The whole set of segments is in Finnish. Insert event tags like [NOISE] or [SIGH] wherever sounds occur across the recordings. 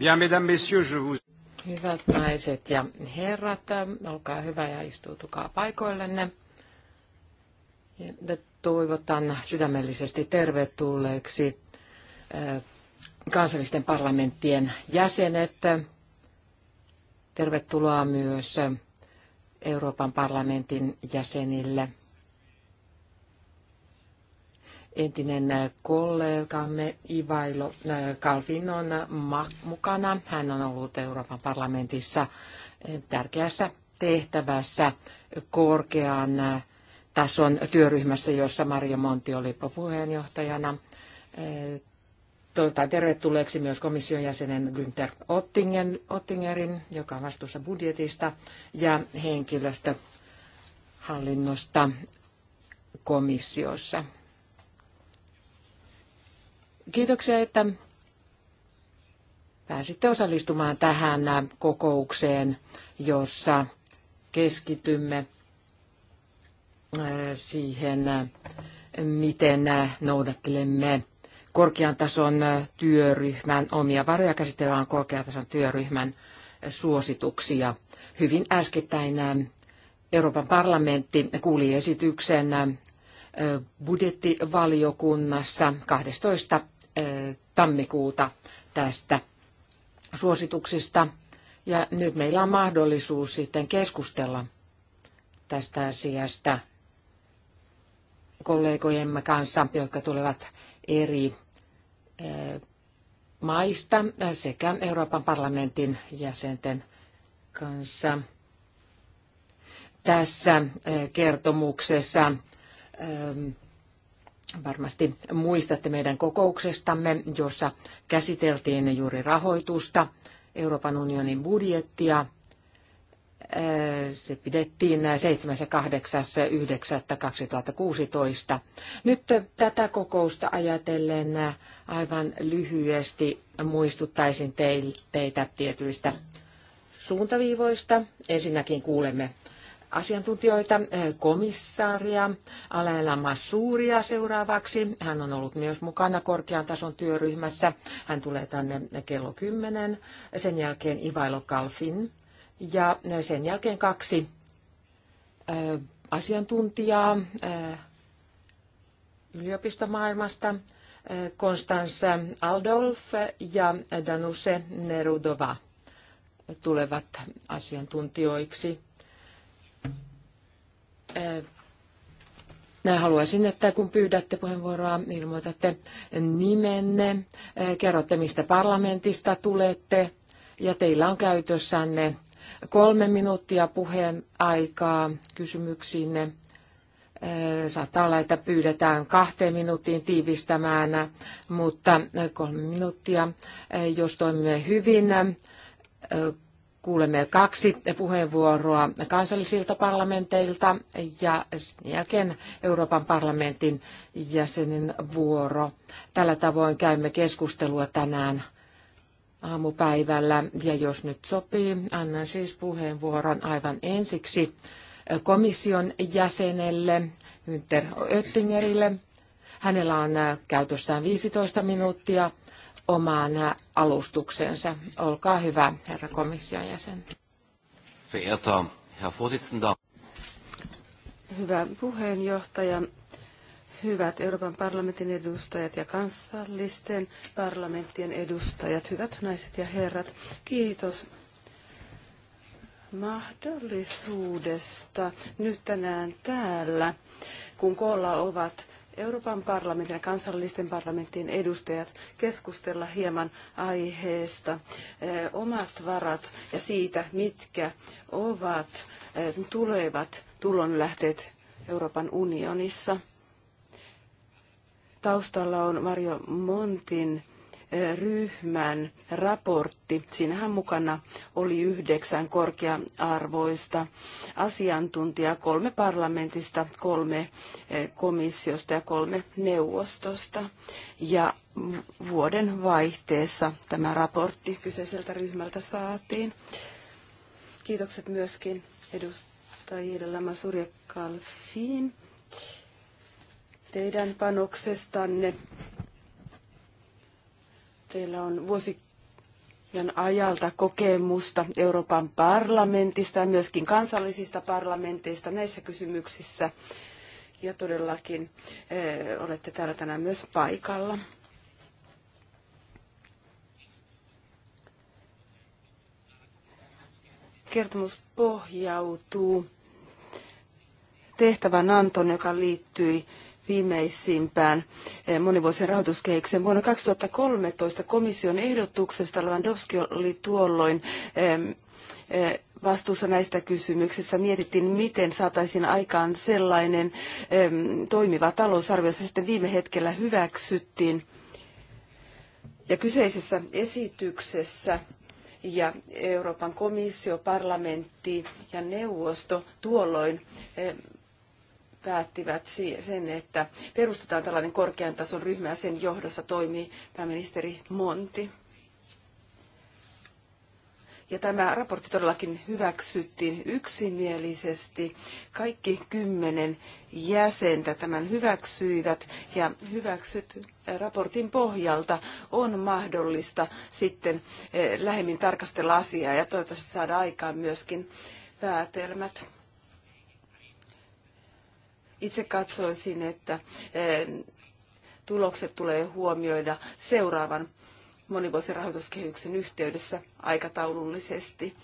mesdames, messieurs, je vous... Hyvät naiset ja herrat, olkaa hyvä ja istuutukaa paikoillenne. Ja toivotan sydämellisesti tervetulleeksi kansallisten parlamenttien jäsenet. Tervetuloa myös Euroopan parlamentin jäsenille entinen äh, kollegamme Ivailo Kalfin äh, on äh, mukana. Hän on ollut Euroopan parlamentissa tärkeässä tehtävässä korkean tason työryhmässä, jossa Mario Monti oli puheenjohtajana. Toivotan tervetulleeksi myös komission jäsenen Günther Ottingen, Ottingerin, joka on vastuussa budjetista ja henkilöstöhallinnosta komissiossa. Kiitoksia, että pääsitte osallistumaan tähän kokoukseen, jossa keskitymme äh, siihen, miten noudattelemme korkean tason työryhmän, omia varoja käsittelevän korkean tason työryhmän suosituksia. Hyvin äskettäin äh, Euroopan parlamentti kuuli esityksen äh, budjettivaliokunnassa 12 tammikuuta tästä suosituksista. Ja nyt meillä on mahdollisuus sitten keskustella tästä asiasta kollegojemme kanssa, jotka tulevat eri maista sekä Euroopan parlamentin jäsenten kanssa. Tässä kertomuksessa Varmasti muistatte meidän kokouksestamme, jossa käsiteltiin juuri rahoitusta, Euroopan unionin budjettia. Äh, se pidettiin 7.8.9.2016. Nyt tätä kokousta ajatellen aivan lyhyesti muistuttaisin teitä tietyistä suuntaviivoista. Ensinnäkin kuulemme asiantuntijoita, komissaaria Alaela Massuuria seuraavaksi. Hän on ollut myös mukana korkean tason työryhmässä. Hän tulee tänne kello 10. Sen jälkeen Ivailo Kalfin ja sen jälkeen kaksi asiantuntijaa yliopistomaailmasta, Konstans Aldolf ja Danuse Nerudova tulevat asiantuntijoiksi. Mä äh, haluaisin, että kun pyydätte puheenvuoroa, ilmoitatte nimenne, kerrotte mistä parlamentista tulette ja teillä on käytössänne kolme minuuttia puheen aikaa kysymyksiinne. Saattaa olla, että pyydetään kahteen minuuttiin tiivistämään, mutta kolme minuuttia, jos toimimme hyvin, kuulemme kaksi puheenvuoroa kansallisilta parlamenteilta ja sen jälkeen Euroopan parlamentin jäsenen vuoro. Tällä tavoin käymme keskustelua tänään aamupäivällä ja jos nyt sopii, annan siis puheenvuoron aivan ensiksi komission jäsenelle Günther Oettingerille. Hänellä on käytössään 15 minuuttia omaan alustuksensa. Olkaa hyvä, herra komission jäsen. Verehrter Herr Vorsitzender. Hyvä puheenjohtaja, hyvät Euroopan parlamentin edustajat ja kansallisten parlamenttien edustajat, hyvät naiset ja herrat, kiitos mahdollisuudesta nyt tänään täällä, kun koolla ovat Euroopan parlamentin ja kansallisten parlamenttien edustajat keskustella hieman aiheesta eh, omat varat ja siitä, mitkä ovat eh, tulevat tulonlähteet Euroopan unionissa. Taustalla on Mario Montin ryhmän raportti. Siinähän mukana oli yhdeksän korkea-arvoista asiantuntijaa, kolme parlamentista, kolme eh, komissiosta ja kolme neuvostosta. Ja vuoden vaihteessa tämä raportti kyseiseltä ryhmältä saatiin. Kiitokset myöskin edustajille Surja Kalfiin teidän panoksestanne Teillä on vuosien ajalta kokemusta Euroopan parlamentista ja myöskin kansallisista parlamenteista näissä kysymyksissä. Ja todellakin eh, olette täällä tänään myös paikalla. Kertomus pohjautuu tehtävän anton, joka liittyi viimeisimpään eh, monivuotisen rahoituskehikseen. Vuonna 2013 komission ehdotuksesta Lewandowski oli tuolloin eh, vastuussa näistä kysymyksistä mietittiin, miten saataisiin aikaan sellainen toimiva talousarvio, se sitten viime hetkellä hyväksyttiin. Ja kyseisessä esityksessä ja Euroopan komissio, parlamentti ja neuvosto tuolloin päättivät sen, että perustetaan tällainen korkean tason ryhmä ja sen johdossa toimii pääministeri Monti. Ja tämä raportti todellakin hyväksyttiin yksimielisesti. Kaikki kymmenen jäsentä tämän hyväksyivät ja hyväksytty eh, raportin pohjalta on mahdollista sitten eh, lähemmin tarkastella asiaa ja toivottavasti saada aikaan myöskin päätelmät. Itse katsoisin, että eh, tulokset tulee huomioida seuraavan monivuotisen rahoituskehyksen yhteydessä aikataulullisesti.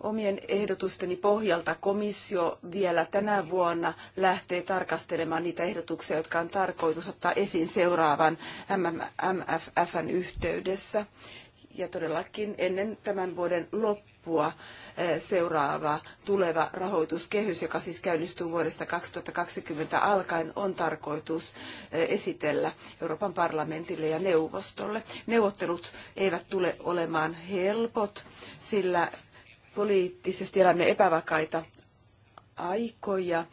Omien ehdotusteni pohjalta komissio vielä tänä vuonna lähtee tarkastelemaan niitä ehdotuksia, jotka on tarkoitus ottaa esiin seuraavan MFFn yhteydessä. Ja todellakin ennen tämän vuoden loppua loppua eh, seuraava tuleva rahoituskehys, joka siis käynnistyy vuodesta 2020 alkaen, on tarkoitus eh, esitellä Euroopan parlamentille ja neuvostolle. Neuvottelut eivät tule olemaan helpot, sillä poliittisesti elämme epävakaita aikoja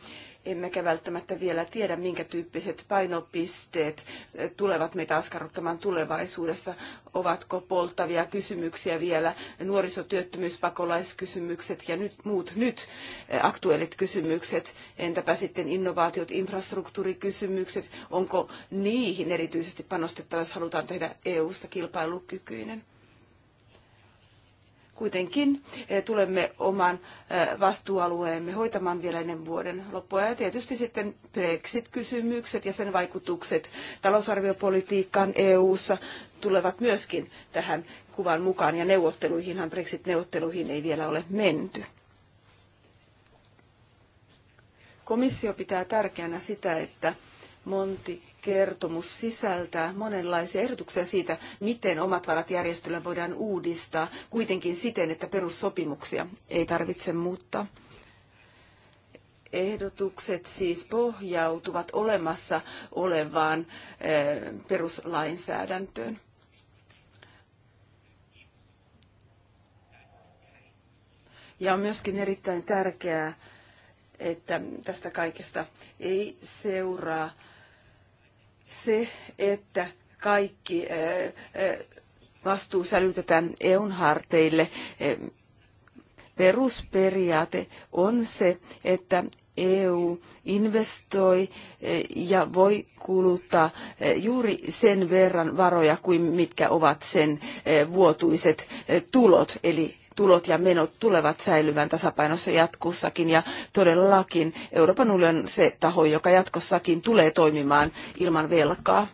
emmekä välttämättä vielä tiedä, minkä tyyppiset painopisteet tulevat meitä askarruttamaan tulevaisuudessa. Ovatko polttavia kysymyksiä vielä nuorisotyöttömyys, pakolaiskysymykset ja nyt, muut nyt aktuaalit kysymykset? Entäpä sitten innovaatiot, infrastruktuurikysymykset? Onko niihin erityisesti panostettava, jos halutaan tehdä EU-sta kilpailukykyinen? Kuitenkin eh, tulemme oman eh, vastuualueemme hoitamaan vielä ennen vuoden loppua. Ja tietysti sitten Brexit-kysymykset ja sen vaikutukset talousarviopolitiikkaan EU-ssa tulevat myöskin tähän kuvan mukaan. Ja neuvotteluihinhan Brexit-neuvotteluihin ei vielä ole menty. Komissio pitää tärkeänä sitä, että Monti kertomus sisältää monenlaisia ehdotuksia siitä, miten omat varat järjestelyä voidaan uudistaa, kuitenkin siten, että perussopimuksia ei tarvitse muuttaa. Ehdotukset siis pohjautuvat olemassa olevaan eh, peruslainsäädäntöön. Ja on myöskin erittäin tärkeää, että tästä kaikesta ei seuraa se, että kaikki eh, eh, vastuu sälytetään EUn harteille, eh, perusperiaate on se, että EU investoi ja voi kuluttaa juuri sen verran varoja kuin mitkä ovat sen vuotuiset tulot, eli tulot ja menot tulevat säilyvän tasapainossa jatkossakin ja todellakin Euroopan unioni on se taho, joka jatkossakin tulee toimimaan ilman velkaa.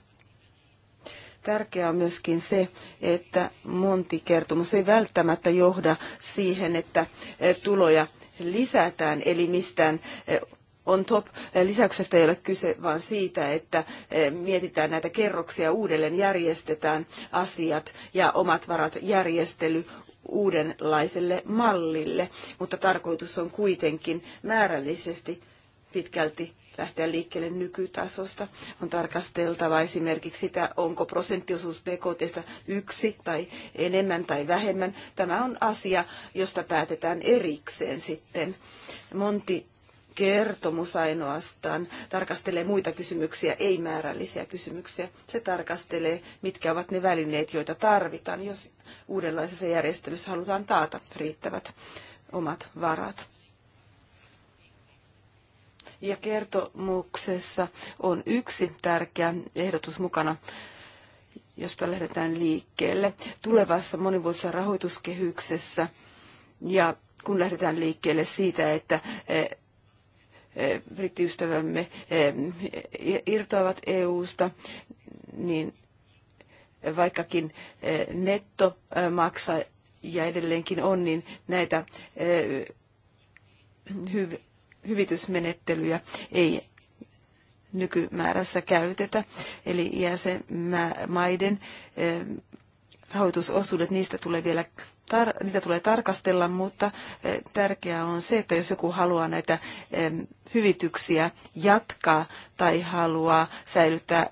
Tärkeää on myöskin se, että montikertomus ei välttämättä johda siihen, että eh, tuloja lisätään, eli mistään eh, on top. Eh, lisäyksestä ei ole kyse vaan siitä, että mietitään näitä kerroksia uudelleen, järjestetään asiat ja omat varat järjestely uudenlaiselle mallille, mutta tarkoitus on kuitenkin määrällisesti pitkälti lähteä liikkeelle nykytasosta. On tarkasteltava esimerkiksi sitä, onko prosenttiosuus BKT yksi tai enemmän tai vähemmän. Tämä on asia, josta päätetään erikseen sitten. Monti kertomus ainoastaan tarkastelee muita kysymyksiä, ei määrällisiä kysymyksiä. Se tarkastelee, mitkä ovat ne välineet, joita tarvitaan. Jos uudenlaisessa järjestelyssä halutaan taata riittävät omat varat. Ja kertomuksessa on yksi tärkeä ehdotus mukana, josta lähdetään liikkeelle tulevassa monivuotisessa rahoituskehyksessä. Ja kun lähdetään liikkeelle siitä, että eh, eh, brittiystävämme eh, irtoavat EU-sta, niin vaikkakin eh, ja edelleenkin on, niin näitä eh, hyvitysmenettelyjä ei nykymäärässä käytetä. Eli jäsenmaiden eh, rahoitusosuudet, niistä tulee vielä tar- niitä tulee tarkastella, mutta tärkeää on se, että jos joku haluaa näitä hyvityksiä jatkaa tai haluaa säilyttää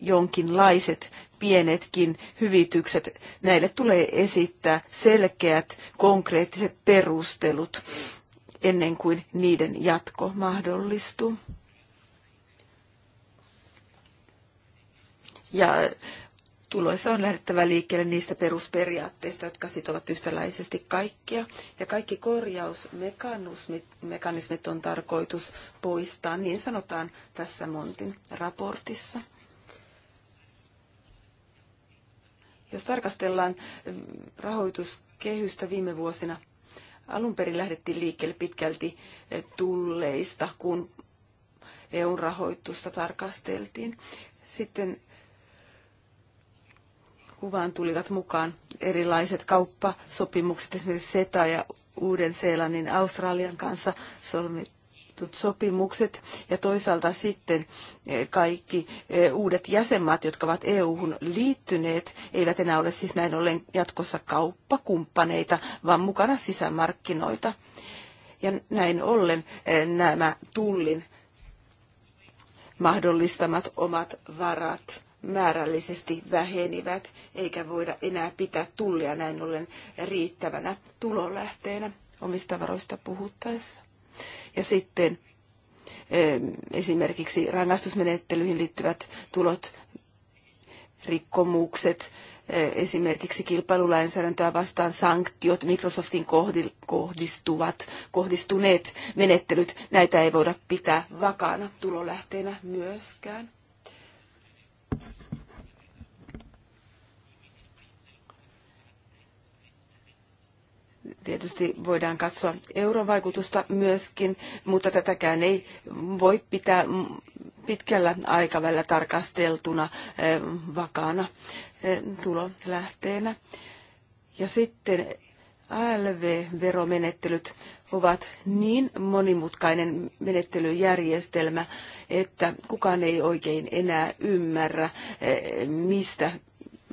jonkinlaiset pienetkin hyvitykset, näille tulee esittää selkeät konkreettiset perustelut ennen kuin niiden jatko mahdollistuu. Ja tuloissa on lähdettävä liikkeelle niistä perusperiaatteista, jotka sitovat yhtäläisesti kaikkia. Ja kaikki korjausmekanismit on tarkoitus poistaa, niin sanotaan tässä Montin raportissa. Jos tarkastellaan rahoituskehystä viime vuosina, alun perin lähdettiin liikkeelle pitkälti eh, tulleista, kun EUn rahoitusta tarkasteltiin. Sitten kuvaan tulivat mukaan erilaiset kauppasopimukset, esimerkiksi SETA ja Uuden-Seelannin Australian kanssa solmittu sopimukset ja toisaalta sitten eh, kaikki eh, uudet jäsenmaat, jotka ovat EU-hun liittyneet, eivät enää ole siis näin ollen jatkossa kauppakumppaneita, vaan mukana sisämarkkinoita. Ja näin ollen eh, nämä tullin mahdollistamat omat varat määrällisesti vähenivät, eikä voida enää pitää tullia näin ollen riittävänä tulolähteenä omista varoista puhuttaessa. Ja sitten esimerkiksi rangaistusmenettelyihin liittyvät tulot, rikkomukset, e, esimerkiksi kilpailulainsäädäntöä vastaan sanktiot, Microsoftin kohdistuvat, kohdistuneet menettelyt, näitä ei voida pitää vakana tulolähteenä myöskään. Tietysti voidaan katsoa eurovaikutusta myöskin, mutta tätäkään ei voi pitää pitkällä aikavälillä tarkasteltuna eh, vakaana eh, tulolähteenä. Ja sitten ALV-veromenettelyt ovat niin monimutkainen menettelyjärjestelmä, että kukaan ei oikein enää ymmärrä, eh, mistä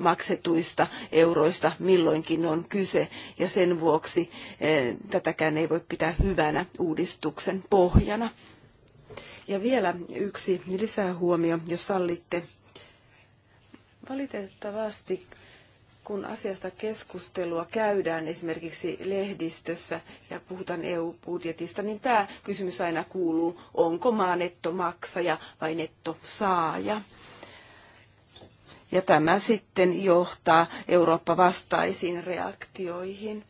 maksetuista euroista milloinkin on kyse, ja sen vuoksi eh, tätäkään ei voi pitää hyvänä uudistuksen pohjana. Ja vielä yksi lisähuomio, jos sallitte. Valitettavasti kun asiasta keskustelua käydään esimerkiksi lehdistössä ja puhutaan EU-budjetista, niin pääkysymys aina kuuluu, onko maa nettomaksaja vai nettosaaja. Ja tämä sitten johtaa Eurooppa-vastaisiin reaktioihin.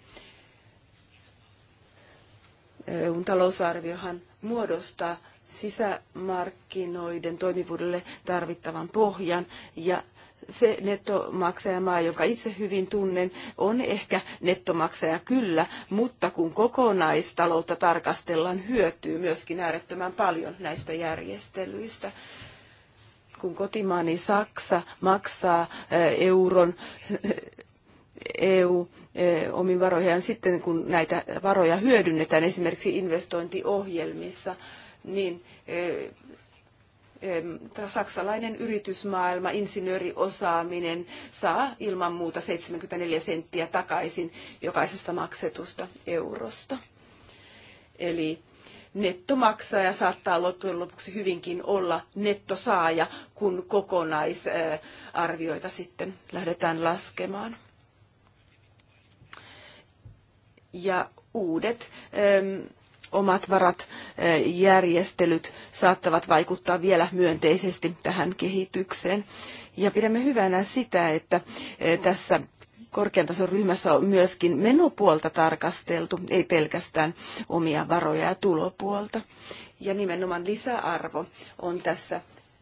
EUn talousarviohan muodostaa sisämarkkinoiden toimivuudelle tarvittavan pohjan ja se nettomaksajamaa, jonka itse hyvin tunnen, on ehkä nettomaksaja kyllä, mutta kun kokonaistaloutta tarkastellaan, hyötyy myöskin äärettömän paljon näistä järjestelyistä kun kotimaani Saksa maksaa eh, euron eh, EU eh, omin varojaan sitten, kun näitä varoja hyödynnetään esimerkiksi investointiohjelmissa, niin saksalainen yritysmaailma, insinööriosaaminen saa ilman muuta 74 senttiä takaisin jokaisesta maksetusta eurosta. Eli nettomaksaja saattaa loppujen lopuksi hyvinkin olla nettosaaja, kun kokonaisarvioita sitten lähdetään laskemaan. Ja uudet omat varat e, järjestelyt saattavat vaikuttaa vielä myönteisesti tähän kehitykseen. Ja pidämme hyvänä sitä, että e, tässä korkean tason ryhmässä on myöskin menopuolta tarkasteltu, ei pelkästään omia varoja ja tulopuolta. Ja nimenomaan lisäarvo on tässä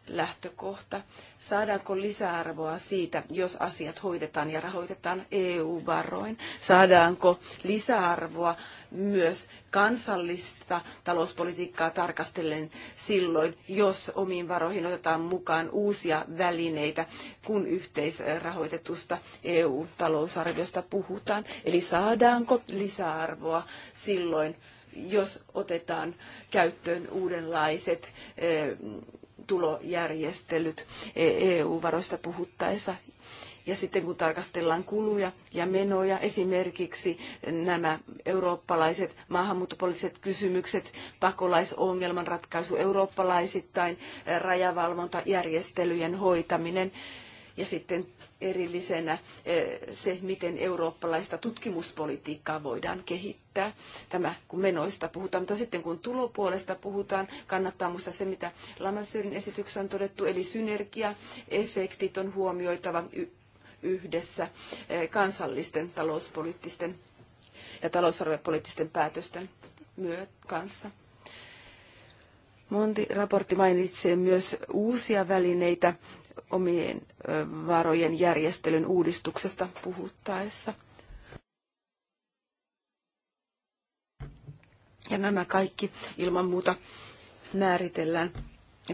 lähtökohta. Saadaanko lisäarvoa siitä, jos asiat hoidetaan ja rahoitetaan EU-varoin? Saadaanko lisäarvoa myös kansallista talouspolitiikkaa tarkastellen silloin, jos omiin varoihin otetaan mukaan uusia välineitä, kun yhteisrahoitetusta EU-talousarviosta puhutaan? Eli saadaanko lisäarvoa silloin, jos otetaan käyttöön uudenlaiset eh, tulojärjestelyt e- EU-varoista puhuttaessa. Ja sitten kun tarkastellaan kuluja ja menoja, esimerkiksi nämä eurooppalaiset maahanmuuttopoliittiset kysymykset, pakolaisongelman ratkaisu eurooppalaisittain, rajavalvontajärjestelyjen hoitaminen, ja sitten erillisenä eh, se, miten eurooppalaista tutkimuspolitiikkaa voidaan kehittää. Tämä kun menoista puhutaan, mutta sitten kun tulopuolesta puhutaan, kannattaa muistaa se, mitä Lamassyrin esityksessä on todettu, eli synergiaefektit on huomioitava yhdessä eh, kansallisten talouspoliittisten ja talousarvopoliittisten päätösten myöt kanssa. Monti-raportti mainitsee myös uusia välineitä, omien varojen järjestelyn uudistuksesta puhuttaessa. Ja nämä kaikki ilman muuta määritellään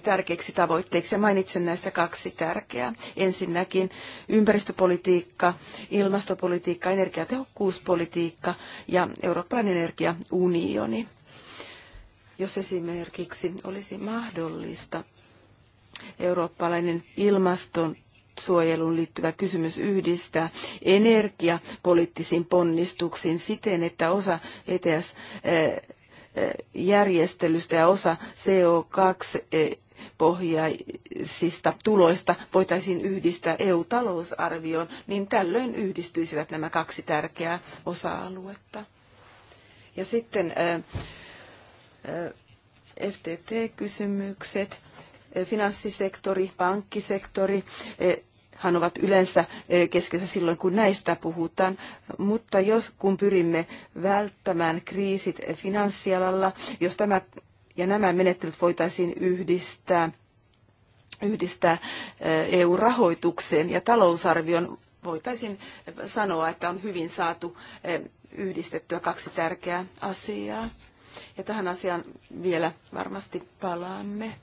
tärkeiksi tavoitteiksi ja mainitsen näistä kaksi tärkeää. Ensinnäkin ympäristöpolitiikka, ilmastopolitiikka, energiatehokkuuspolitiikka ja Euroopan energiaunioni. Jos esimerkiksi olisi mahdollista eurooppalainen ilmaston suojeluun liittyvä kysymys yhdistää energiapoliittisiin ponnistuksiin siten, että osa ETS e, e, järjestelystä ja osa CO2 e, pohjaisista tuloista voitaisiin yhdistää EU-talousarvioon, niin tällöin yhdistyisivät nämä kaksi tärkeää osa-aluetta. Ja sitten FTT-kysymykset Finanssisektori, pankkisektori, eh, hän ovat yleensä eh, keskeisessä silloin, kun näistä puhutaan. Mutta jos kun pyrimme välttämään kriisit finanssialalla, jos tämä ja nämä menettelyt voitaisiin yhdistää, yhdistää eh, EU-rahoitukseen ja talousarvion, voitaisiin sanoa, että on hyvin saatu yhdistettyä kaksi tärkeää asiaa. Ja tähän asiaan vielä varmasti palaamme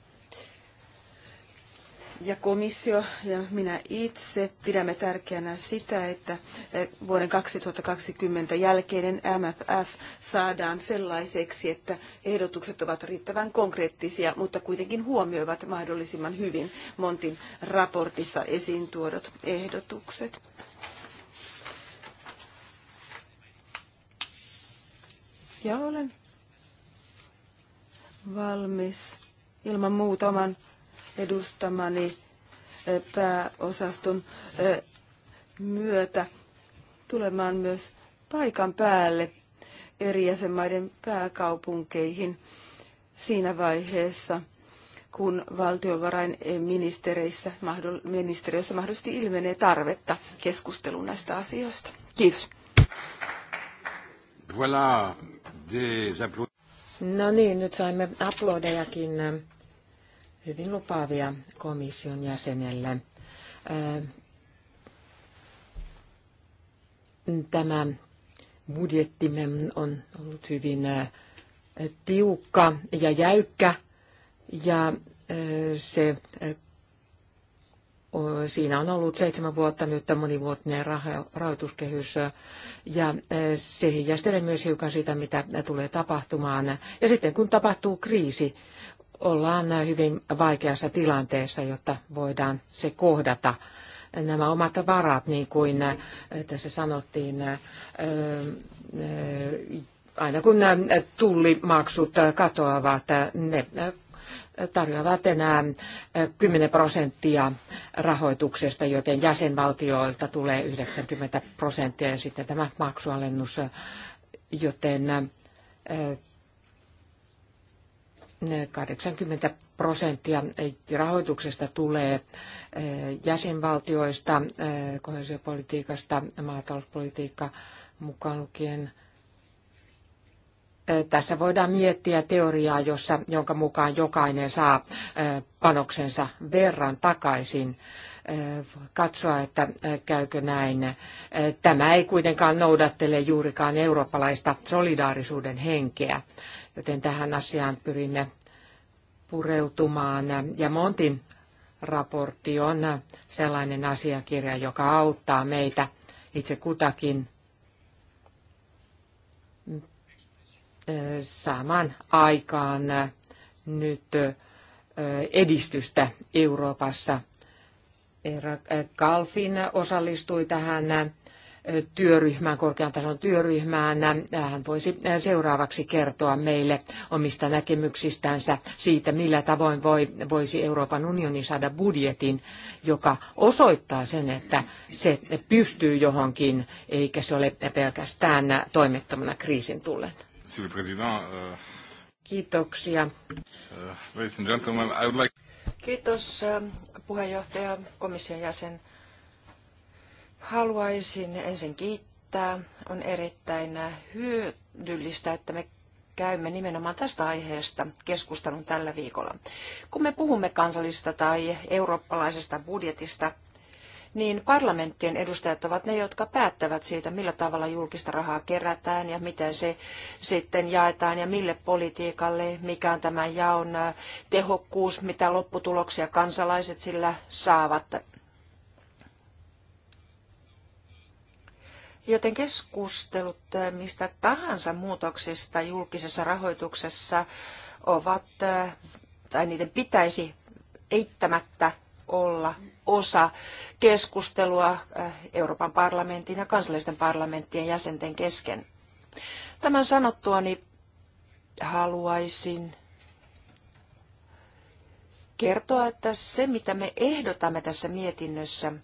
ja komissio ja minä itse pidämme tärkeänä sitä, että eh, vuoden 2020 jälkeinen MFF saadaan sellaiseksi, että ehdotukset ovat riittävän konkreettisia, mutta kuitenkin huomioivat mahdollisimman hyvin Montin raportissa esiin tuodut ehdotukset. Ja olen valmis ilman muutaman edustamani eh, pääosaston eh, myötä tulemaan myös paikan päälle eri jäsenmaiden pääkaupunkeihin siinä vaiheessa, kun valtiovarainministeriössä mahdollisesti ilmenee tarvetta keskusteluun näistä asioista. Kiitos. Voilà des no niin, nyt saimme aplodejakin eh, hyvin lupaavia komission jäsenelle. Tämä budjettimme on ollut hyvin tiukka ja jäykkä ja se, siinä on ollut seitsemän vuotta nyt monivuotinen rahoituskehys ja se heijastelee myös hiukan sitä, mitä tulee tapahtumaan. Ja sitten kun tapahtuu kriisi, ollaan hyvin vaikeassa tilanteessa, jotta voidaan se kohdata. Nämä omat varat, niin kuin äh, tässä sanottiin, äh, äh, aina kun tullimaksut katoavat, ne tarjoavat enää 10 prosenttia rahoituksesta, joten jäsenvaltioilta tulee 90 prosenttia ja sitten tämä maksualennus, joten 80 prosenttia rahoituksesta tulee eh, jäsenvaltioista, eh, kohesiopolitiikasta, maatalouspolitiikka mukaan lukien. Eh, tässä voidaan miettiä teoriaa, jossa, jonka mukaan jokainen saa panoksensa verran takaisin katsoa, että käykö näin. Tämä ei kuitenkaan noudattele juurikaan eurooppalaista solidaarisuuden henkeä joten tähän asiaan pyrimme pureutumaan. Ja Montin raportti on sellainen asiakirja, joka auttaa meitä itse kutakin eh, saamaan aikaan eh, nyt eh, edistystä Euroopassa. Kalfin osallistui tähän työryhmään, korkean tason työryhmään. Hän voisi seuraavaksi kertoa meille omista näkemyksistänsä siitä, millä tavoin voi, voisi Euroopan unioni saada budjetin, joka osoittaa sen, että se pystyy johonkin, eikä se ole pelkästään toimettomana kriisin tullen. Euh, Kiitoksia. Euh, Kiitos äh, puheenjohtaja, komission jäsen. Haluaisin ensin kiittää. On erittäin hyödyllistä, että me käymme nimenomaan tästä aiheesta keskustelun tällä viikolla. Kun me puhumme kansallisesta tai eurooppalaisesta budjetista, niin parlamenttien edustajat ovat ne, jotka päättävät siitä, millä tavalla julkista rahaa kerätään ja miten se sitten jaetaan ja mille politiikalle, mikä on tämän jaon tehokkuus, mitä lopputuloksia kansalaiset sillä saavat. Joten keskustelut eh, mistä tahansa muutoksista julkisessa rahoituksessa ovat, eh, tai niiden pitäisi eittämättä olla osa keskustelua eh, Euroopan parlamentin ja kansallisten parlamenttien jäsenten kesken. Tämän sanottuani haluaisin kertoa, että se mitä me ehdotamme tässä mietinnössä –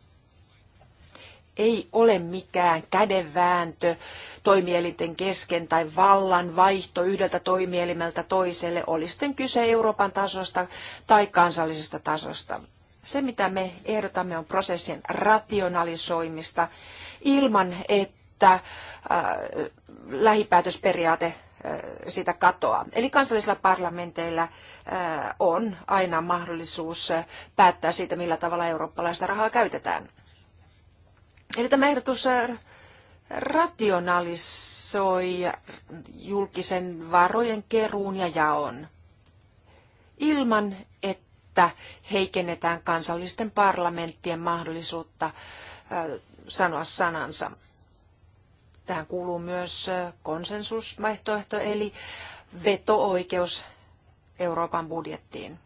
ei ole mikään kädenvääntö toimielinten kesken tai vallan vaihto yhdeltä toimielimeltä toiselle, oli sitten kyse Euroopan tasosta tai kansallisesta tasosta. Se, mitä me ehdotamme, on prosessin rationalisoimista ilman, että äh, lähipäätösperiaate äh, sitä katoaa. Eli kansallisilla parlamenteilla äh, on aina mahdollisuus äh, päättää siitä, millä tavalla eurooppalaista rahaa käytetään. Eli tämä ehdotus äh, rationalisoi julkisen varojen keruun ja jaon ilman, että heikennetään kansallisten parlamenttien mahdollisuutta äh, sanoa sanansa. Tähän kuuluu myös äh, konsensusvaihtoehto eli veto-oikeus Euroopan budjettiin.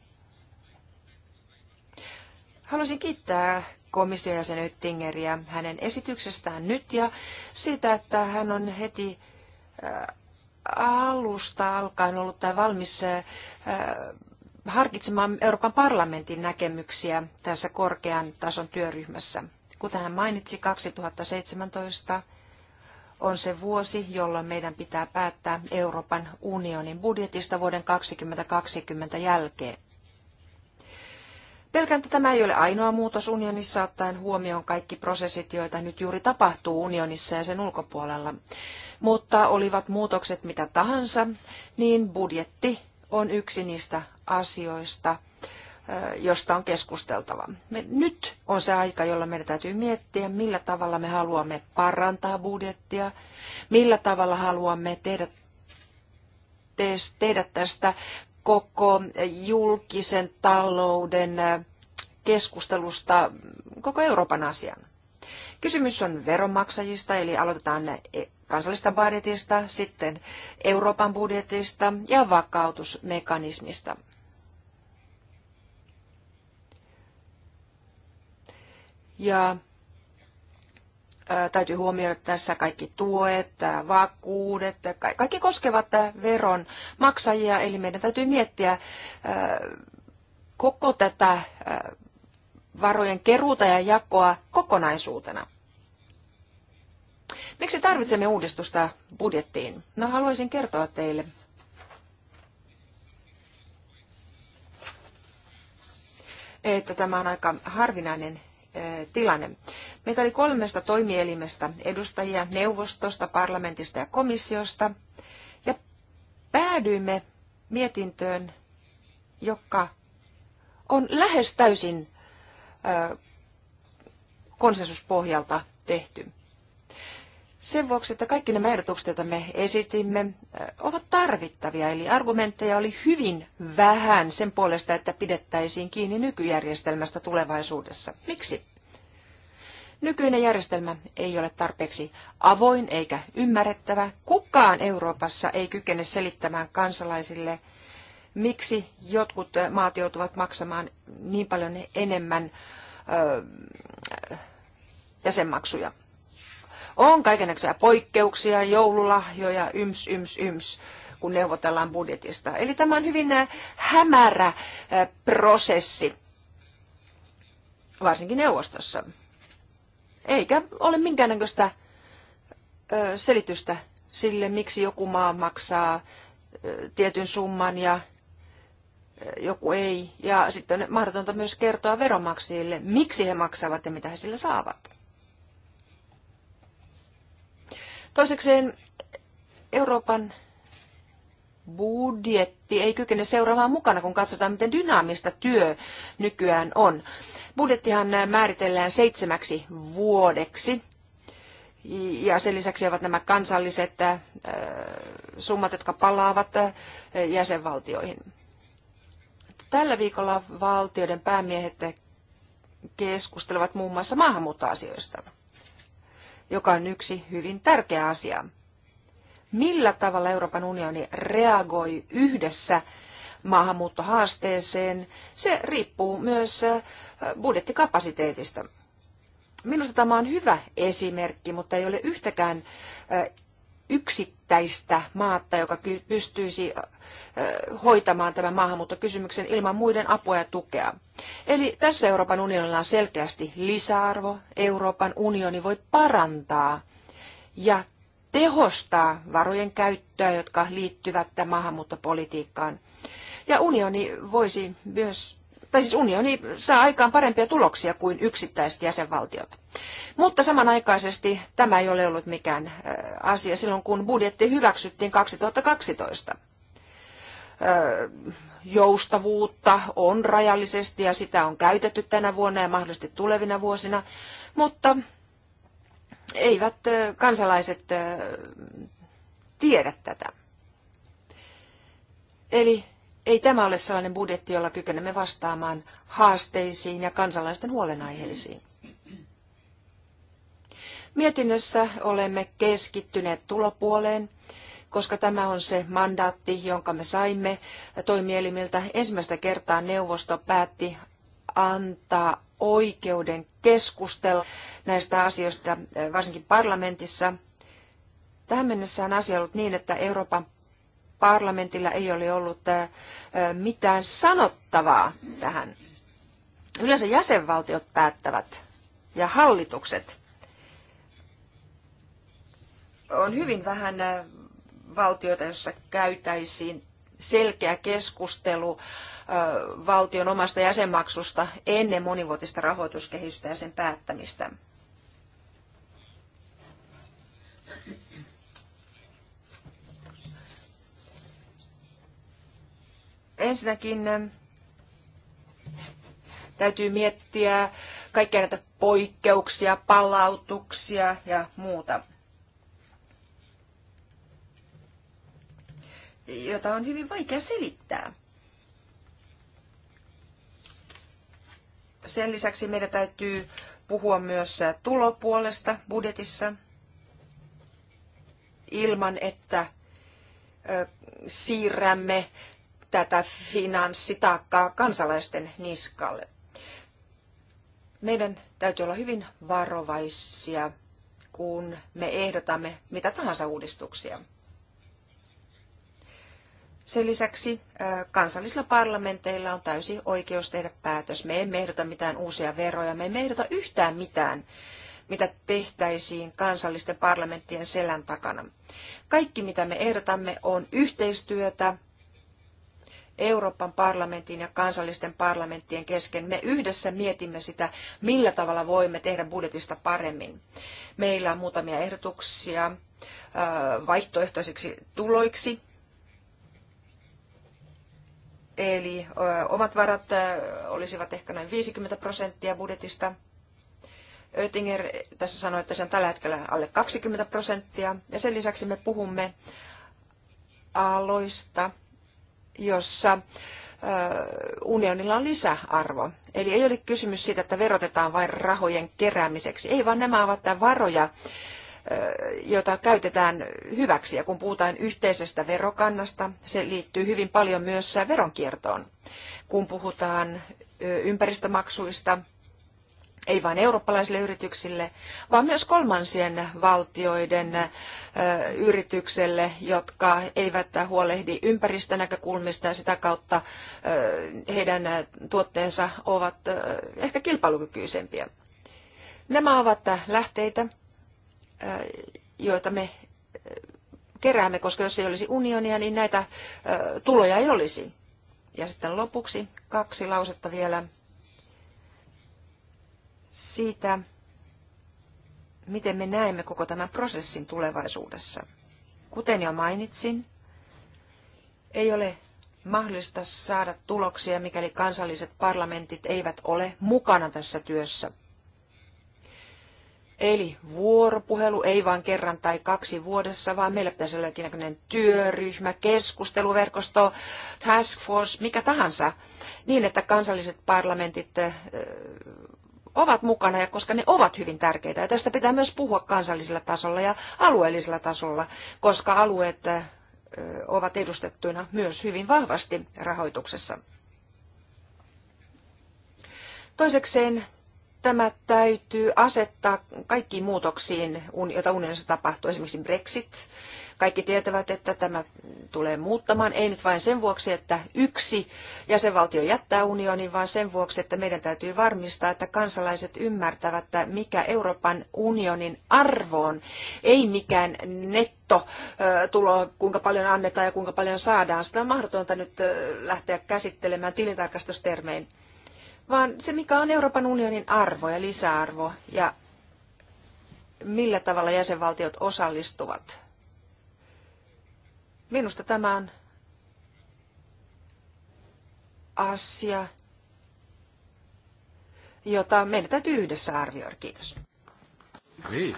Haluaisin kiittää komission jäsen hänen esityksestään nyt ja siitä, että hän on heti äh, alusta alkaen ollut tai valmis äh, harkitsemaan Euroopan parlamentin näkemyksiä tässä korkean tason työryhmässä. Kuten hän mainitsi, 2017 on se vuosi, jolloin meidän pitää päättää Euroopan unionin budjetista vuoden 2020 jälkeen. Pelkään, että tämä ei ole ainoa muutos unionissa, ottaen huomioon kaikki prosessit, joita nyt juuri tapahtuu unionissa ja sen ulkopuolella. Mutta olivat muutokset mitä tahansa, niin budjetti on yksi niistä asioista, josta on keskusteltava. Me, nyt on se aika, jolla meidän täytyy miettiä, millä tavalla me haluamme parantaa budjettia, millä tavalla haluamme tehdä, tehdä tästä koko julkisen talouden äh, keskustelusta koko Euroopan asian. Kysymys on veronmaksajista, eli aloitetaan e, kansallista budjetista, sitten Euroopan budjetista ja vakautusmekanismista. Ja täytyy huomioida tässä kaikki tuet, vakuudet, kaikki koskevat veron maksajia, eli meidän täytyy miettiä koko tätä varojen keruuta ja jakoa kokonaisuutena. Miksi tarvitsemme uudistusta budjettiin? No haluaisin kertoa teille. että tämä on aika harvinainen tilanne. Meitä oli kolmesta toimielimestä edustajia neuvostosta, parlamentista ja komissiosta. Ja päädyimme mietintöön, joka on lähes täysin konsensuspohjalta tehty sen vuoksi, että kaikki nämä ehdotukset, joita me esitimme, ovat tarvittavia. Eli argumentteja oli hyvin vähän sen puolesta, että pidettäisiin kiinni nykyjärjestelmästä tulevaisuudessa. Miksi? Nykyinen järjestelmä ei ole tarpeeksi avoin eikä ymmärrettävä. Kukaan Euroopassa ei kykene selittämään kansalaisille, miksi jotkut maat joutuvat maksamaan niin paljon enemmän ö, jäsenmaksuja. On kaikenlaisia poikkeuksia, joululahjoja, yms, yms, yms kun neuvotellaan budjetista. Eli tämä on hyvin äh, hämärä äh, prosessi, varsinkin neuvostossa. Eikä ole minkäännäköistä äh, selitystä sille, miksi joku maa maksaa tietyn summan ja joku ei. Ja sitten on mahdotonta myös kertoa veronmaksajille, miksi he maksavat ja mitä he sillä saavat. Toisekseen Euroopan budjetti ei kykene seuraamaan mukana, kun katsotaan, miten dynaamista työ nykyään on. Budjettihan määritellään seitsemäksi vuodeksi. Ja sen lisäksi ovat nämä kansalliset äh, summat, jotka palaavat äh, jäsenvaltioihin. Tällä viikolla valtioiden päämiehet keskustelevat muun muassa maahanmuuttoasioista joka on yksi hyvin tärkeä asia. Millä tavalla Euroopan unioni reagoi yhdessä maahanmuuttohaasteeseen, se riippuu myös äh, budjettikapasiteetista. Minusta tämä on hyvä esimerkki, mutta ei ole yhtäkään äh, yksittäistä maata, joka pystyisi hoitamaan tämän maahanmuuttokysymyksen ilman muiden apua ja tukea. Eli tässä Euroopan unionilla on selkeästi lisäarvo. Euroopan unioni voi parantaa ja tehostaa varojen käyttöä, jotka liittyvät maahanmuuttopolitiikkaan. Ja unioni voisi myös tai siis unioni saa aikaan parempia tuloksia kuin yksittäiset jäsenvaltiot. Mutta samanaikaisesti tämä ei ole ollut mikään asia silloin, kun budjetti hyväksyttiin 2012. Joustavuutta on rajallisesti ja sitä on käytetty tänä vuonna ja mahdollisesti tulevina vuosina, mutta eivät kansalaiset tiedä tätä. Eli ei tämä ole sellainen budjetti, jolla kykenemme vastaamaan haasteisiin ja kansalaisten huolenaiheisiin. Mietinnössä olemme keskittyneet tulopuoleen, koska tämä on se mandaatti, jonka me saimme toimielimiltä. Ensimmäistä kertaa neuvosto päätti antaa oikeuden keskustella näistä asioista, varsinkin parlamentissa. Tähän mennessä on asia ollut niin, että Euroopan parlamentilla ei ole ollut äh, äh, mitään sanottavaa tähän. Yleensä jäsenvaltiot päättävät ja hallitukset. On hyvin vähän äh, valtioita, jossa käytäisiin selkeä keskustelu valtion omasta jäsenmaksusta ennen monivuotista rahoituskehystä ja sen päättämistä. Ensinnäkin täytyy miettiä kaikkia näitä poikkeuksia, palautuksia ja muuta, jota on hyvin vaikea selittää. Sen lisäksi meidän täytyy puhua myös tulopuolesta budjetissa ilman, että siirrämme tätä finanssitaakkaa kansalaisten niskalle. Meidän täytyy olla hyvin varovaisia, kun me ehdotamme mitä tahansa uudistuksia. Sen lisäksi kansallisilla parlamenteilla on täysi oikeus tehdä päätös. Me emme ehdota mitään uusia veroja, me emme ehdota yhtään mitään, mitä tehtäisiin kansallisten parlamenttien selän takana. Kaikki, mitä me ehdotamme, on yhteistyötä Euroopan parlamentin ja kansallisten parlamenttien kesken. Me yhdessä mietimme sitä, millä tavalla voimme tehdä budjetista paremmin. Meillä on muutamia ehdotuksia äh, vaihtoehtoisiksi tuloiksi. Eli äh, omat varat äh, olisivat ehkä noin 50 prosenttia budjetista. Oettinger tässä sanoi, että se on tällä hetkellä alle 20 prosenttia. Ja sen lisäksi me puhumme aloista, jossa unionilla on lisäarvo. Eli ei ole kysymys siitä, että verotetaan vain rahojen keräämiseksi. Ei, vaan nämä ovat varoja, jota käytetään hyväksi. Ja kun puhutaan yhteisestä verokannasta, se liittyy hyvin paljon myös veronkiertoon. Kun puhutaan ympäristömaksuista, ei vain eurooppalaisille yrityksille, vaan myös kolmansien valtioiden yritykselle, jotka eivät huolehdi ympäristönäkökulmista ja sitä kautta heidän tuotteensa ovat ehkä kilpailukykyisempiä. Nämä ovat lähteitä, joita me keräämme, koska jos ei olisi unionia, niin näitä tuloja ei olisi. Ja sitten lopuksi kaksi lausetta vielä siitä, miten me näemme koko tämän prosessin tulevaisuudessa. Kuten jo mainitsin, ei ole mahdollista saada tuloksia, mikäli kansalliset parlamentit eivät ole mukana tässä työssä. Eli vuoropuhelu ei vain kerran tai kaksi vuodessa, vaan meillä pitäisi olla jonkinlainen työryhmä, keskusteluverkosto, task force, mikä tahansa, niin että kansalliset parlamentit eh, ovat mukana ja koska ne ovat hyvin tärkeitä. Ja tästä pitää myös puhua kansallisella tasolla ja alueellisella tasolla, koska alueet ovat edustettuina myös hyvin vahvasti rahoituksessa. Toisekseen tämä täytyy asettaa kaikkiin muutoksiin, joita unionissa tapahtuu, esimerkiksi Brexit kaikki tietävät, että tämä tulee muuttamaan, ei nyt vain sen vuoksi, että yksi jäsenvaltio jättää unionin, vaan sen vuoksi, että meidän täytyy varmistaa, että kansalaiset ymmärtävät, että mikä Euroopan unionin arvo on, ei mikään netto tulo, kuinka paljon annetaan ja kuinka paljon saadaan. Sitä on mahdotonta nyt lähteä käsittelemään tilintarkastustermein vaan se, mikä on Euroopan unionin arvo ja lisäarvo ja millä tavalla jäsenvaltiot osallistuvat. Minusta tämä on asia, jota meidän täytyy yhdessä arvioida. Kiitos. Niin.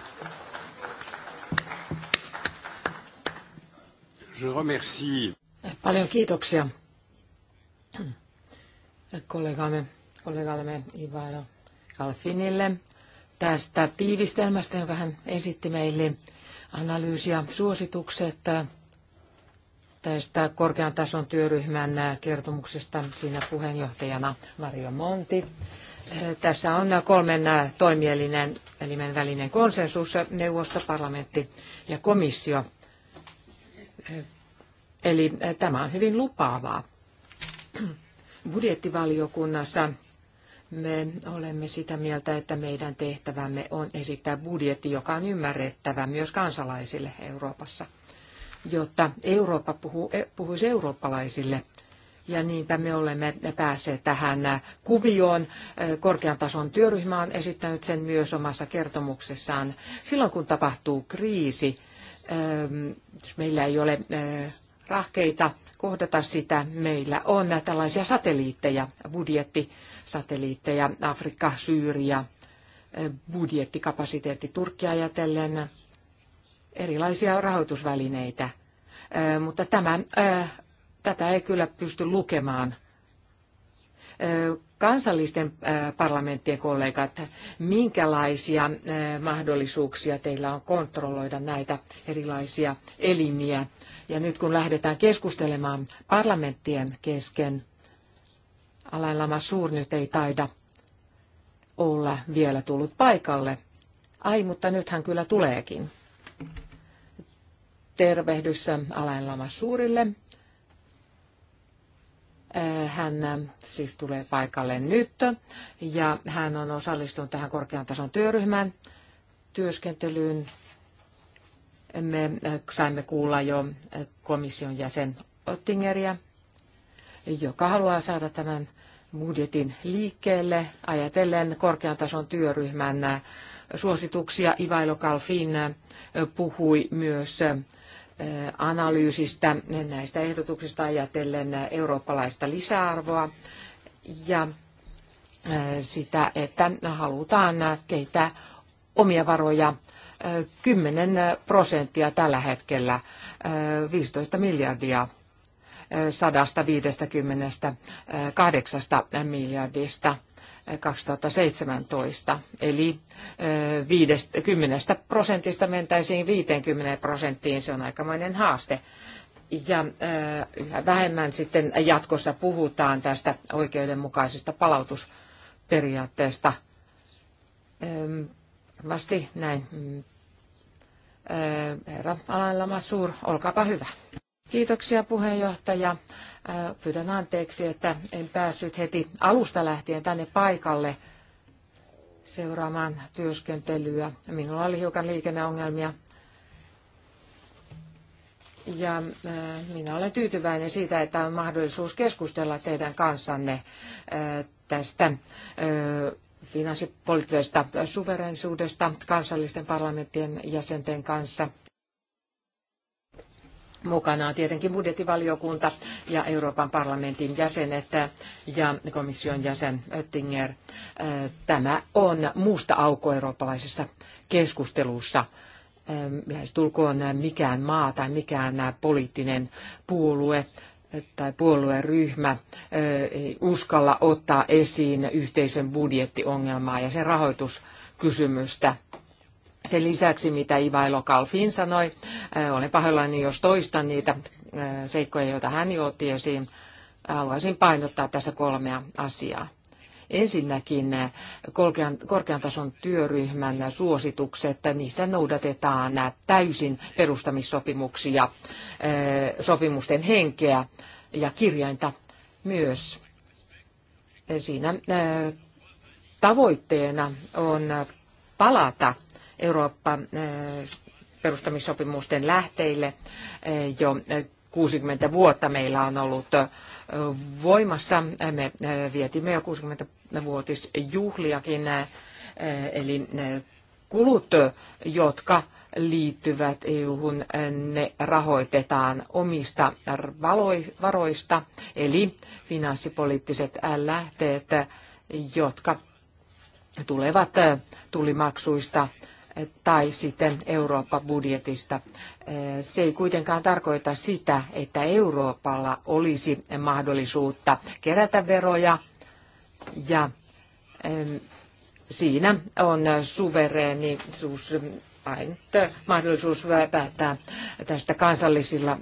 Je remercie. Paljon kiitoksia kollegamme, kollegallemme Ivaro Kalfinille tästä tiivistelmästä, jonka hän esitti meille. analyysia suositukset tästä korkean tason työryhmän äh, kertomuksesta. Siinä puheenjohtajana Mario Monti. Äh, tässä on kolmen äh, toimielinen elimen välinen konsensus, neuvosto, parlamentti ja komissio. Eli tämä on hyvin lupaavaa. [CLEARS THROAT] Budjettivaliokunnassa me olemme sitä mieltä, että meidän tehtävämme on esittää budjetti, joka on ymmärrettävä myös kansalaisille Euroopassa jotta Eurooppa puhuu, e, puhuisi eurooppalaisille. Ja niinpä me olemme päässeet tähän kuvioon. E, korkean tason työryhmä on esittänyt sen myös omassa kertomuksessaan. Silloin kun tapahtuu kriisi, e, jos meillä ei ole rahkeita kohdata sitä, meillä on tällaisia satelliitteja, budjettisatelliitteja, Afrikka, Syyria, budjettikapasiteetti Turkkia ajatellen, erilaisia rahoitusvälineitä, mutta tämä, tätä ei kyllä pysty lukemaan kansallisten parlamenttien kollegat, minkälaisia mahdollisuuksia teillä on kontrolloida näitä erilaisia elimiä. Ja nyt kun lähdetään keskustelemaan parlamenttien kesken, Alain Lama Suur nyt ei taida olla vielä tullut paikalle. Ai, mutta nyt hän kyllä tuleekin tervehdys Alain suurille, äh, Hän äh, siis tulee paikalle nyt ja hän on osallistunut tähän korkean tason työryhmän työskentelyyn. Me äh, saimme kuulla jo komission jäsen Ottingeria, joka haluaa saada tämän budjetin liikkeelle ajatellen korkean tason työryhmän suosituksia. Ivailo Kalfin puhui myös analyysistä näistä ehdotuksista ajatellen eurooppalaista lisäarvoa ja sitä, että halutaan kehittää omia varoja 10 prosenttia tällä hetkellä, 15 miljardia 158 miljardista 2017, eli 50 prosentista mentäisiin 50 prosenttiin, se on aikamoinen haaste. Ja yhä vähemmän sitten jatkossa puhutaan tästä oikeudenmukaisesta palautusperiaatteesta. Vasti näin. Mm. Herra Alain Lamassur, olkaapa hyvä. Kiitoksia puheenjohtaja. Äh, pyydän anteeksi, että en päässyt heti alusta lähtien tänne paikalle seuraamaan työskentelyä. Minulla oli hiukan liikenneongelmia. Ja äh, minä olen tyytyväinen siitä, että on mahdollisuus keskustella teidän kanssanne äh, tästä finanssipoliittisesta suverensuudesta kansallisten parlamenttien jäsenten kanssa – Mukana on tietenkin budjettivaliokunta ja Euroopan parlamentin jäsenet ja komission jäsen Oettinger. Tämä on muusta aukko eurooppalaisessa keskustelussa. Lähestulkoon mikään maa tai mikään poliittinen puolue tai puolueryhmä ei uskalla ottaa esiin yhteisen budjettiongelmaa ja sen rahoituskysymystä sen lisäksi, mitä Ivailo Kalfin sanoi, äh, olen pahoillani, jos toistan niitä äh, seikkoja, joita hän jo otti esiin. Haluaisin painottaa tässä kolmea asiaa. Ensinnäkin äh, korkean, korkean tason työryhmän suositukset, niissä noudatetaan täysin perustamissopimuksia, sopimusten henkeä ja kirjainta myös. Siinä tavoitteena on palata Eurooppa-perustamissopimusten eh, lähteille eh, jo 60 eh, vuotta meillä on ollut voimassa. Me vietimme jo 60-vuotisjuhliakin, eli kulut, jotka liittyvät EU-hun, ne rahoitetaan omista varoista, eli finanssipoliittiset lähteet, jotka tulevat tulimaksuista, tai sitten Eurooppa-budjetista. Eh, se ei kuitenkaan tarkoita sitä, että Euroopalla olisi mahdollisuutta kerätä veroja ja siinä on suvereenisuus ainut mahdollisuus päättää tästä kansallisilla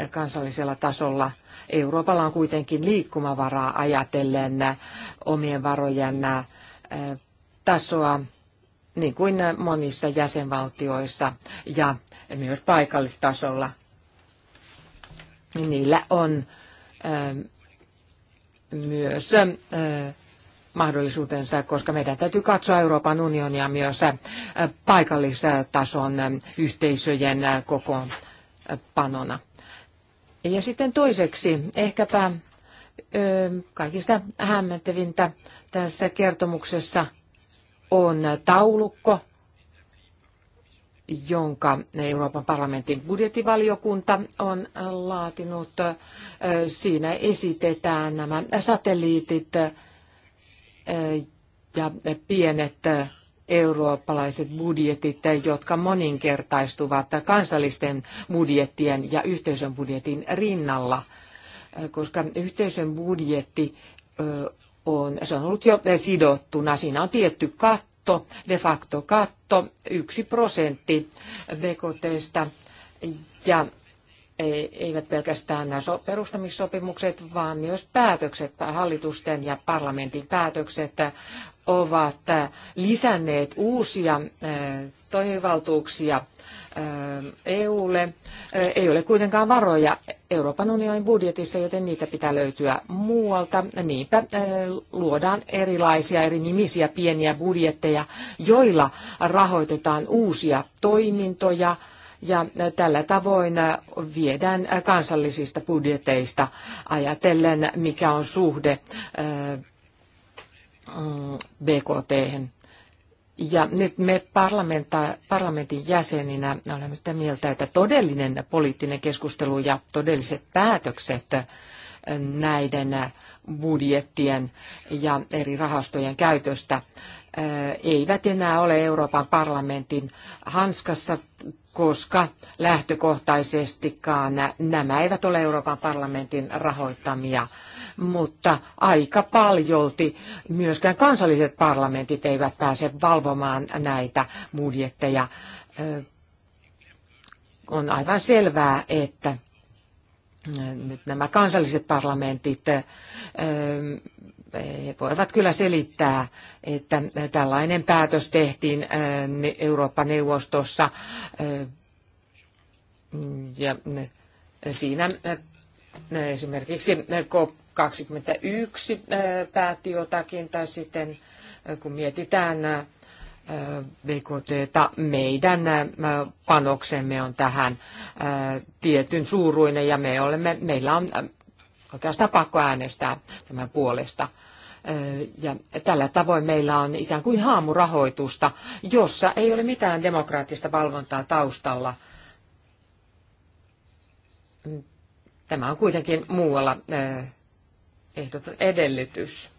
eh, kansallisella tasolla. Euroopalla on kuitenkin liikkumavaraa ajatellen omien varojen eh, tasoa niin kuin monissa jäsenvaltioissa ja myös paikallistasolla. Niillä on ähm, myös äh, mahdollisuutensa, koska meidän täytyy katsoa Euroopan unionia myös äh, paikallistason ähm, yhteisöjen äh, kokoonpanona. Ja sitten toiseksi ehkäpä kaikista hämmentävintä tässä kertomuksessa – on taulukko, jonka Euroopan parlamentin budjettivaliokunta on laatinut. Siinä esitetään nämä satelliitit ja pienet eurooppalaiset budjetit, jotka moninkertaistuvat kansallisten budjettien ja yhteisön budjetin rinnalla, koska yhteisön budjetti on, se on ollut jo sidottuna. Siinä on tietty katto, de facto katto, yksi prosentti BKTstä. Ja e, eivät pelkästään nämä perustamissopimukset, vaan myös päätökset, hallitusten ja parlamentin päätökset ovat lisänneet uusia e, toimivaltuuksia EUlle. Ei ole kuitenkaan varoja Euroopan unionin budjetissa, joten niitä pitää löytyä muualta. Niinpä luodaan erilaisia eri nimisiä pieniä budjetteja, joilla rahoitetaan uusia toimintoja ja tällä tavoin viedään kansallisista budjeteista ajatellen, mikä on suhde mm, BKT. Ja nyt me parlamentin jäseninä olemme sitä mieltä, että todellinen poliittinen keskustelu ja todelliset päätökset äh, näiden äh, budjettien ja eri rahastojen käytöstä äh, eivät enää ole Euroopan parlamentin hanskassa, koska lähtökohtaisestikaan nämä eivät ole Euroopan parlamentin rahoittamia mutta aika paljolti myöskään kansalliset parlamentit eivät pääse valvomaan näitä budjetteja. On aivan selvää, että nyt nämä kansalliset parlamentit he voivat kyllä selittää, että tällainen päätös tehtiin Eurooppa-neuvostossa ja siinä esimerkiksi COP 21 päätti jotakin, tai sitten kun mietitään BKT, meidän panoksemme on tähän tietyn suuruinen, ja me olemme, meillä on oikeastaan pakko äänestää tämän puolesta. Ja tällä tavoin meillä on ikään kuin haamurahoitusta, jossa ei ole mitään demokraattista valvontaa taustalla. Tämä on kuitenkin muualla ehdoton edellytys.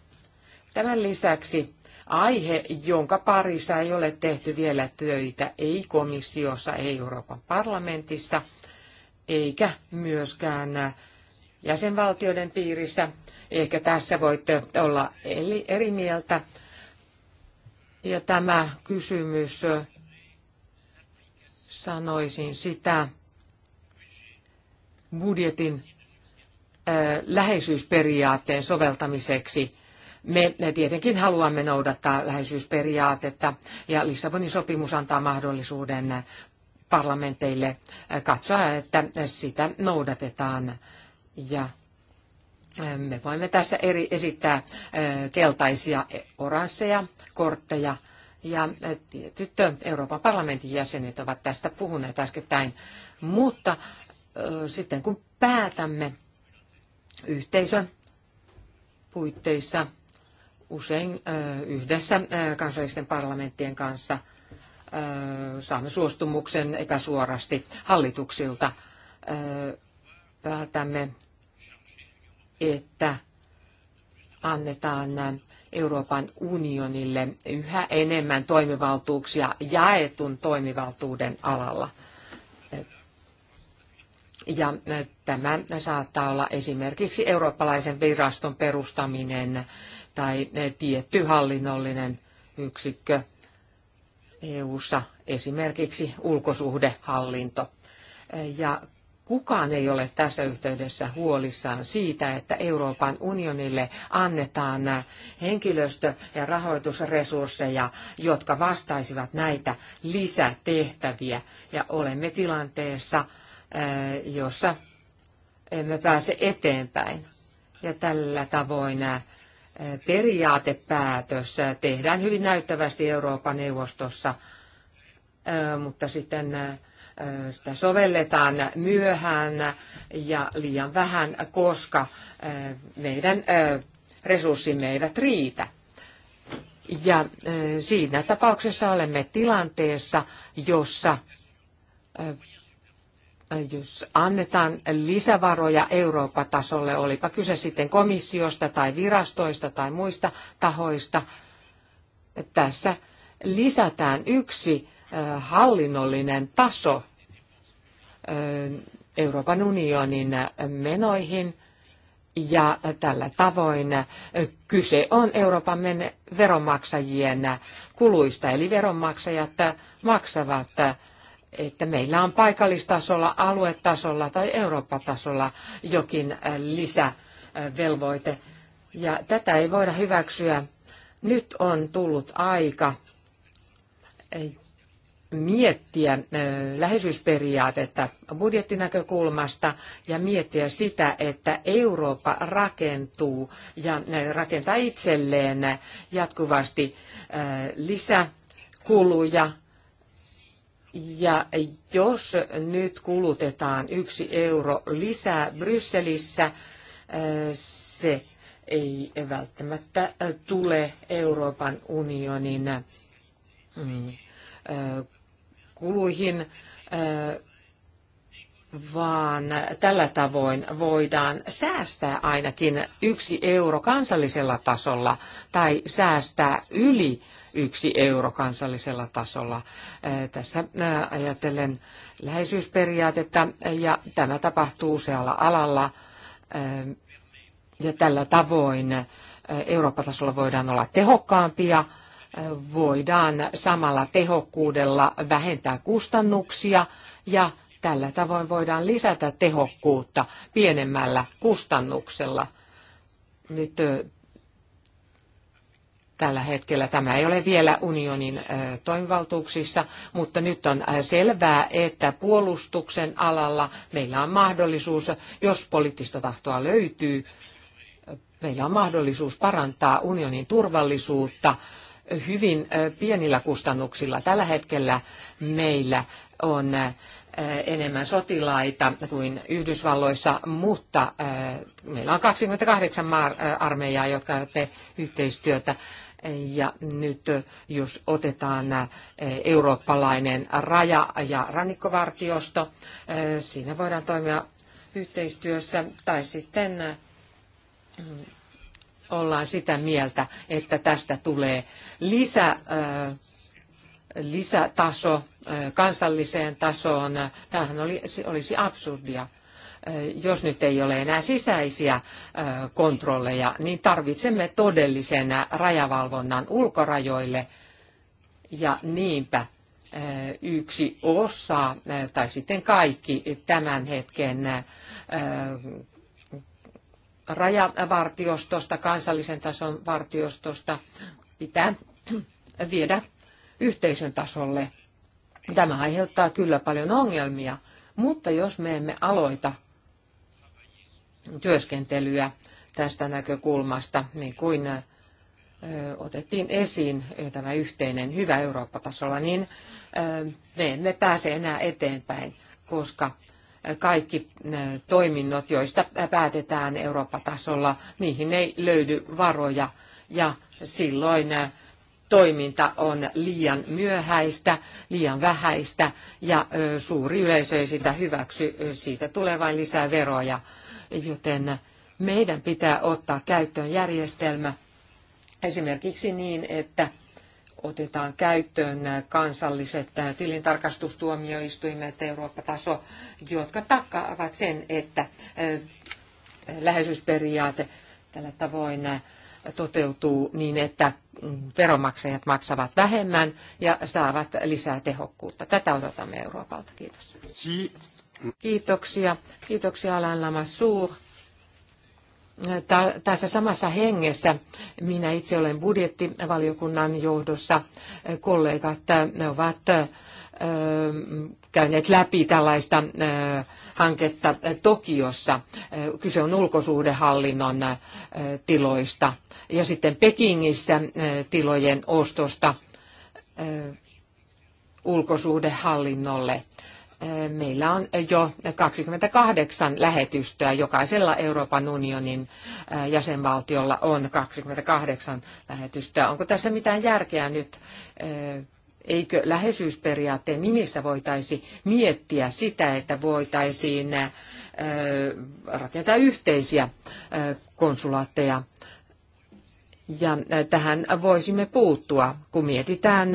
Tämän lisäksi aihe, jonka parissa ei ole tehty vielä töitä, ei komissiossa, ei Euroopan parlamentissa, eikä myöskään jäsenvaltioiden piirissä. Ehkä tässä voitte olla eri mieltä. Ja tämä kysymys, sanoisin sitä, budjetin läheisyysperiaatteen soveltamiseksi. Me tietenkin haluamme noudattaa läheisyysperiaatetta ja Lissabonin sopimus antaa mahdollisuuden parlamenteille katsoa, että sitä noudatetaan. Ja me voimme tässä eri, esittää keltaisia oransseja kortteja ja tietyt Euroopan parlamentin jäsenet ovat tästä puhuneet äskettäin. Mutta sitten kun päätämme yhteisön puitteissa usein yhdessä kansallisten parlamenttien kanssa saamme suostumuksen epäsuorasti hallituksilta. Päätämme, että annetaan Euroopan unionille yhä enemmän toimivaltuuksia jaetun toimivaltuuden alalla. Ja tämä saattaa olla esimerkiksi eurooppalaisen viraston perustaminen tai tietty hallinnollinen yksikkö EU-ssa, esimerkiksi ulkosuhdehallinto. Ja kukaan ei ole tässä yhteydessä huolissaan siitä, että Euroopan unionille annetaan henkilöstö- ja rahoitusresursseja, jotka vastaisivat näitä lisätehtäviä. Ja olemme tilanteessa, jossa emme pääse eteenpäin. Ja tällä tavoin periaatepäätös tehdään hyvin näyttävästi Euroopan neuvostossa, mutta sitten sitä sovelletaan myöhään ja liian vähän, koska meidän resurssimme eivät riitä. Ja siinä tapauksessa olemme tilanteessa, jossa jos annetaan lisävaroja Euroopan tasolle, olipa kyse sitten komissiosta tai virastoista tai muista tahoista, tässä lisätään yksi hallinnollinen taso Euroopan unionin menoihin ja tällä tavoin kyse on Euroopan veronmaksajien kuluista, eli veronmaksajat maksavat että meillä on paikallistasolla, aluetasolla tai Eurooppa-tasolla jokin äh, lisävelvoite. Ja tätä ei voida hyväksyä. Nyt on tullut aika äh, miettiä äh, läheisyysperiaatetta budjettinäkökulmasta ja miettiä sitä, että Eurooppa rakentuu ja rakentaa itselleen jatkuvasti lisäkuluja ja jos nyt kulutetaan yksi euro lisää Brysselissä, äh, se ei välttämättä äh, tule Euroopan unionin mm, äh, kuluihin vaan tällä tavoin voidaan säästää ainakin yksi euro kansallisella tasolla tai säästää yli yksi euro kansallisella tasolla. Tässä ajatellen läheisyysperiaatetta ja tämä tapahtuu usealla alalla ja tällä tavoin Eurooppa-tasolla voidaan olla tehokkaampia, voidaan samalla tehokkuudella vähentää kustannuksia ja Tällä tavoin voidaan lisätä tehokkuutta pienemmällä kustannuksella. Nyt tällä hetkellä tämä ei ole vielä unionin toimivaltuuksissa, mutta nyt on selvää, että puolustuksen alalla meillä on mahdollisuus, jos poliittista tahtoa löytyy, meillä on mahdollisuus parantaa unionin turvallisuutta hyvin pienillä kustannuksilla. Tällä hetkellä meillä on Eh, enemmän sotilaita kuin Yhdysvalloissa, mutta eh, meillä on 28 eh, armeijaa, jotka tekevät yhteistyötä. Ja nyt jos otetaan eurooppalainen raja- ja rannikkovartiosto, siinä voidaan toimia yhteistyössä tai sitten ollaan sitä mieltä, että tästä tulee lisä lisätaso kansalliseen tasoon. Tämähän olisi absurdia. Jos nyt ei ole enää sisäisiä kontrolleja, niin tarvitsemme todellisen rajavalvonnan ulkorajoille. Ja niinpä yksi osa tai sitten kaikki tämän hetken rajavartiostosta, kansallisen tason vartiostosta pitää viedä yhteisön tasolle. Tämä aiheuttaa kyllä paljon ongelmia, mutta jos me emme aloita työskentelyä tästä näkökulmasta, niin kuin otettiin esiin tämä yhteinen hyvä Eurooppa-tasolla, niin me emme pääse enää eteenpäin, koska kaikki toiminnot, joista päätetään Eurooppa-tasolla, niihin ei löydy varoja ja silloin toiminta on liian myöhäistä, liian vähäistä ja suuri yleisö ei sitä hyväksy. Siitä tulee vain lisää veroja, joten meidän pitää ottaa käyttöön järjestelmä esimerkiksi niin, että otetaan käyttöön kansalliset tilintarkastustuomioistuimet Eurooppa-taso, jotka takaavat sen, että läheisyysperiaate tällä tavoin toteutuu niin, että veronmaksajat maksavat vähemmän ja saavat lisää tehokkuutta. Tätä odotamme Euroopalta. Kiitos. Kiitoksia. Kiitoksia Alain Lama Suur. Tässä samassa hengessä minä itse olen budjettivaliokunnan johdossa. Kollegat ne äh, ovat äh, käyneet läpi tällaista hanketta Tokiossa. Kyse on ulkosuhdehallinnon tiloista ja sitten Pekingissä tilojen ostosta ulkosuhdehallinnolle. Meillä on jo 28 lähetystöä. Jokaisella Euroopan unionin jäsenvaltiolla on 28 lähetystöä. Onko tässä mitään järkeä nyt eikö läheisyysperiaatteen nimissä voitaisi miettiä sitä, että voitaisiin rakentaa yhteisiä konsulaatteja. Ja tähän voisimme puuttua, kun mietitään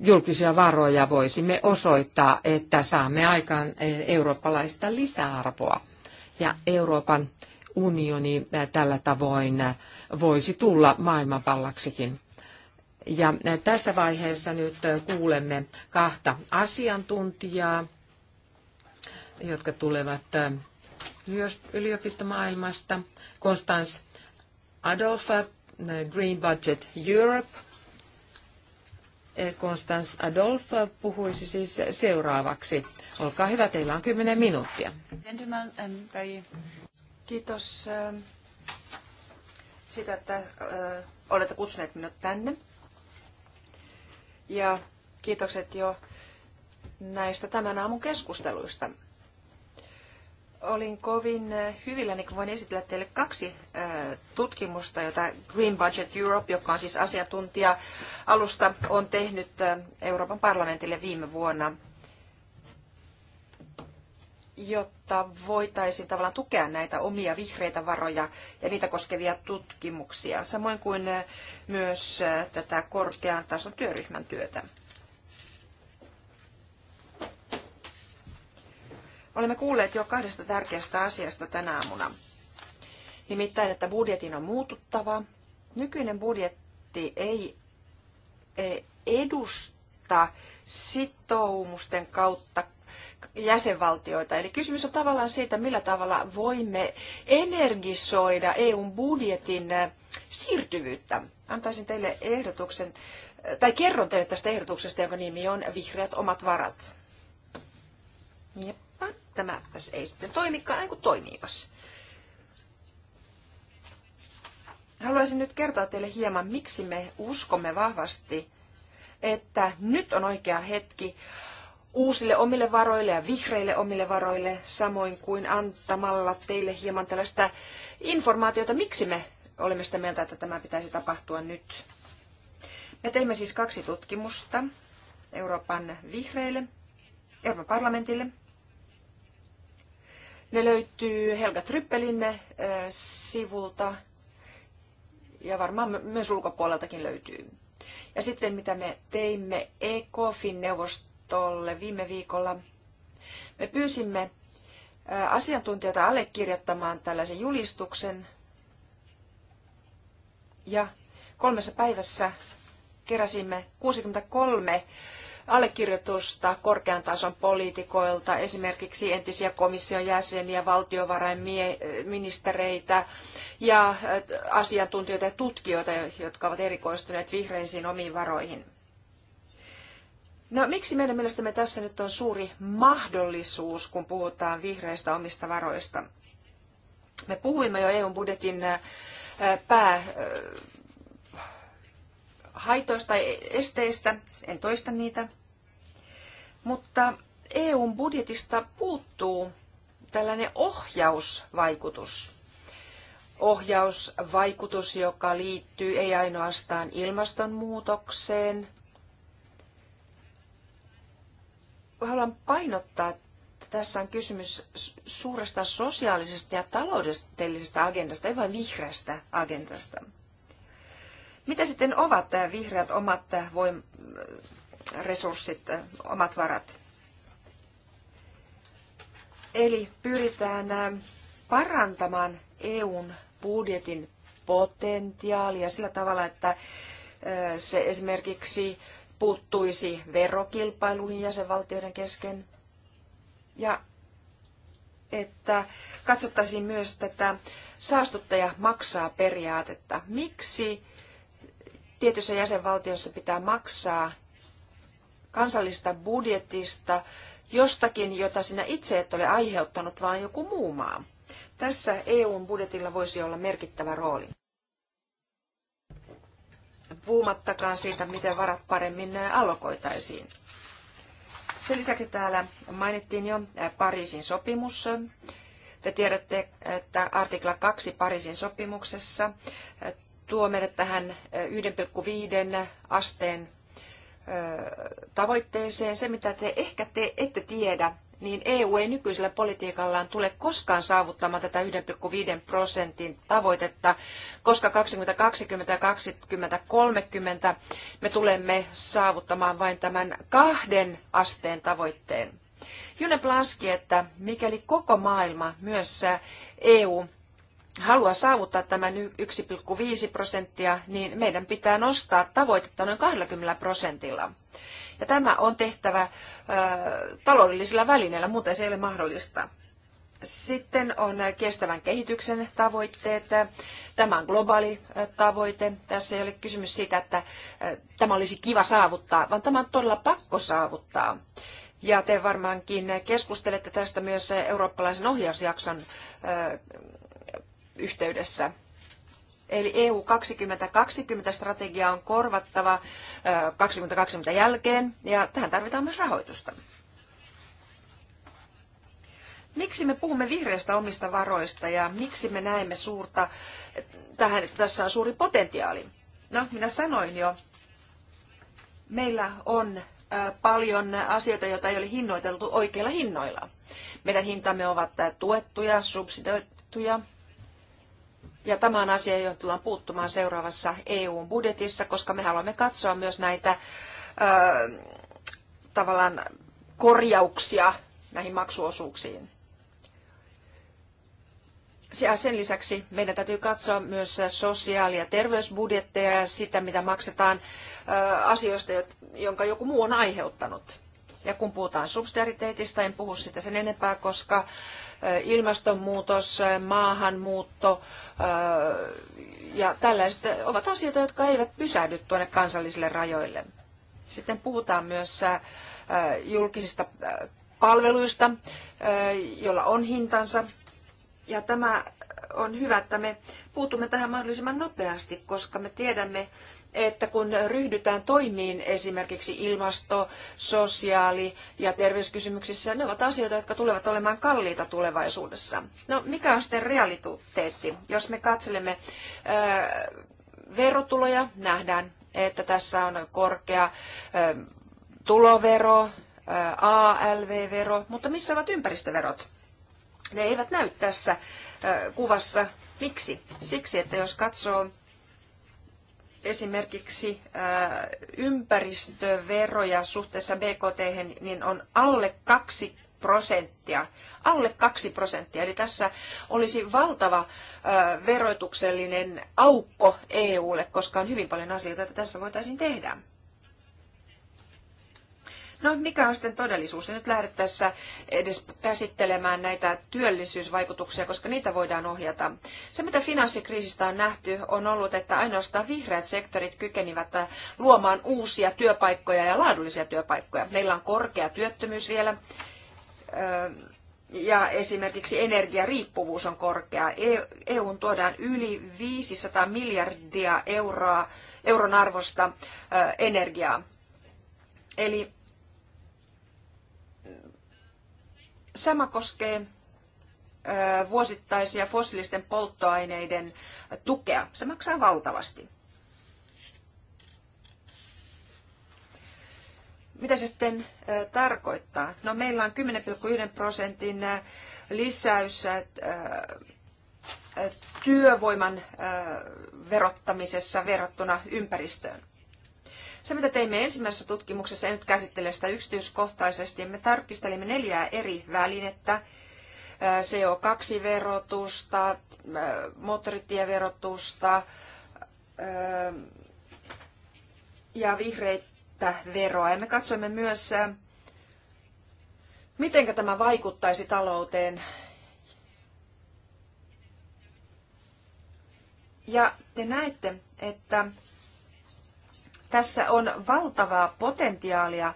julkisia varoja, voisimme osoittaa, että saamme aikaan eurooppalaista lisäarvoa. Ja Euroopan unioni tällä tavoin voisi tulla maailmanpallaksikin. Ja tässä vaiheessa nyt kuulemme kahta asiantuntijaa, jotka tulevat yliopistomaailmasta. Konstans Adolfa, Green Budget Europe. Konstans Adolfa puhuisi siis seuraavaksi. Olkaa hyvä, teillä on 10 minuuttia. Kiitos siitä, että olette kutsuneet minut tänne ja kiitokset jo näistä tämän aamun keskusteluista. Olin kovin äh, hyvilläni, kun voin esitellä teille kaksi äh, tutkimusta, jota Green Budget Europe, joka on siis asiantuntija alusta, on tehnyt äh, Euroopan parlamentille viime vuonna – jotta voitaisiin tavallaan tukea näitä omia vihreitä varoja ja niitä koskevia tutkimuksia, samoin kuin äh, myös äh, tätä korkean tason työryhmän työtä. Olemme kuulleet jo kahdesta tärkeästä asiasta tänä aamuna. Nimittäin, että budjetin on muututtava. Nykyinen budjetti ei e, edusta sitoumusten kautta jäsenvaltioita. Eli kysymys on tavallaan siitä, millä tavalla voimme energisoida EUn budjetin äh, siirtyvyyttä. Antaisin teille ehdotuksen, äh, tai kerron teille tästä ehdotuksesta, jonka nimi on Vihreät omat varat. Jep, tämä tässä ei sitten toimikaan, aiku kuin Haluaisin nyt kertoa teille hieman, miksi me uskomme vahvasti, että nyt on oikea hetki uusille omille varoille ja vihreille omille varoille, samoin kuin antamalla teille hieman tällaista informaatiota, miksi me olemme sitä mieltä, että tämä pitäisi tapahtua nyt. Me teimme siis kaksi tutkimusta Euroopan vihreille, Euroopan parlamentille. Ne löytyy Helga Tryppelin äh, sivulta ja varmaan myös ulkopuoleltakin löytyy. Ja sitten mitä me teimme ECOFIN neuvosto neuvostolle viime viikolla. Me pyysimme asiantuntijoita allekirjoittamaan tällaisen julistuksen ja kolmessa päivässä keräsimme 63 allekirjoitusta korkean tason poliitikoilta, esimerkiksi entisiä komission jäseniä, valtiovarainministereitä ja asiantuntijoita ja tutkijoita, jotka ovat erikoistuneet vihreisiin omiin varoihin. No miksi meidän mielestämme tässä nyt on suuri mahdollisuus, kun puhutaan vihreistä omista varoista? Me puhuimme jo EUn budjetin pää haitoista tai esteistä, en toista niitä, mutta EUn budjetista puuttuu tällainen ohjausvaikutus. Ohjausvaikutus, joka liittyy ei ainoastaan ilmastonmuutokseen, haluan painottaa, että tässä on kysymys suuresta sosiaalisesta ja taloudellisesta agendasta, ei vain vihreästä agendasta. Mitä sitten ovat tämä äh, vihreät omat äh, voim- äh, resurssit, omat varat? Eli pyritään parantamaan EUn budjetin potentiaalia sillä tavalla, että se esimerkiksi puuttuisi verokilpailuihin jäsenvaltioiden kesken ja että katsottaisiin myös tätä saastuttaja maksaa periaatetta. Miksi tietyissä jäsenvaltiossa pitää maksaa kansallista budjetista jostakin, jota sinä itse et ole aiheuttanut, vaan joku muu maa? Tässä EUn budjetilla voisi olla merkittävä rooli puhumattakaan siitä, miten varat paremmin allokoitaisiin. Sen lisäksi täällä mainittiin jo Pariisin sopimus. Te tiedätte, että artikla 2 Pariisin sopimuksessa tuo meidät tähän 1,5 asteen tavoitteeseen. Se, mitä te ehkä te ette tiedä, niin EU ei nykyisellä politiikallaan tule koskaan saavuttamaan tätä 1,5 prosentin tavoitetta, koska 2020 ja 2030 me tulemme saavuttamaan vain tämän kahden asteen tavoitteen. June Planski, että mikäli koko maailma, myös EU, haluaa saavuttaa tämän 1,5 prosenttia, niin meidän pitää nostaa tavoitetta noin 20 prosentilla. Ja tämä on tehtävä taloudellisilla välineillä, muuten se ei ole mahdollista. Sitten on kestävän kehityksen tavoitteet. Tämä on globaali tavoite. Tässä ei ole kysymys siitä, että tämä olisi kiva saavuttaa, vaan tämä on todella pakko saavuttaa. Ja te varmaankin keskustelette tästä myös eurooppalaisen ohjausjakson yhteydessä. Eli EU 2020 strategia on korvattava 2020 jälkeen ja tähän tarvitaan myös rahoitusta. Miksi me puhumme vihreistä omista varoista ja miksi me näemme suurta, tähän, tässä on suuri potentiaali? No, minä sanoin jo, meillä on paljon asioita, joita ei ole hinnoiteltu oikeilla hinnoilla. Meidän hintamme ovat tuettuja, subsidoituja, ja tämä on asia, johon tullaan puuttumaan seuraavassa EUn budjetissa, koska me haluamme katsoa myös näitä ö, tavallaan korjauksia näihin maksuosuuksiin. Sen lisäksi meidän täytyy katsoa myös sosiaali- ja terveysbudjetteja ja sitä, mitä maksetaan asioista, jonka joku muu on aiheuttanut. Ja kun puhutaan subsidiariteetista, en puhu sitä sen enempää, koska ilmastonmuutos, maahanmuutto ja tällaiset ovat asioita, jotka eivät pysähdy tuonne kansallisille rajoille. Sitten puhutaan myös julkisista palveluista, jolla on hintansa. Ja tämä on hyvä, että me puutumme tähän mahdollisimman nopeasti, koska me tiedämme, että kun ryhdytään toimiin esimerkiksi ilmasto, sosiaali- ja terveyskysymyksissä, ne ovat asioita, jotka tulevat olemaan kalliita tulevaisuudessa. No mikä on sitten realiteetti? Jos me katselemme ää, verotuloja, nähdään, että tässä on korkea ää, tulovero, ALV-vero, mutta missä ovat ympäristöverot? Ne eivät näy tässä kuvassa. Miksi? Siksi, että jos katsoo esimerkiksi äh, ympäristöveroja suhteessa BKT, niin on alle kaksi prosenttia, alle kaksi prosenttia. Eli tässä olisi valtava äh, verotuksellinen aukko EUlle, koska on hyvin paljon asioita, että tässä voitaisiin tehdä. No mikä on sitten todellisuus? Ja nyt lähdet tässä edes käsittelemään näitä työllisyysvaikutuksia, koska niitä voidaan ohjata. Se, mitä finanssikriisistä on nähty, on ollut, että ainoastaan vihreät sektorit kykenivät luomaan uusia työpaikkoja ja laadullisia työpaikkoja. Meillä on korkea työttömyys vielä. Ja esimerkiksi energiariippuvuus on korkea. EUn tuodaan yli 500 miljardia euroa, euron arvosta energiaa. Eli Sama koskee vuosittaisia fossiilisten polttoaineiden tukea. Se maksaa valtavasti. Mitä se sitten tarkoittaa? No meillä on 10,1 prosentin lisäys työvoiman verottamisessa verrattuna ympäristöön. Se, mitä teimme ensimmäisessä tutkimuksessa, en nyt käsittele sitä yksityiskohtaisesti, me tarkistelimme neljää eri välinettä, CO2-verotusta, moottoritieverotusta ja vihreitä veroa. Ja me katsoimme myös, miten tämä vaikuttaisi talouteen. Ja te näette, että tässä on valtavaa potentiaalia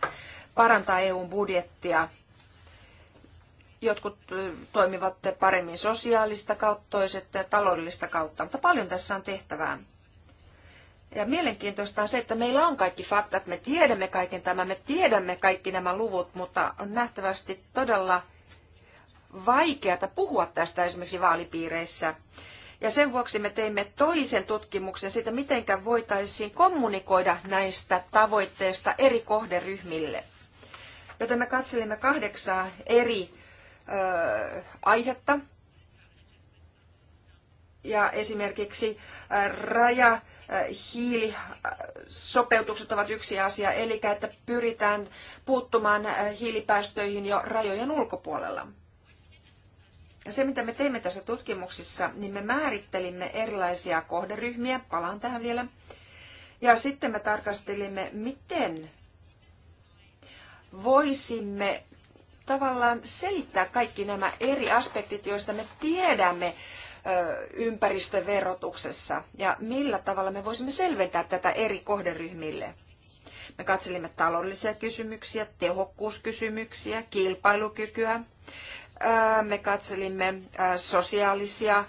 parantaa EUn budjettia. Jotkut toimivat paremmin sosiaalista kautta, toiset taloudellista kautta, mutta paljon tässä on tehtävää. Ja mielenkiintoista on se, että meillä on kaikki faktat, me tiedämme kaiken tämän, me tiedämme kaikki nämä luvut, mutta on nähtävästi todella vaikeata puhua tästä esimerkiksi vaalipiireissä ja sen vuoksi me teimme toisen tutkimuksen siitä, miten voitaisiin kommunikoida näistä tavoitteista eri kohderyhmille. Joten me katselimme kahdeksaa eri ö, aihetta. Ja esimerkiksi raja, hiilisopeutukset ovat yksi asia, eli että pyritään puuttumaan hiilipäästöihin jo rajojen ulkopuolella se, mitä me teimme tässä tutkimuksissa, niin me määrittelimme erilaisia kohderyhmiä, palaan tähän vielä, ja sitten me tarkastelimme, miten voisimme tavallaan selittää kaikki nämä eri aspektit, joista me tiedämme ympäristöverotuksessa ja millä tavalla me voisimme selventää tätä eri kohderyhmille. Me katselimme taloudellisia kysymyksiä, tehokkuuskysymyksiä, kilpailukykyä, me katselimme sosiaalisia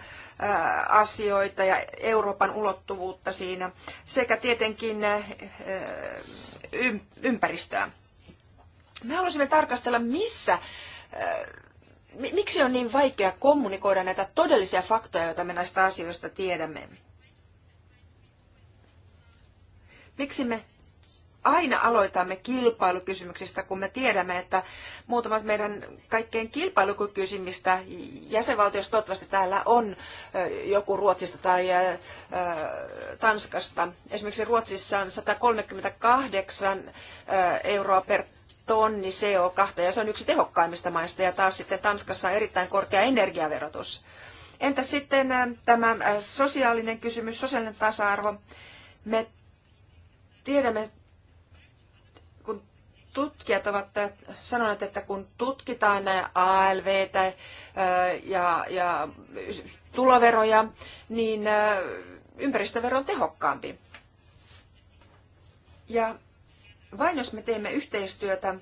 asioita ja Euroopan ulottuvuutta siinä sekä tietenkin ympäristöä. Me halusimme tarkastella, missä, miksi on niin vaikea kommunikoida näitä todellisia faktoja, joita me näistä asioista tiedämme. Miksi me aina aloitamme kilpailukysymyksistä, kun me tiedämme, että muutamat meidän kaikkein kilpailukykyisimmistä jäsenvaltioista, toivottavasti täällä on joku Ruotsista tai Tanskasta. Esimerkiksi Ruotsissa on 138 euroa per tonni CO2, ja se on yksi tehokkaimmista maista, ja taas sitten Tanskassa on erittäin korkea energiaverotus. Entä sitten tämä sosiaalinen kysymys, sosiaalinen tasa-arvo? Me tiedämme tutkijat ovat sanoneet, että kun tutkitaan ALV: ja, ja tuloveroja, niin ympäristövero on tehokkaampi. Ja vain jos me teemme yhteistyötä,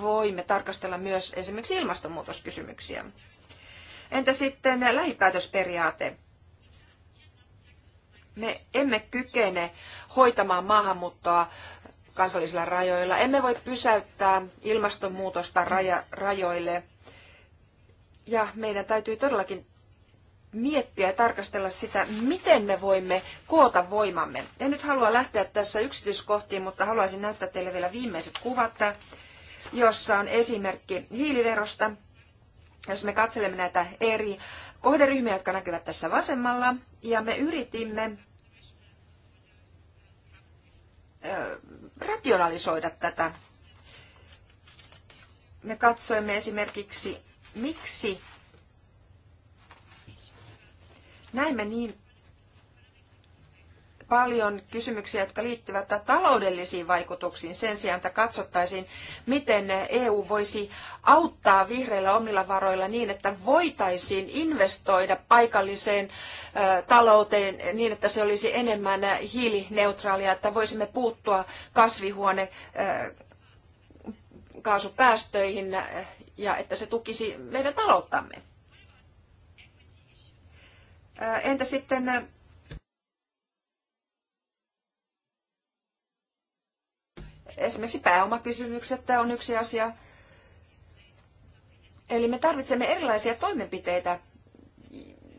voimme tarkastella myös esimerkiksi ilmastonmuutoskysymyksiä. Entä sitten lähipäätösperiaate? Me emme kykene hoitamaan maahanmuuttoa kansallisilla rajoilla. Emme voi pysäyttää ilmastonmuutosta raja, rajoille. Ja meidän täytyy todellakin miettiä ja tarkastella sitä, miten me voimme koota voimamme. En nyt halua lähteä tässä yksityiskohtiin, mutta haluaisin näyttää teille vielä viimeiset kuvat, jossa on esimerkki hiiliverosta. Jos me katselemme näitä eri kohderyhmiä, jotka näkyvät tässä vasemmalla, ja me yritimme rationalisoida tätä. Me katsoimme esimerkiksi, miksi näemme niin paljon kysymyksiä, jotka liittyvät taloudellisiin vaikutuksiin sen sijaan, että katsottaisiin, miten EU voisi auttaa vihreillä omilla varoilla niin, että voitaisiin investoida paikalliseen talouteen niin, että se olisi enemmän hiilineutraalia, että voisimme puuttua kasvihuone kaasupäästöihin ja että se tukisi meidän talouttamme. Entä sitten Esimerkiksi pääomakysymykset on yksi asia. Eli me tarvitsemme erilaisia toimenpiteitä,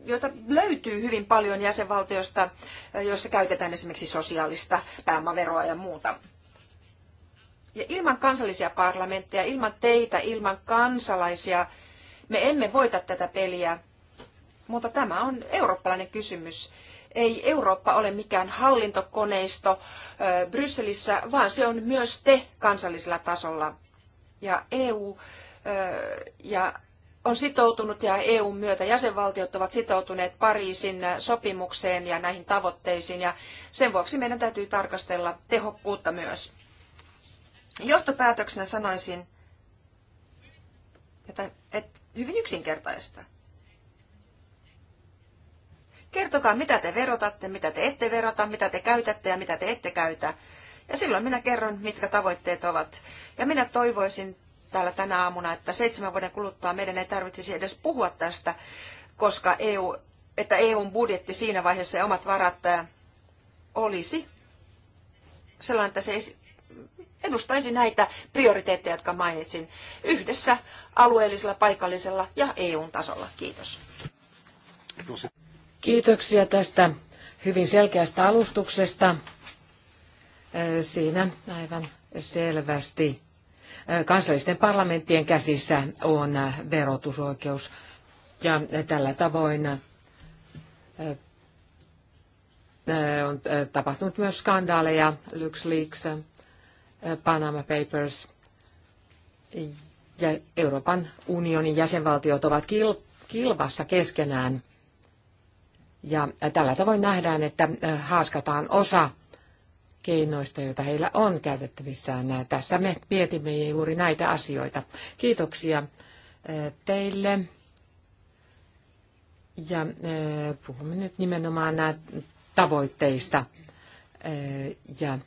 joita löytyy hyvin paljon jäsenvaltiosta, joissa käytetään esimerkiksi sosiaalista pääomaveroa ja muuta. Ja ilman kansallisia parlamentteja, ilman teitä, ilman kansalaisia me emme voita tätä peliä, mutta tämä on eurooppalainen kysymys. Ei Eurooppa ole mikään hallintokoneisto Brysselissä, vaan se on myös te kansallisella tasolla. Ja EU ja on sitoutunut ja EUn myötä jäsenvaltiot ovat sitoutuneet Pariisin sopimukseen ja näihin tavoitteisiin ja sen vuoksi meidän täytyy tarkastella tehokkuutta myös. Johtopäätöksenä sanoisin, että hyvin yksinkertaista. Kertokaa, mitä te verotatte, mitä te ette verota, mitä te käytätte ja mitä te ette käytä. Ja silloin minä kerron, mitkä tavoitteet ovat. Ja minä toivoisin täällä tänä aamuna, että seitsemän vuoden kuluttua meidän ei tarvitsisi edes puhua tästä, koska EU, että EUn budjetti siinä vaiheessa ja omat varat olisi sellainen, että se edustaisi näitä prioriteetteja, jotka mainitsin yhdessä alueellisella, paikallisella ja EUn tasolla. Kiitos. Kiitoksia tästä hyvin selkeästä alustuksesta. Siinä aivan selvästi kansallisten parlamenttien käsissä on verotusoikeus ja tällä tavoin on tapahtunut myös skandaaleja, LuxLeaks, Panama Papers ja Euroopan unionin jäsenvaltiot ovat kilvassa keskenään ja äh, tällä tavoin nähdään, että äh, haaskataan osa keinoista, joita heillä on käytettävissään. Äh, tässä me mietimme juuri näitä asioita. Kiitoksia teille. Ja puhumme nyt nimenomaan nämä tavoitteista ja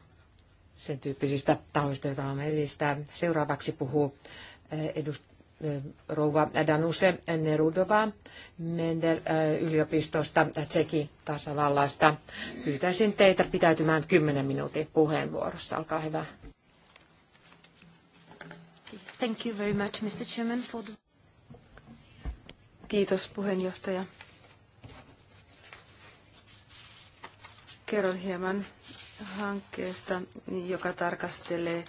sen tyyppisistä tahoista, joita haluamme edistää. Seuraavaksi puhuu edustaja rouva Danuse Nerudova Mendel äh, yliopistosta Tseki tasavallasta. Pyytäisin teitä pitäytymään 10 minuutin puheenvuorossa. Olkaa hyvä. Thank you very much, Mr. Chairman, for the... Kiitos puheenjohtaja. Kerron hieman hankkeesta, joka tarkastelee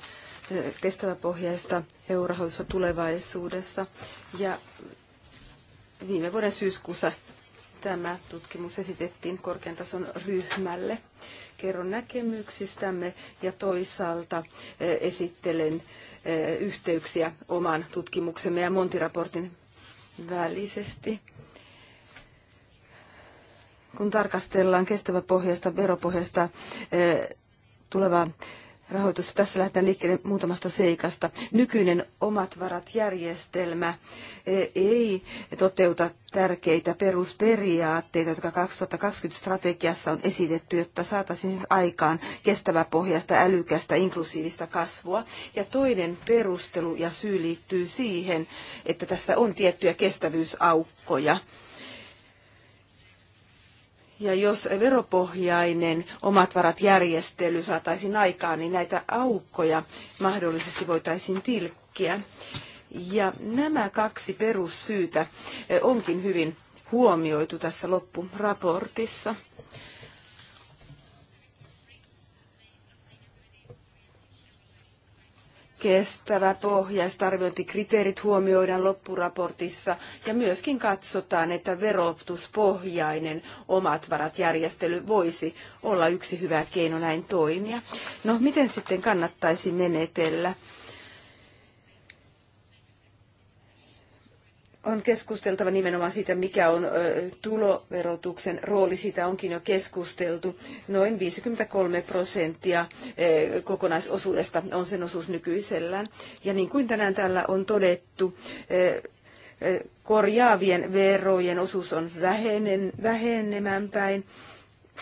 kestäväpohjaista eurohoidossa tulevaisuudessa. Ja viime vuoden syyskuussa tämä tutkimus esitettiin korkean tason ryhmälle. Kerron näkemyksistämme ja toisaalta eh, esittelen eh, yhteyksiä oman tutkimuksemme ja Montiraportin välisesti. Kun tarkastellaan kestäväpohjaista, veropohjaista eh, tulevaa rahoitus. Tässä lähdetään liikkeelle muutamasta seikasta. Nykyinen omat varat järjestelmä e, ei toteuta tärkeitä perusperiaatteita, jotka 2020 strategiassa on esitetty, jotta saataisiin siis aikaan pohjasta, älykästä, inklusiivista kasvua. Ja toinen perustelu ja syy liittyy siihen, että tässä on tiettyjä kestävyysaukkoja ja jos veropohjainen omat varat järjestely saataisiin aikaan, niin näitä aukkoja mahdollisesti voitaisiin tilkkiä. Ja nämä kaksi perussyytä onkin hyvin huomioitu tässä loppuraportissa. kestävä pohjaiset arviointikriteerit huomioidaan loppuraportissa ja myöskin katsotaan, että verotuspohjainen omat varat järjestely voisi olla yksi hyvä keino näin toimia. No miten sitten kannattaisi menetellä? on keskusteltava nimenomaan siitä, mikä on tuloverotuksen rooli. Siitä onkin jo keskusteltu. Noin 53 prosenttia kokonaisosuudesta on sen osuus nykyisellään. Ja niin kuin tänään täällä on todettu, korjaavien verojen osuus on vähenemään päin.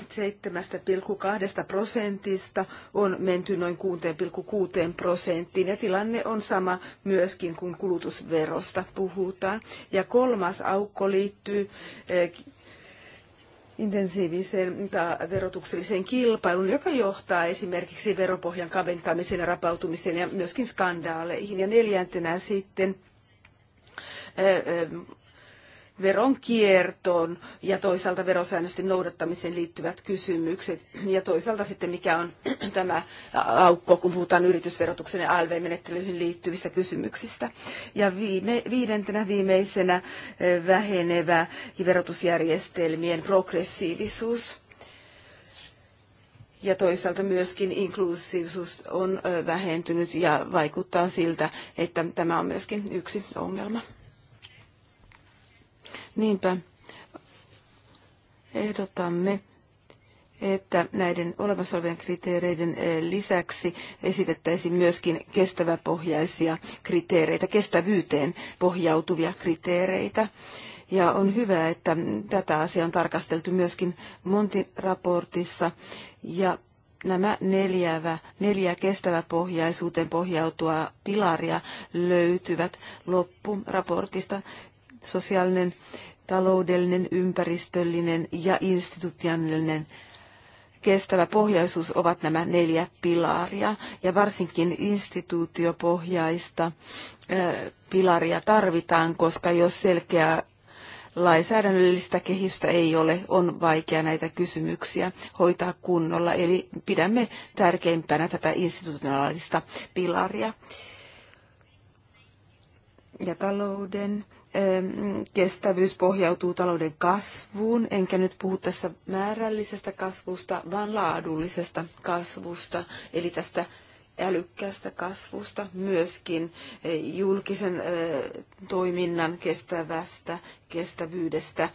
7,2 prosentista on menty noin 6,6 prosenttiin ja tilanne on sama myöskin, kun kulutusverosta puhutaan. Ja kolmas aukko liittyy eh, intensiiviseen verotukselliseen kilpailuun, joka johtaa esimerkiksi veropohjan kaventamiseen ja rapautumiseen ja myöskin skandaaleihin. Ja neljäntenä sitten eh, eh, veronkiertoon ja toisaalta verosäännösten noudattamiseen liittyvät kysymykset ja toisaalta sitten mikä on [CLEARS THROAT] tämä aukko, kun puhutaan yritysverotuksen ja ALV-menettelyihin liittyvistä kysymyksistä. Ja viime, viidentenä viimeisenä eh, vähenevä verotusjärjestelmien progressiivisuus. Ja toisaalta myöskin inklusiivisuus on eh, vähentynyt ja vaikuttaa siltä, että tämä on myöskin yksi ongelma. Niinpä ehdotamme, että näiden olemassa olevien kriteereiden eh, lisäksi esitettäisiin myöskin kestäväpohjaisia kriteereitä, kestävyyteen pohjautuvia kriteereitä. Ja on hyvä, että tätä asiaa on tarkasteltu myöskin Monti-raportissa. Ja nämä neljävä, neljä kestäväpohjaisuuteen pohjautua pilaria löytyvät loppuraportista sosiaalinen, taloudellinen, ympäristöllinen ja institutionaalinen kestävä pohjaisuus ovat nämä neljä pilaria. Ja varsinkin instituutiopohjaista pilaria tarvitaan, koska jos selkeää lainsäädännöllistä kehystä ei ole, on vaikea näitä kysymyksiä hoitaa kunnolla. Eli pidämme tärkeimpänä tätä institutionaalista pilaria. Ja talouden kestävyys pohjautuu talouden kasvuun, enkä nyt puhu tässä määrällisestä kasvusta, vaan laadullisesta kasvusta, eli tästä älykkäästä kasvusta, myöskin eh, julkisen eh, toiminnan kestävästä kestävyydestä,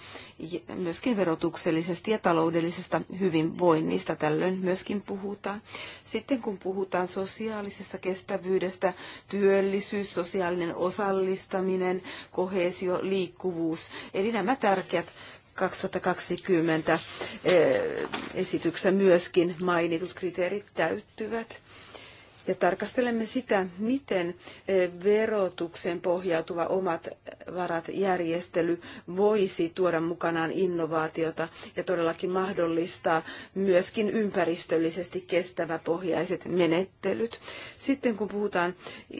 myöskin verotuksellisesta ja taloudellisesta hyvinvoinnista. Tällöin myöskin puhutaan. Sitten kun puhutaan sosiaalisesta kestävyydestä, työllisyys, sosiaalinen osallistaminen, kohesio, liikkuvuus, eli nämä tärkeät 2020 eh, esityksen myöskin mainitut kriteerit täyttyvät ja tarkastelemme sitä, miten e, verotuksen pohjautuva omat varat järjestely voisi tuoda mukanaan innovaatiota ja todellakin mahdollistaa myöskin ympäristöllisesti kestäväpohjaiset menettelyt. Sitten kun puhutaan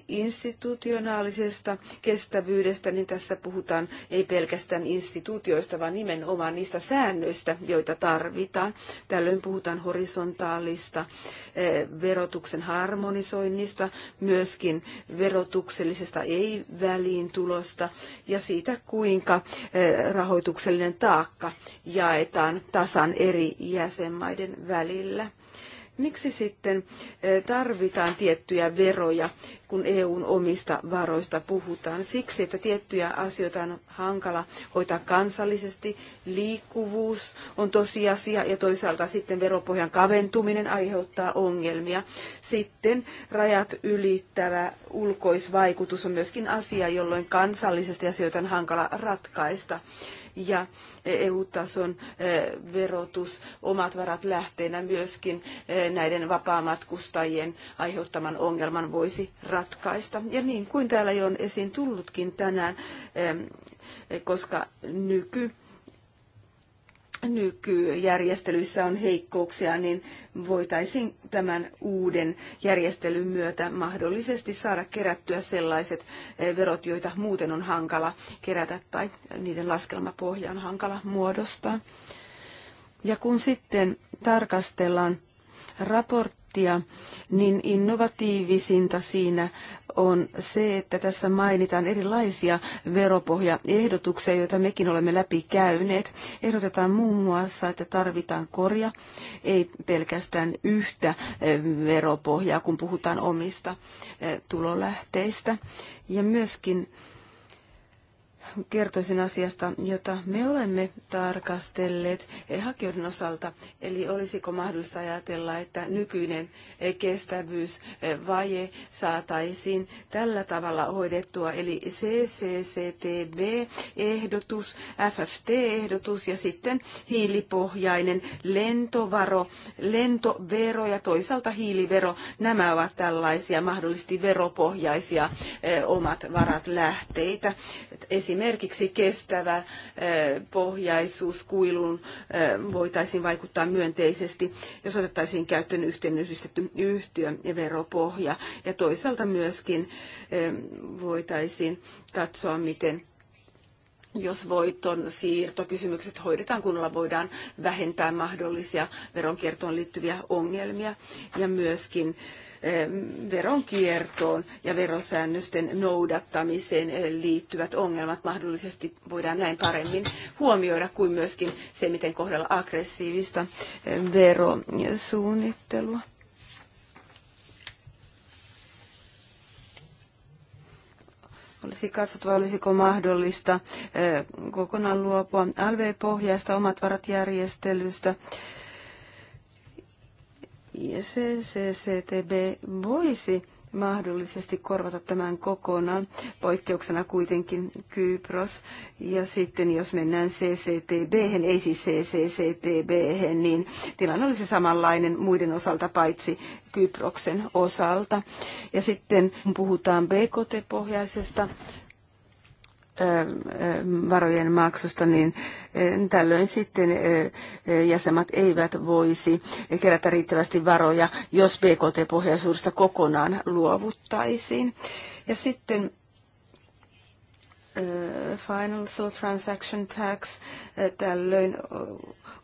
institutionaalisesta kestävyydestä, niin tässä puhutaan ei pelkästään instituutioista, vaan nimenomaan niistä säännöistä, joita tarvitaan. Tällöin puhutaan horisontaalista e, verotuksen harmonisoinnista, harmonisoinnista, myöskin verotuksellisesta ei-väliintulosta ja siitä, kuinka eh, rahoituksellinen taakka jaetaan tasan eri jäsenmaiden välillä. Miksi sitten eh, tarvitaan tiettyjä veroja, kun EUn omista varoista puhutaan? Siksi, että tiettyjä asioita on hankala hoitaa kansallisesti. Liikkuvuus on tosiasia ja toisaalta sitten veropohjan kaventuminen aiheuttaa ongelmia. Sitten rajat ylittävä ulkoisvaikutus on myöskin asia, jolloin kansallisesti asioita on hankala ratkaista ja EU-tason e, verotus, omat varat lähteenä myöskin e, näiden vapaamatkustajien aiheuttaman ongelman voisi ratkaista. Ja niin kuin täällä jo on esiin tullutkin tänään, e, koska nyky nykyjärjestelyissä on heikkouksia, niin voitaisiin tämän uuden järjestelyn myötä mahdollisesti saada kerättyä sellaiset eh, verot, joita muuten on hankala kerätä tai niiden laskelmapohja on hankala muodostaa. Ja kun sitten tarkastellaan raport prosenttia, niin innovatiivisinta siinä on se, että tässä mainitaan erilaisia veropohjaehdotuksia, joita mekin olemme läpi käyneet. Ehdotetaan muun muassa, että tarvitaan korja, ei pelkästään yhtä eh, veropohjaa, kun puhutaan omista eh, tulolähteistä. Ja myöskin kertoisin asiasta, jota me olemme tarkastelleet hakijoiden osalta. Eli olisiko mahdollista ajatella, että nykyinen kestävyysvaje saataisiin tällä tavalla hoidettua, eli CCCTB-ehdotus, FFT-ehdotus ja sitten hiilipohjainen lentovaro, lentovero ja toisaalta hiilivero. Nämä ovat tällaisia mahdollisesti veropohjaisia eh, omat varat lähteitä. Esimerkiksi Esimerkiksi kestävä pohjaisuus kuilun voitaisiin vaikuttaa myönteisesti, jos otettaisiin käyttöön yhteen yhdistetty yhtiö ja veropohja. Ja toisaalta myöskin voitaisiin katsoa, miten jos voiton siirtokysymykset hoidetaan kunnolla, voidaan vähentää mahdollisia veronkiertoon liittyviä ongelmia ja myöskin veronkiertoon ja verosäännösten noudattamiseen eh, liittyvät ongelmat mahdollisesti voidaan näin paremmin huomioida kuin myöskin se, miten kohdella aggressiivista verosuunnittelua. olisi katsottava, olisiko mahdollista eh, kokonaan luopua LV-pohjaista omat varat järjestelystä ICCCTB voisi mahdollisesti korvata tämän kokonaan, poikkeuksena kuitenkin Kypros. Ja sitten jos mennään CCTB, ei siis CCCTB, niin tilanne olisi samanlainen muiden osalta paitsi Kyproksen osalta. Ja sitten kun puhutaan BKT-pohjaisesta varojen maksusta, niin tällöin sitten jäsenmat eivät voisi kerätä riittävästi varoja, jos BKT-pohjaisuudesta kokonaan luovuttaisiin. Ja sitten financial transaction tax, tällöin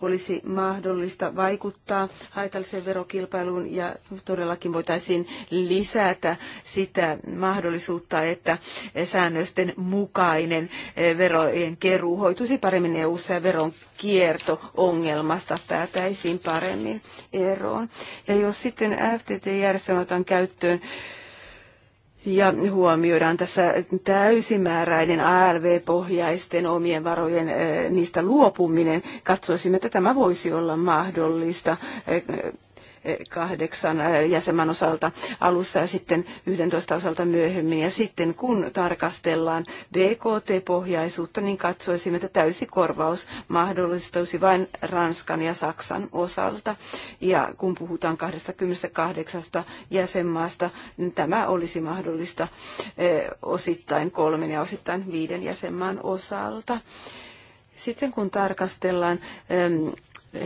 olisi mahdollista vaikuttaa haitalliseen verokilpailuun ja todellakin voitaisiin lisätä sitä mahdollisuutta, että säännösten mukainen eh, verojen keruu hoituisi paremmin EU-ssa ja veron kierto-ongelmasta päätäisiin paremmin eroon. Ja jos sitten FTT-järjestelmä otan käyttöön, ja huomioidaan tässä täysimääräinen ALV-pohjaisten omien varojen eh, niistä luopuminen. Katsoisimme, että tämä voisi olla mahdollista eh, kahdeksan jäsenmaan osalta alussa ja sitten 11 osalta myöhemmin. Ja sitten kun tarkastellaan BKT-pohjaisuutta, niin katsoisimme, että täysi korvaus mahdollistuisi vain Ranskan ja Saksan osalta. Ja kun puhutaan 28 jäsenmaasta, niin tämä olisi mahdollista eh, osittain kolmen ja osittain viiden jäsenmaan osalta. Sitten kun tarkastellaan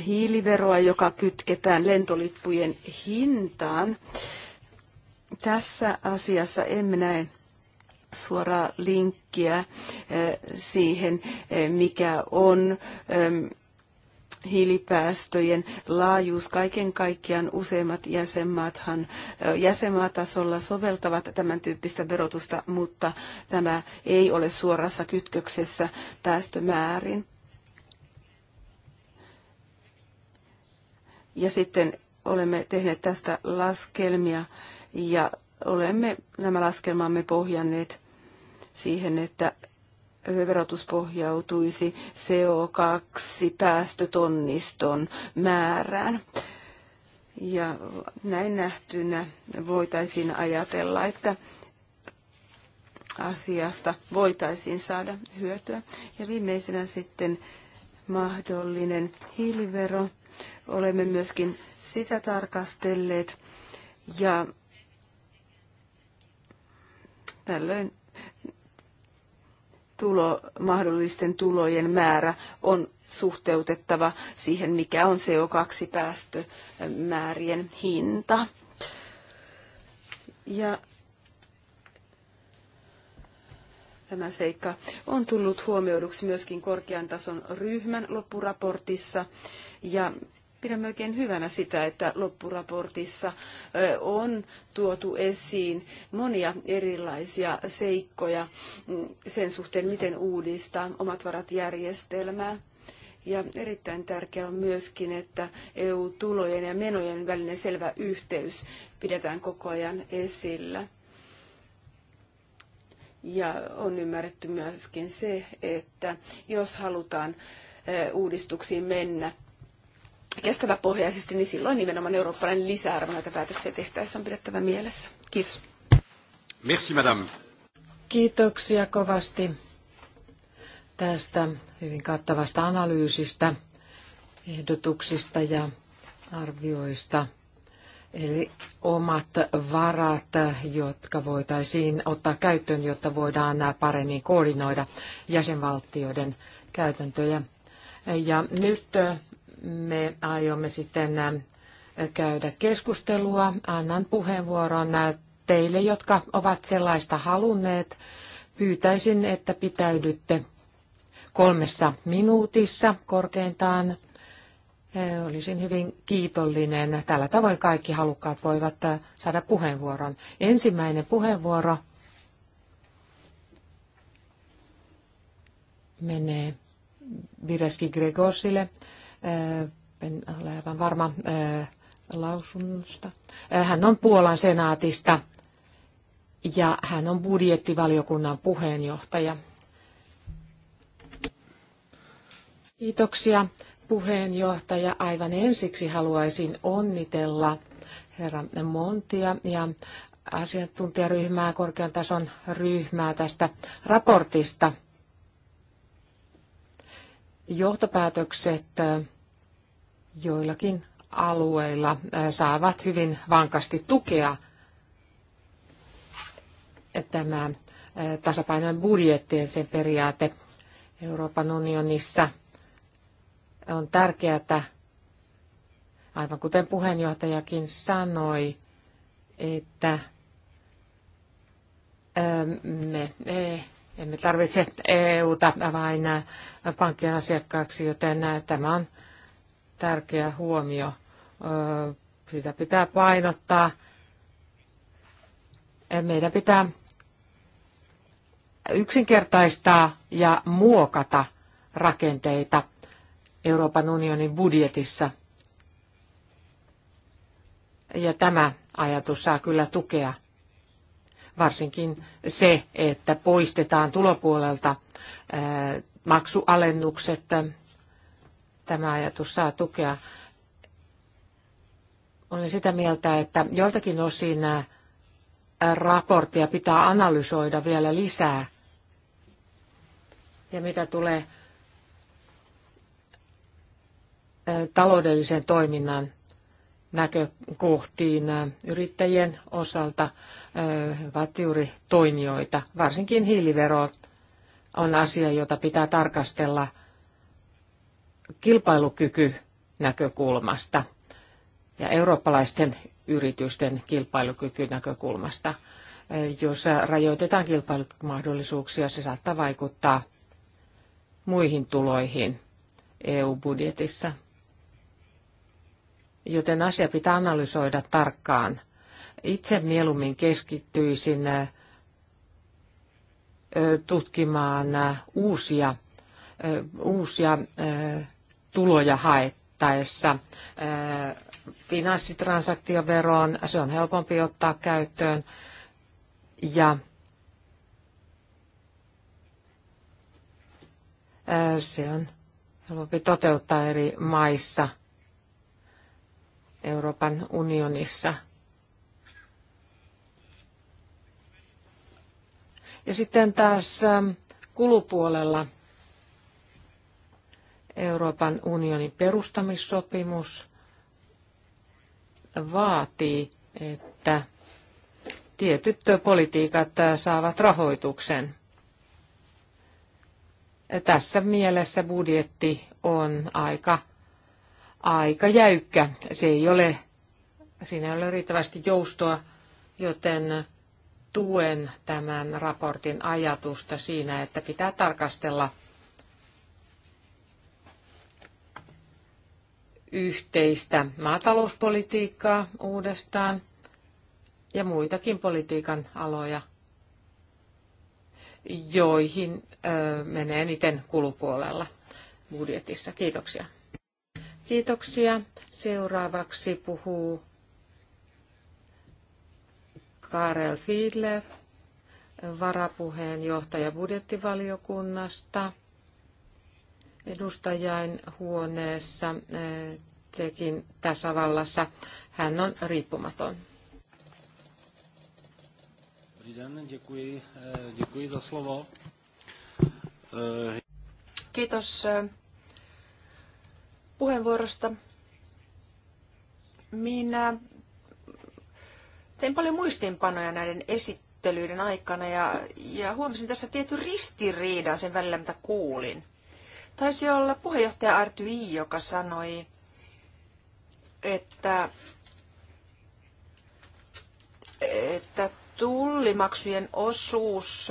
hiiliveroa, joka kytketään lentolippujen hintaan. Tässä asiassa emme näe suoraa linkkiä eh, siihen, eh, mikä on ehm, hiilipäästöjen laajuus. Kaiken kaikkiaan useimmat jäsenmaathan eh, jäsenmaatasolla soveltavat tämän tyyppistä verotusta, mutta tämä ei ole suorassa kytköksessä päästömäärin. Ja sitten olemme tehneet tästä laskelmia ja olemme nämä laskelmamme pohjanneet siihen, että verotus pohjautuisi CO2-päästötonniston määrään. Ja näin nähtynä voitaisiin ajatella, että asiasta voitaisiin saada hyötyä. Ja viimeisenä sitten mahdollinen hiilivero Olemme myöskin sitä tarkastelleet ja tällöin tulo, mahdollisten tulojen määrä on suhteutettava siihen, mikä on CO2-päästömäärien hinta. Ja tämä seikka on tullut huomioiduksi myöskin korkean tason ryhmän loppuraportissa ja Pidämme oikein hyvänä sitä, että loppuraportissa on tuotu esiin monia erilaisia seikkoja mm, sen suhteen, miten uudistaa omat varat järjestelmää. Ja erittäin tärkeää on myöskin, että EU-tulojen ja menojen välinen selvä yhteys pidetään koko ajan esillä. Ja on ymmärretty myöskin se, että jos halutaan uudistuksiin mennä, kestäväpohjaisesti, niin silloin nimenomaan eurooppalainen lisäarvo näitä päätöksiä tehtäessä on pidettävä mielessä. Kiitos. Merci, madame. Kiitoksia kovasti tästä hyvin kattavasta analyysistä, ehdotuksista ja arvioista. Eli omat varat, jotka voitaisiin ottaa käyttöön, jotta voidaan paremmin koordinoida jäsenvaltioiden käytäntöjä. Ja nyt me aiomme sitten ähm, käydä keskustelua. Annan puheenvuoron äh, teille, jotka ovat sellaista halunneet. Pyytäisin, että pitäydytte kolmessa minuutissa korkeintaan. Äh, olisin hyvin kiitollinen. Tällä tavoin kaikki halukkaat voivat äh, saada puheenvuoron. Ensimmäinen puheenvuoro menee Vireski Gregorsille en ole aivan varma lausunnosta. Hän on Puolan senaatista ja hän on budjettivaliokunnan puheenjohtaja. Kiitoksia puheenjohtaja. Aivan ensiksi haluaisin onnitella herra Montia ja asiantuntijaryhmää, korkean tason ryhmää tästä raportista. Johtopäätökset joillakin alueilla äh, saavat hyvin vankasti tukea tämä äh, tasapainoinen budjetti ja sen periaate Euroopan unionissa on tärkeää, aivan kuten puheenjohtajakin sanoi, että äh, me emme tarvitse EUta vain pankkien asiakkaaksi, joten tämä on tärkeä huomio. Sitä pitää painottaa. E, meidän pitää yksinkertaistaa ja muokata rakenteita Euroopan unionin budjetissa. Ja tämä ajatus saa kyllä tukea varsinkin se, että poistetaan tulopuolelta maksualennukset tämä ajatus saa tukea. Olen sitä mieltä, että joiltakin osin raporttia pitää analysoida vielä lisää. Ja mitä tulee taloudellisen toiminnan näkökohtiin yrittäjien osalta he ovat juuri toimijoita. Varsinkin hiilivero on asia, jota pitää tarkastella – kilpailukyky näkökulmasta ja eurooppalaisten yritysten kilpailukyky näkökulmasta. Jos rajoitetaan kilpailumahdollisuuksia, se saattaa vaikuttaa muihin tuloihin EU-budjetissa. Joten asia pitää analysoida tarkkaan. Itse mieluummin keskittyisin tutkimaan uusia, uusia tuloja haettaessa. Äh, finanssitransaktioveroon se on helpompi ottaa käyttöön ja äh, se on helpompi toteuttaa eri maissa Euroopan unionissa. Ja sitten taas ähm, kulupuolella Euroopan unionin perustamissopimus vaatii, että tietyt politiikat saavat rahoituksen. Tässä mielessä budjetti on aika, aika jäykkä. Se ei ole, siinä ei ole riittävästi joustoa, joten tuen tämän raportin ajatusta siinä, että pitää tarkastella – yhteistä maatalouspolitiikkaa uudestaan ja muitakin politiikan aloja, joihin menee eniten kulupuolella budjetissa. Kiitoksia. Kiitoksia. Seuraavaksi puhuu Karel Fiedler, varapuheenjohtaja budjettivaliokunnasta edustajain huoneessa Tsekin eh, tasavallassa. Hän on riippumaton. Eh, eh, Kiitos puheenvuorosta. Minä tein paljon muistiinpanoja näiden esittelyiden aikana ja, ja huomasin tässä tietyn ristiriidan sen välillä, mitä kuulin. Taisi olla puheenjohtaja i, joka sanoi, että, että tullimaksujen osuus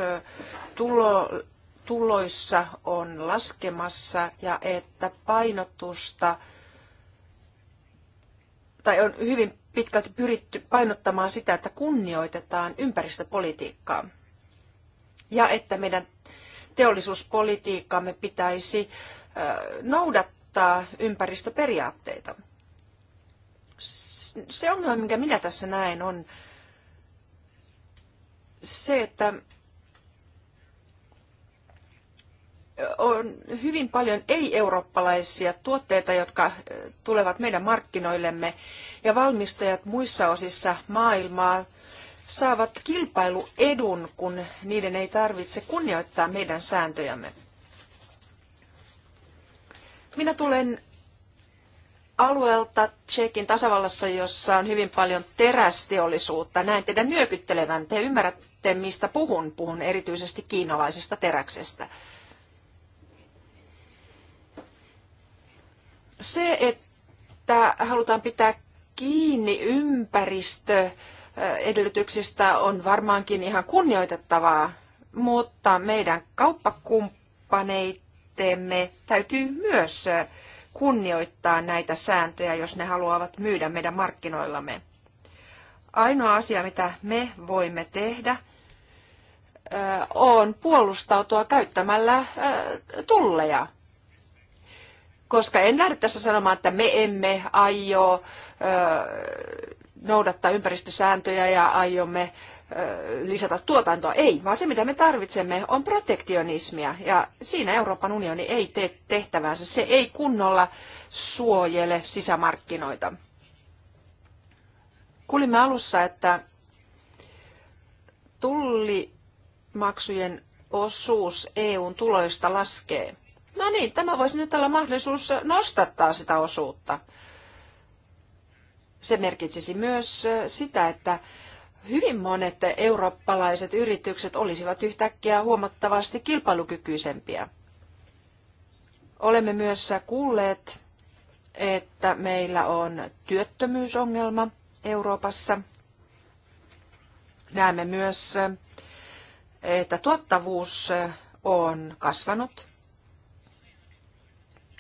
tulo, tuloissa on laskemassa ja että painotusta tai on hyvin pitkälti pyritty painottamaan sitä, että kunnioitetaan ympäristöpolitiikkaa ja että meidän teollisuuspolitiikkamme pitäisi noudattaa ympäristöperiaatteita. Se ongelma, minkä minä tässä näen, on se, että on hyvin paljon ei-eurooppalaisia tuotteita, jotka tulevat meidän markkinoillemme, ja valmistajat muissa osissa maailmaa – saavat kilpailuedun, kun niiden ei tarvitse kunnioittaa meidän sääntöjämme. Minä tulen alueelta Tsekin tasavallassa, jossa on hyvin paljon terästeollisuutta. Näen teidän nyökyttelevän. Te ymmärrätte, mistä puhun. Puhun erityisesti kiinalaisesta teräksestä. Se, että halutaan pitää kiinni ympäristö edellytyksistä on varmaankin ihan kunnioitettavaa, mutta meidän kauppakumppaneitemme täytyy myös kunnioittaa näitä sääntöjä, jos ne haluavat myydä meidän markkinoillamme. Ainoa asia, mitä me voimme tehdä, on puolustautua käyttämällä tulleja. Koska en lähde tässä sanomaan, että me emme aio noudattaa ympäristösääntöjä ja aiomme lisätä tuotantoa. Ei, vaan se mitä me tarvitsemme on protektionismia ja siinä Euroopan unioni ei tee tehtävänsä. Se ei kunnolla suojele sisämarkkinoita. Kuulimme alussa, että tullimaksujen osuus EUn tuloista laskee. No niin, tämä voisi nyt olla mahdollisuus nostattaa sitä osuutta. Se merkitsisi myös sitä, että hyvin monet eurooppalaiset yritykset olisivat yhtäkkiä huomattavasti kilpailukykyisempiä. Olemme myös kuulleet, että meillä on työttömyysongelma Euroopassa. Näemme myös, että tuottavuus on kasvanut.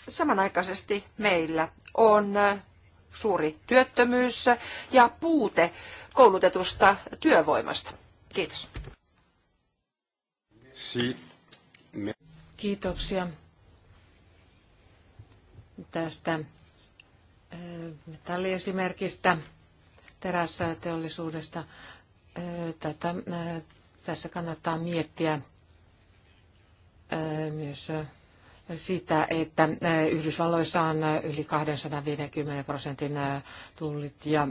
Samanaikaisesti meillä on suuri työttömyys ja puute koulutetusta työvoimasta. Kiitos. Kiitoksia tästä eh, metalliesimerkistä, teollisuudesta. Eh, tätä, eh, tässä kannattaa miettiä myös sitä, että äh, Yhdysvalloissa on äh, yli 250 prosentin äh, tullit ja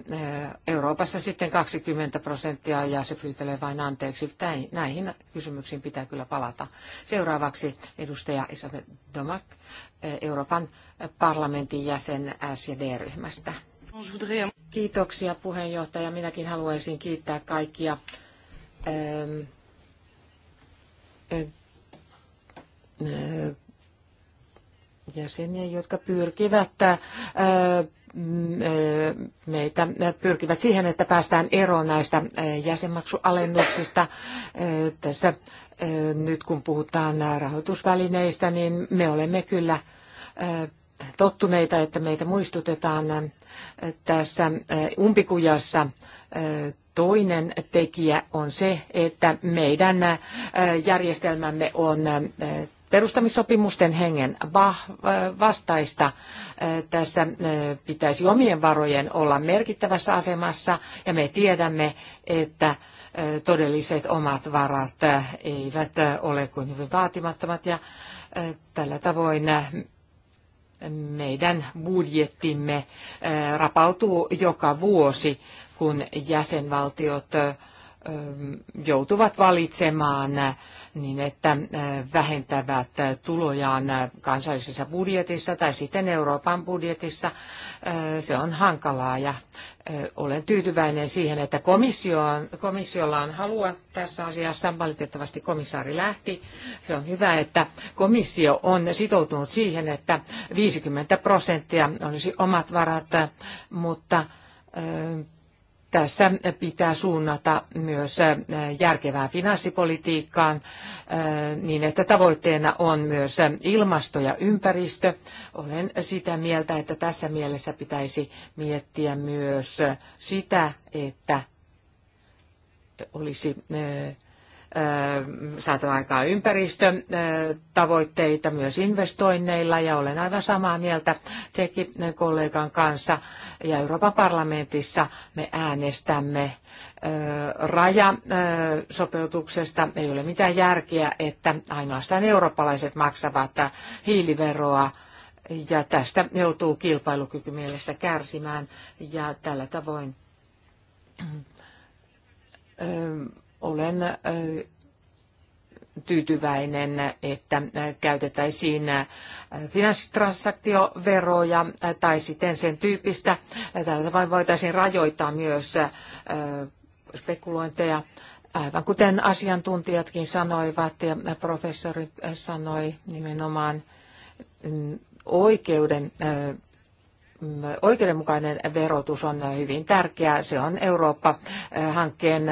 Euroopassa sitten 20 prosenttia ja se pyytelee vain anteeksi. Näihin kysymyksiin pitää kyllä palata. Seuraavaksi edustaja Isabel Domak, Euroopan parlamentin jäsen SD-ryhmästä. Kiitoksia puheenjohtaja. Minäkin haluaisin kiittää kaikkia ähm, äh, jäseniä, jotka pyrkivät äh, mm, äh, meitä pyrkivät siihen, että päästään eroon näistä äh, jäsenmaksualennuksista. Tässä nyt kun puhutaan rahoitusvälineistä, niin me olemme kyllä tottuneita, että meitä muistutetaan tässä umpikujassa Toinen tekijä on se, että meidän järjestelmämme on perustamissopimusten hengen vastaista. Tässä pitäisi omien varojen olla merkittävässä asemassa ja me tiedämme, että todelliset omat varat eivät ole kuin hyvin vaatimattomat ja tällä tavoin meidän budjettimme rapautuu joka vuosi, kun jäsenvaltiot Ähm, joutuvat valitsemaan niin, että äh, vähentävät tulojaan kansallisessa budjetissa tai sitten Euroopan budjetissa. Äh, se on hankalaa ja äh, olen tyytyväinen siihen, että komissio on, komissiolla on halua tässä asiassa. Valitettavasti komissaari lähti. Se on hyvä, että komissio on sitoutunut siihen, että 50 prosenttia olisi omat varat, mutta tässä pitää suunnata myös äh, järkevää finanssipolitiikkaan äh, niin, että tavoitteena on myös äh, ilmasto ja ympäristö. Olen sitä mieltä, että tässä mielessä pitäisi miettiä myös sitä, että olisi saatu aikaa ympäristötavoitteita myös investoinneilla ja olen aivan samaa mieltä Tsekin kollegan kanssa ja Euroopan parlamentissa me äänestämme rajasopeutuksesta. Ei ole mitään järkeä, että ainoastaan eurooppalaiset maksavat hiiliveroa ja tästä joutuu kilpailukyky mielessä kärsimään ja tällä tavoin olen tyytyväinen, että käytettäisiin finanssitransaktioveroja tai sitten sen tyyppistä. Tällä vain voitaisiin rajoittaa myös spekulointeja, aivan kuten asiantuntijatkin sanoivat ja professori sanoi nimenomaan mm, oikeuden oikeudenmukainen verotus on hyvin tärkeä. Se on Eurooppa-hankkeen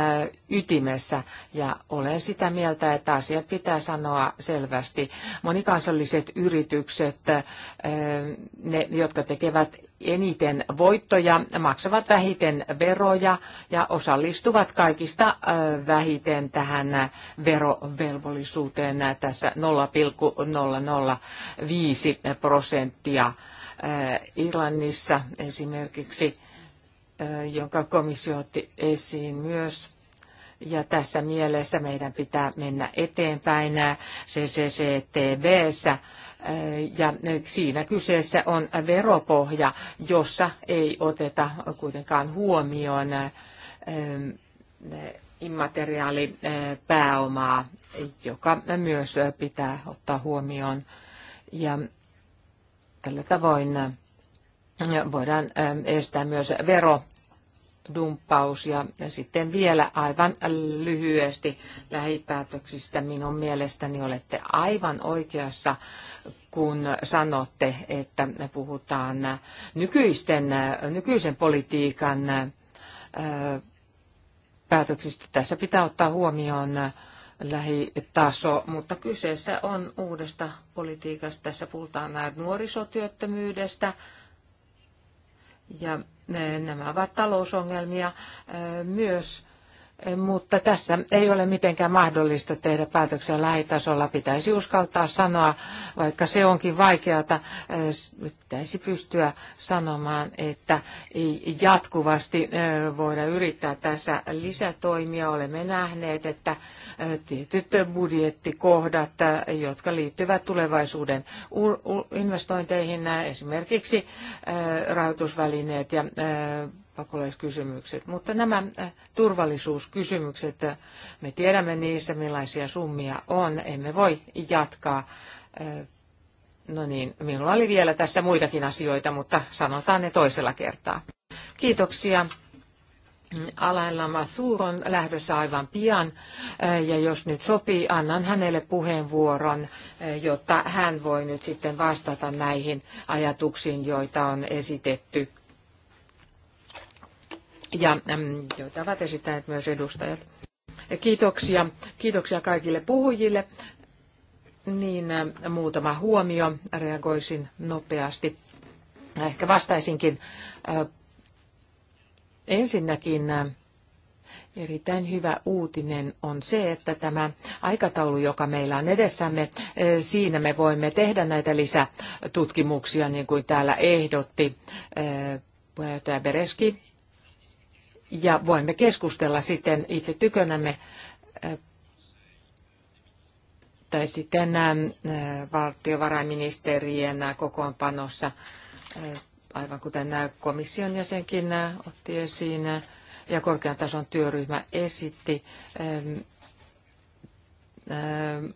ytimessä ja olen sitä mieltä, että asiat pitää sanoa selvästi. Monikansalliset yritykset, ne, jotka tekevät eniten voittoja, maksavat vähiten veroja ja osallistuvat kaikista vähiten tähän verovelvollisuuteen tässä 0,005 prosenttia Äh, Irlannissa esimerkiksi, äh, jonka komissio otti esiin myös. Ja tässä mielessä meidän pitää mennä eteenpäin CCCTBssä. Äh, ja siinä kyseessä on veropohja, jossa ei oteta kuitenkaan huomioon immateriaalipääomaa, joka myös pitää ottaa huomioon. Ja Tällä tavoin voidaan ähm, estää myös vero dumppaus. Ja sitten vielä aivan lyhyesti lähipäätöksistä minun mielestäni olette aivan oikeassa, kun sanotte, että puhutaan nykyisten, nykyisen politiikan äh, päätöksistä. Tässä pitää ottaa huomioon lähitaso, mutta kyseessä on uudesta politiikasta. Tässä puhutaan nuorisotyöttömyydestä ja eh, nämä ovat talousongelmia eh, myös mutta tässä ei ole mitenkään mahdollista tehdä päätöksiä lähitasolla. Pitäisi uskaltaa sanoa, vaikka se onkin vaikeata, eh, pitäisi pystyä sanomaan, että ei jatkuvasti eh, voida yrittää tässä lisätoimia. Olemme nähneet, että eh, tietyt budjettikohdat, jotka liittyvät tulevaisuuden investointeihin, esimerkiksi rahoitusvälineet ja pakolaiskysymykset, mutta nämä turvallisuuskysymykset, me tiedämme niissä millaisia summia on, emme voi jatkaa. No niin, minulla oli vielä tässä muitakin asioita, mutta sanotaan ne toisella kertaa. Kiitoksia. Alain Lamassuur on lähdössä aivan pian, ja jos nyt sopii, annan hänelle puheenvuoron, jotta hän voi nyt sitten vastata näihin ajatuksiin, joita on esitetty ja joita ovat esittäneet myös edustajat. Kiitoksia, kiitoksia kaikille puhujille. Niin muutama huomio, reagoisin nopeasti. Ehkä vastaisinkin ensinnäkin Erittäin hyvä uutinen on se, että tämä aikataulu, joka meillä on edessämme, siinä me voimme tehdä näitä lisätutkimuksia, niin kuin täällä ehdotti puheenjohtaja Bereski ja voimme keskustella sitten itse tykönämme tai sitten valtiovarainministerien kokoonpanossa, aivan kuten komission jäsenkin otti esiin ja korkean tason työryhmä esitti.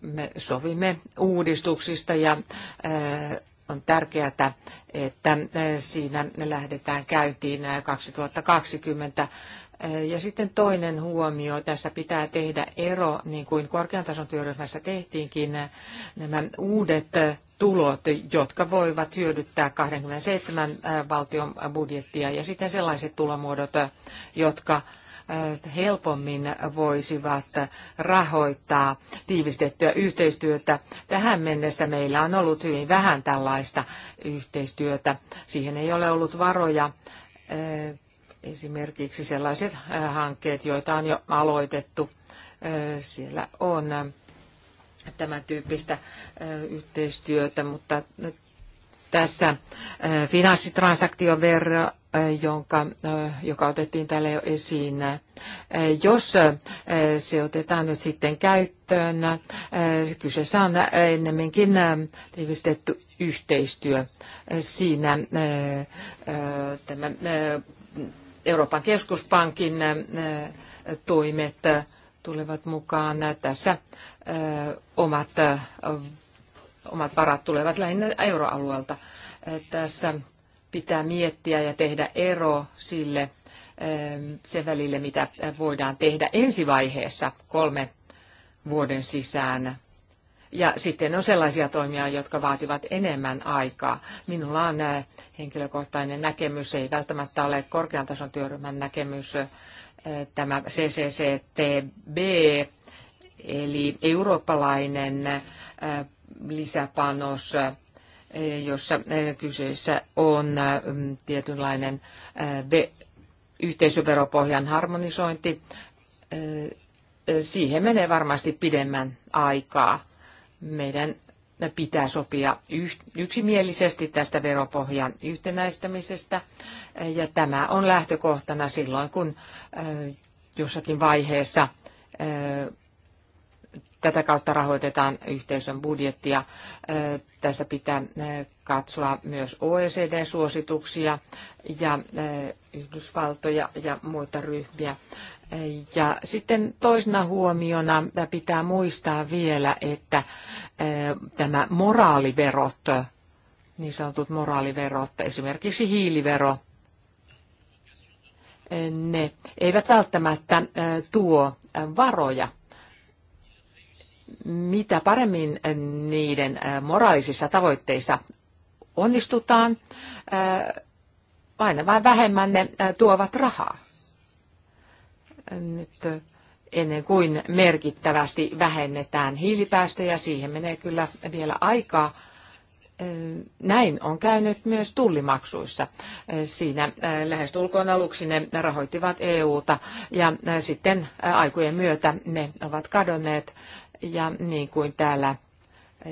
Me sovimme uudistuksista ja on tärkeää, että eh, siinä lähdetään käyntiin 2020. Eh, eh, ja sitten toinen huomio, tässä pitää tehdä ero, niin kuin korkean tason työryhmässä tehtiinkin, nämä uudet tulot, jotka voivat hyödyttää 27 valtion budjettia, ja sitten sellaiset tulomuodot, jotka helpommin voisivat rahoittaa tiivistettyä yhteistyötä. Tähän mennessä meillä on ollut hyvin vähän tällaista yhteistyötä. Siihen ei ole ollut varoja. Esimerkiksi sellaiset hankkeet, joita on jo aloitettu, siellä on tämän tyyppistä yhteistyötä, mutta tässä äh, finanssitransaktiovero, äh, jonka, äh, joka otettiin täällä jo esiin. Jos se otetaan nyt sitten käyttöön, kyseessä on ennemminkin tiivistetty yhteistyö. Siinä tämä Euroopan keskuspankin toimet tulevat mukaan tässä omat omat varat tulevat lähinnä euroalueelta. Äh, tässä pitää miettiä ja tehdä ero sille ähm, sen välille, mitä voidaan tehdä ensivaiheessa kolme vuoden sisään. Ja sitten on sellaisia toimia, jotka vaativat enemmän aikaa. Minulla on äh, henkilökohtainen näkemys, ei välttämättä ole korkean tason työryhmän näkemys, äh, tämä CCCTB, eli eurooppalainen lisäpanos, jossa eh, kyseessä on mm, tietynlainen eh, yhteisöveropohjan harmonisointi. Eh, siihen menee varmasti pidemmän aikaa. Meidän pitää sopia yksimielisesti tästä veropohjan yhtenäistämisestä. Ja tämä on lähtökohtana silloin, kun jossakin vaiheessa tätä kautta rahoitetaan yhteisön budjettia. Tässä pitää katsoa myös OECD-suosituksia ja Yhdysvaltoja ja muita ryhmiä. Ja sitten toisena huomiona pitää muistaa vielä, että tämä moraaliverot, niin sanotut moraaliverot, esimerkiksi hiilivero, ne eivät välttämättä tuo varoja mitä paremmin niiden moraalisissa tavoitteissa onnistutaan, aina vain vähemmän ne tuovat rahaa. Nyt ennen kuin merkittävästi vähennetään hiilipäästöjä, siihen menee kyllä vielä aikaa. Näin on käynyt myös tullimaksuissa. Siinä lähestulkoon aluksi ne rahoittivat EUta ja sitten aikojen myötä ne ovat kadonneet ja niin kuin täällä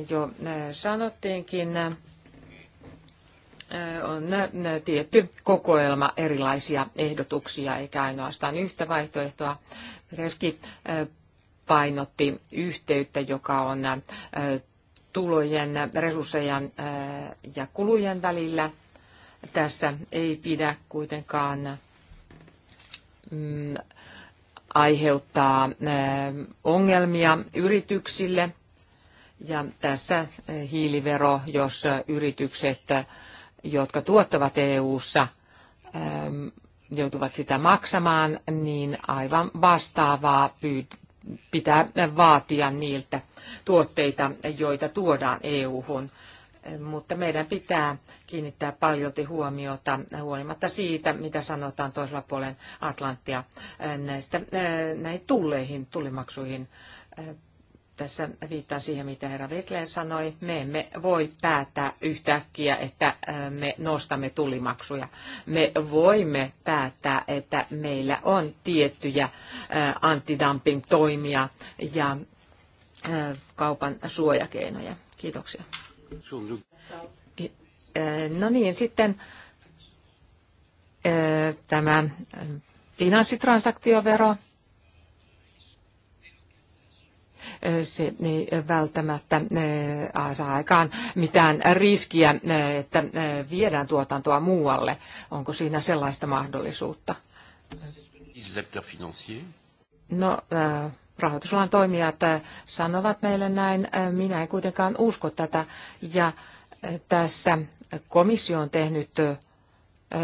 jo äh, sanottiinkin, äh, on äh, tietty kokoelma erilaisia ehdotuksia, eikä ainoastaan yhtä vaihtoehtoa. Reski painotti yhteyttä, joka on tulojen, resurssejen ja kulujen välillä. Tässä ei pidä kuitenkaan mm, aiheuttaa ongelmia yrityksille. Ja tässä hiilivero, jos yritykset, jotka tuottavat EU-ssa, joutuvat sitä maksamaan, niin aivan vastaavaa pitää vaatia niiltä tuotteita, joita tuodaan EU-hun mutta meidän pitää kiinnittää paljolti huomiota huolimatta siitä, mitä sanotaan toisella puolen Atlanttia näistä, näihin tulleihin, tullimaksuihin. Tässä viittaa siihen, mitä herra Vetleen sanoi. Me emme voi päättää yhtäkkiä, että me nostamme tullimaksuja. Me voimme päättää, että meillä on tiettyjä antidumping-toimia ja kaupan suojakeinoja. Kiitoksia. No niin, sitten tämä finanssitransaktiovero. Se ei välttämättä saa aikaan mitään riskiä, että viedään tuotantoa muualle. Onko siinä sellaista mahdollisuutta? No, rahoitusalan toimijat äh, sanovat meille näin. Äh, minä en kuitenkaan usko tätä. Ja äh, tässä komissio on tehnyt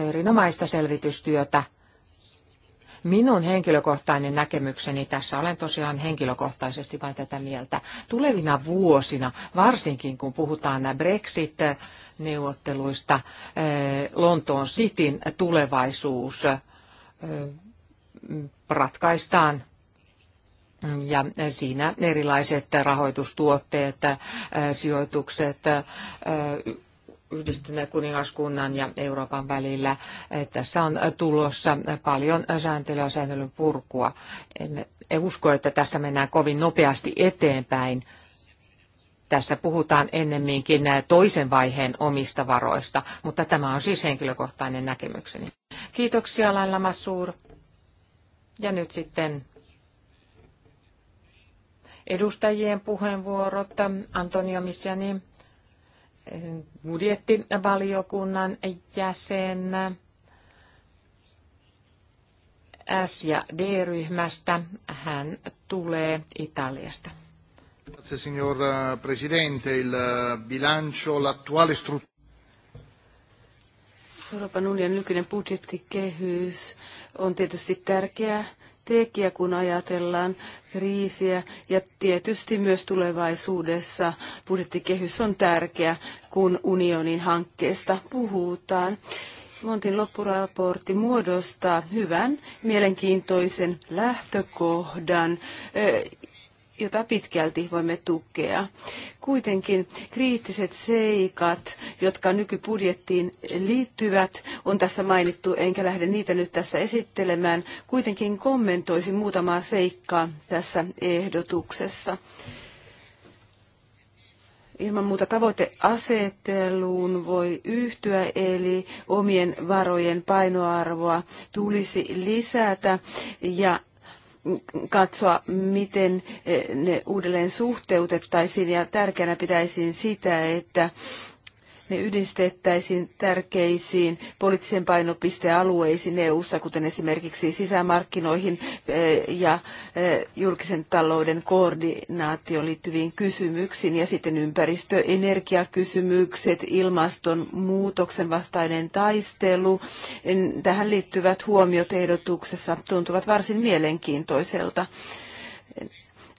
erinomaista selvitystyötä. Minun henkilökohtainen näkemykseni tässä, olen tosiaan henkilökohtaisesti vain tätä mieltä, tulevina vuosina, varsinkin kun puhutaan Brexit-neuvotteluista, Lontoon Cityn tulevaisuus ratkaistaan ja siinä erilaiset rahoitustuotteet, äh, sijoitukset, äh, yhdistyneen kuningaskunnan ja Euroopan välillä. Äh, tässä on tulossa paljon sääntelyä, sääntelyn purkua. En usko, että tässä mennään kovin nopeasti eteenpäin. Tässä puhutaan ennemminkin toisen vaiheen omista varoista, mutta tämä on siis henkilökohtainen näkemykseni. Kiitoksia Laila Massur. Ja nyt sitten edustajien puheenvuorot. Antonio Missiani, budjettivaliokunnan jäsen S- ja D-ryhmästä. Hän tulee Italiasta. Grazie signor eh, Presidente. Il eh, bilancio, l'attuale struttura. Euroopan unionin nykyinen budjettikehys on tietysti tärkeä tekijä, kun ajatellaan kriisiä. Ja tietysti myös tulevaisuudessa budjettikehys on tärkeä, kun unionin hankkeesta puhutaan. Montin loppuraportti muodostaa hyvän, mielenkiintoisen lähtökohdan jota pitkälti voimme tukea. Kuitenkin kriittiset seikat, jotka nykybudjettiin liittyvät, on tässä mainittu, enkä lähde niitä nyt tässä esittelemään. Kuitenkin kommentoisin muutamaa seikkaa tässä ehdotuksessa. Ilman muuta tavoiteasetteluun voi yhtyä, eli omien varojen painoarvoa tulisi lisätä ja katsoa, miten eh, ne uudelleen suhteutettaisiin ja tärkeänä pitäisin sitä, että ne yhdistettäisiin tärkeisiin poliittisen painopistealueisiin EU-ssa, kuten esimerkiksi sisämarkkinoihin eh, ja eh, julkisen talouden koordinaatioon liittyviin kysymyksiin ja sitten ympäristö- energiakysymykset, ilmastonmuutoksen vastainen taistelu. Tähän liittyvät huomiot ehdotuksessa tuntuvat varsin mielenkiintoiselta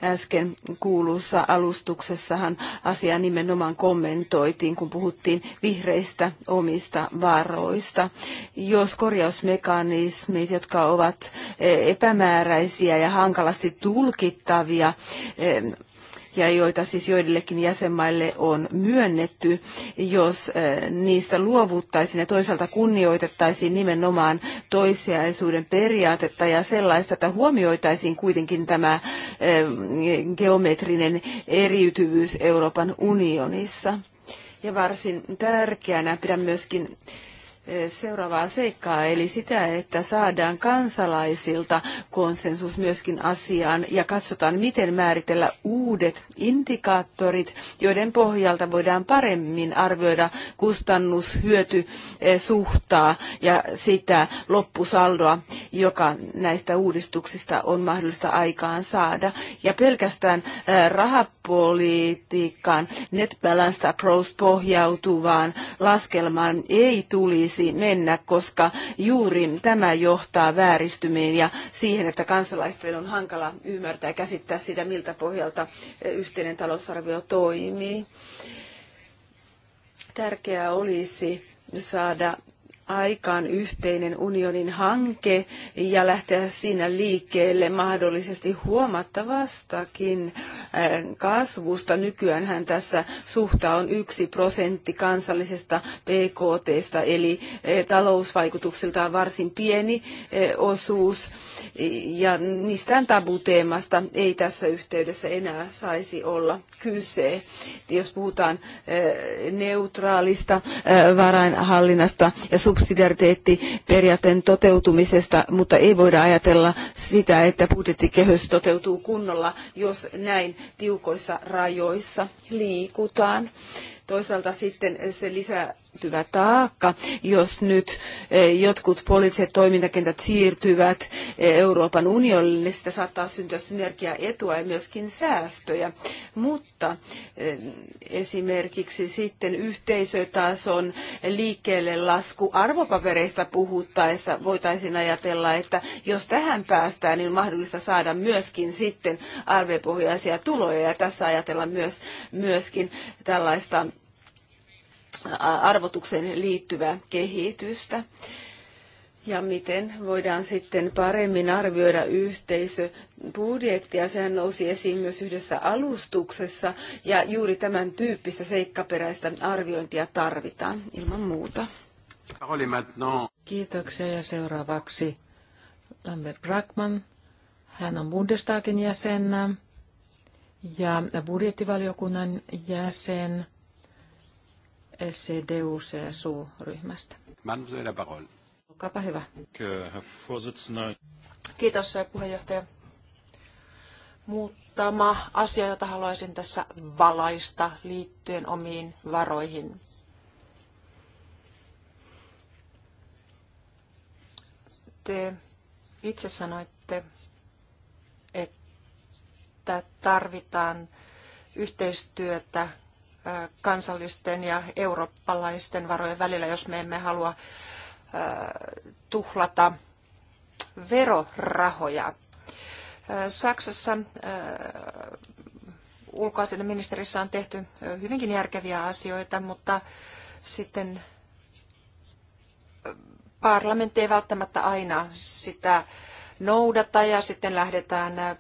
äsken kuuluussa alustuksessahan asiaa nimenomaan kommentoitiin, kun puhuttiin vihreistä omista varoista. Jos korjausmekanismit, jotka ovat eh, epämääräisiä ja hankalasti tulkittavia, eh, ja joita siis joillekin jäsenmaille on myönnetty, jos eh, niistä luovuttaisiin ja toisaalta kunnioitettaisiin nimenomaan toissijaisuuden periaatetta ja sellaista, että huomioitaisiin kuitenkin tämä eh, geometrinen eriytyvyys Euroopan unionissa. Ja varsin tärkeänä pidän myöskin seuraavaa seikkaa, eli sitä, että saadaan kansalaisilta konsensus myöskin asiaan ja katsotaan, miten määritellä uudet indikaattorit, joiden pohjalta voidaan paremmin arvioida kustannushyötysuhtaa eh, ja sitä loppusaldoa, joka näistä uudistuksista on mahdollista aikaan saada. Ja pelkästään eh, rahapolitiikkaan, net balanced approach pohjautuvaan laskelmaan ei tulisi tulisi mennä, koska juuri tämä johtaa vääristymiin ja siihen, että kansalaisten on hankala ymmärtää ja käsittää sitä, miltä pohjalta eh, yhteinen talousarvio toimii. Tärkeää olisi saada aikaan yhteinen unionin hanke ja lähteä siinä liikkeelle mahdollisesti huomattavastakin äh, kasvusta. Nykyäänhän tässä suhta on yksi prosentti kansallisesta PKT, eli äh, talousvaikutuksiltaan varsin pieni äh, osuus. Ja mistään tabuteemasta ei tässä yhteydessä enää saisi olla kyse. Jos puhutaan neutraalista varainhallinnasta ja su subsidiariteettiperiaatteen toteutumisesta, mutta ei voida ajatella sitä, että budjettikehys toteutuu kunnolla, jos näin tiukoissa rajoissa liikutaan. Toisaalta sitten se lisää liittyvä taakka, jos nyt e, jotkut poliittiset toimintakentät siirtyvät e, Euroopan unionille, niin sitä saattaa syntyä synergiaetua ja myöskin säästöjä. Mutta e, esimerkiksi sitten yhteisötason liikkeelle lasku arvopapereista puhuttaessa voitaisiin ajatella, että jos tähän päästään, niin on mahdollista saada myöskin sitten arvepohjaisia tuloja ja tässä ajatella myös, myöskin tällaista arvotukseen liittyvää kehitystä ja miten voidaan sitten paremmin arvioida yhteisöbudjettia. Sehän nousi esiin myös yhdessä alustuksessa ja juuri tämän tyyppistä seikkaperäistä arviointia tarvitaan ilman muuta. Kiitoksia ja seuraavaksi Lambert Brackman. Hän on Bundestagin jäsen ja budjettivaliokunnan jäsen. CDU-CSU-ryhmästä. Olkaapa hyvä. Euh, Kiitos äh, puheenjohtaja. Muutama asia, jota haluaisin tässä valaista liittyen omiin varoihin. Te itse sanoitte, että tarvitaan yhteistyötä kansallisten ja eurooppalaisten varojen välillä, jos me emme halua tuhlata verorahoja. Saksassa ulkoasioiden ministerissä on tehty hyvinkin järkeviä asioita, mutta sitten parlamentti ei välttämättä aina sitä noudata ja sitten lähdetään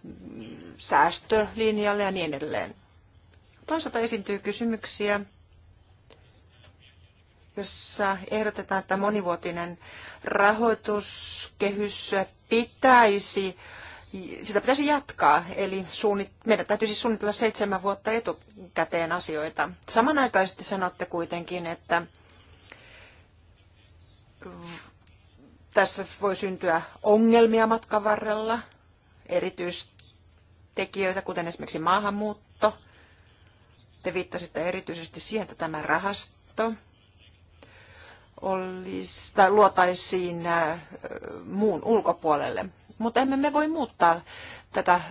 säästölinjalle ja niin edelleen. Toisaalta esiintyy kysymyksiä, jossa ehdotetaan, että monivuotinen rahoituskehys pitäisi, sitä pitäisi jatkaa. Eli suunnit, meidän täytyisi suunnitella seitsemän vuotta etukäteen asioita. Samanaikaisesti sanotte kuitenkin, että tässä voi syntyä ongelmia matkan varrella, erityistekijöitä, kuten esimerkiksi maahanmuutto, te viittasitte erityisesti siihen, että tämä rahasto olisi, tai luotaisiin äh, muun ulkopuolelle. Mutta emme me voi muuttaa tätä äh,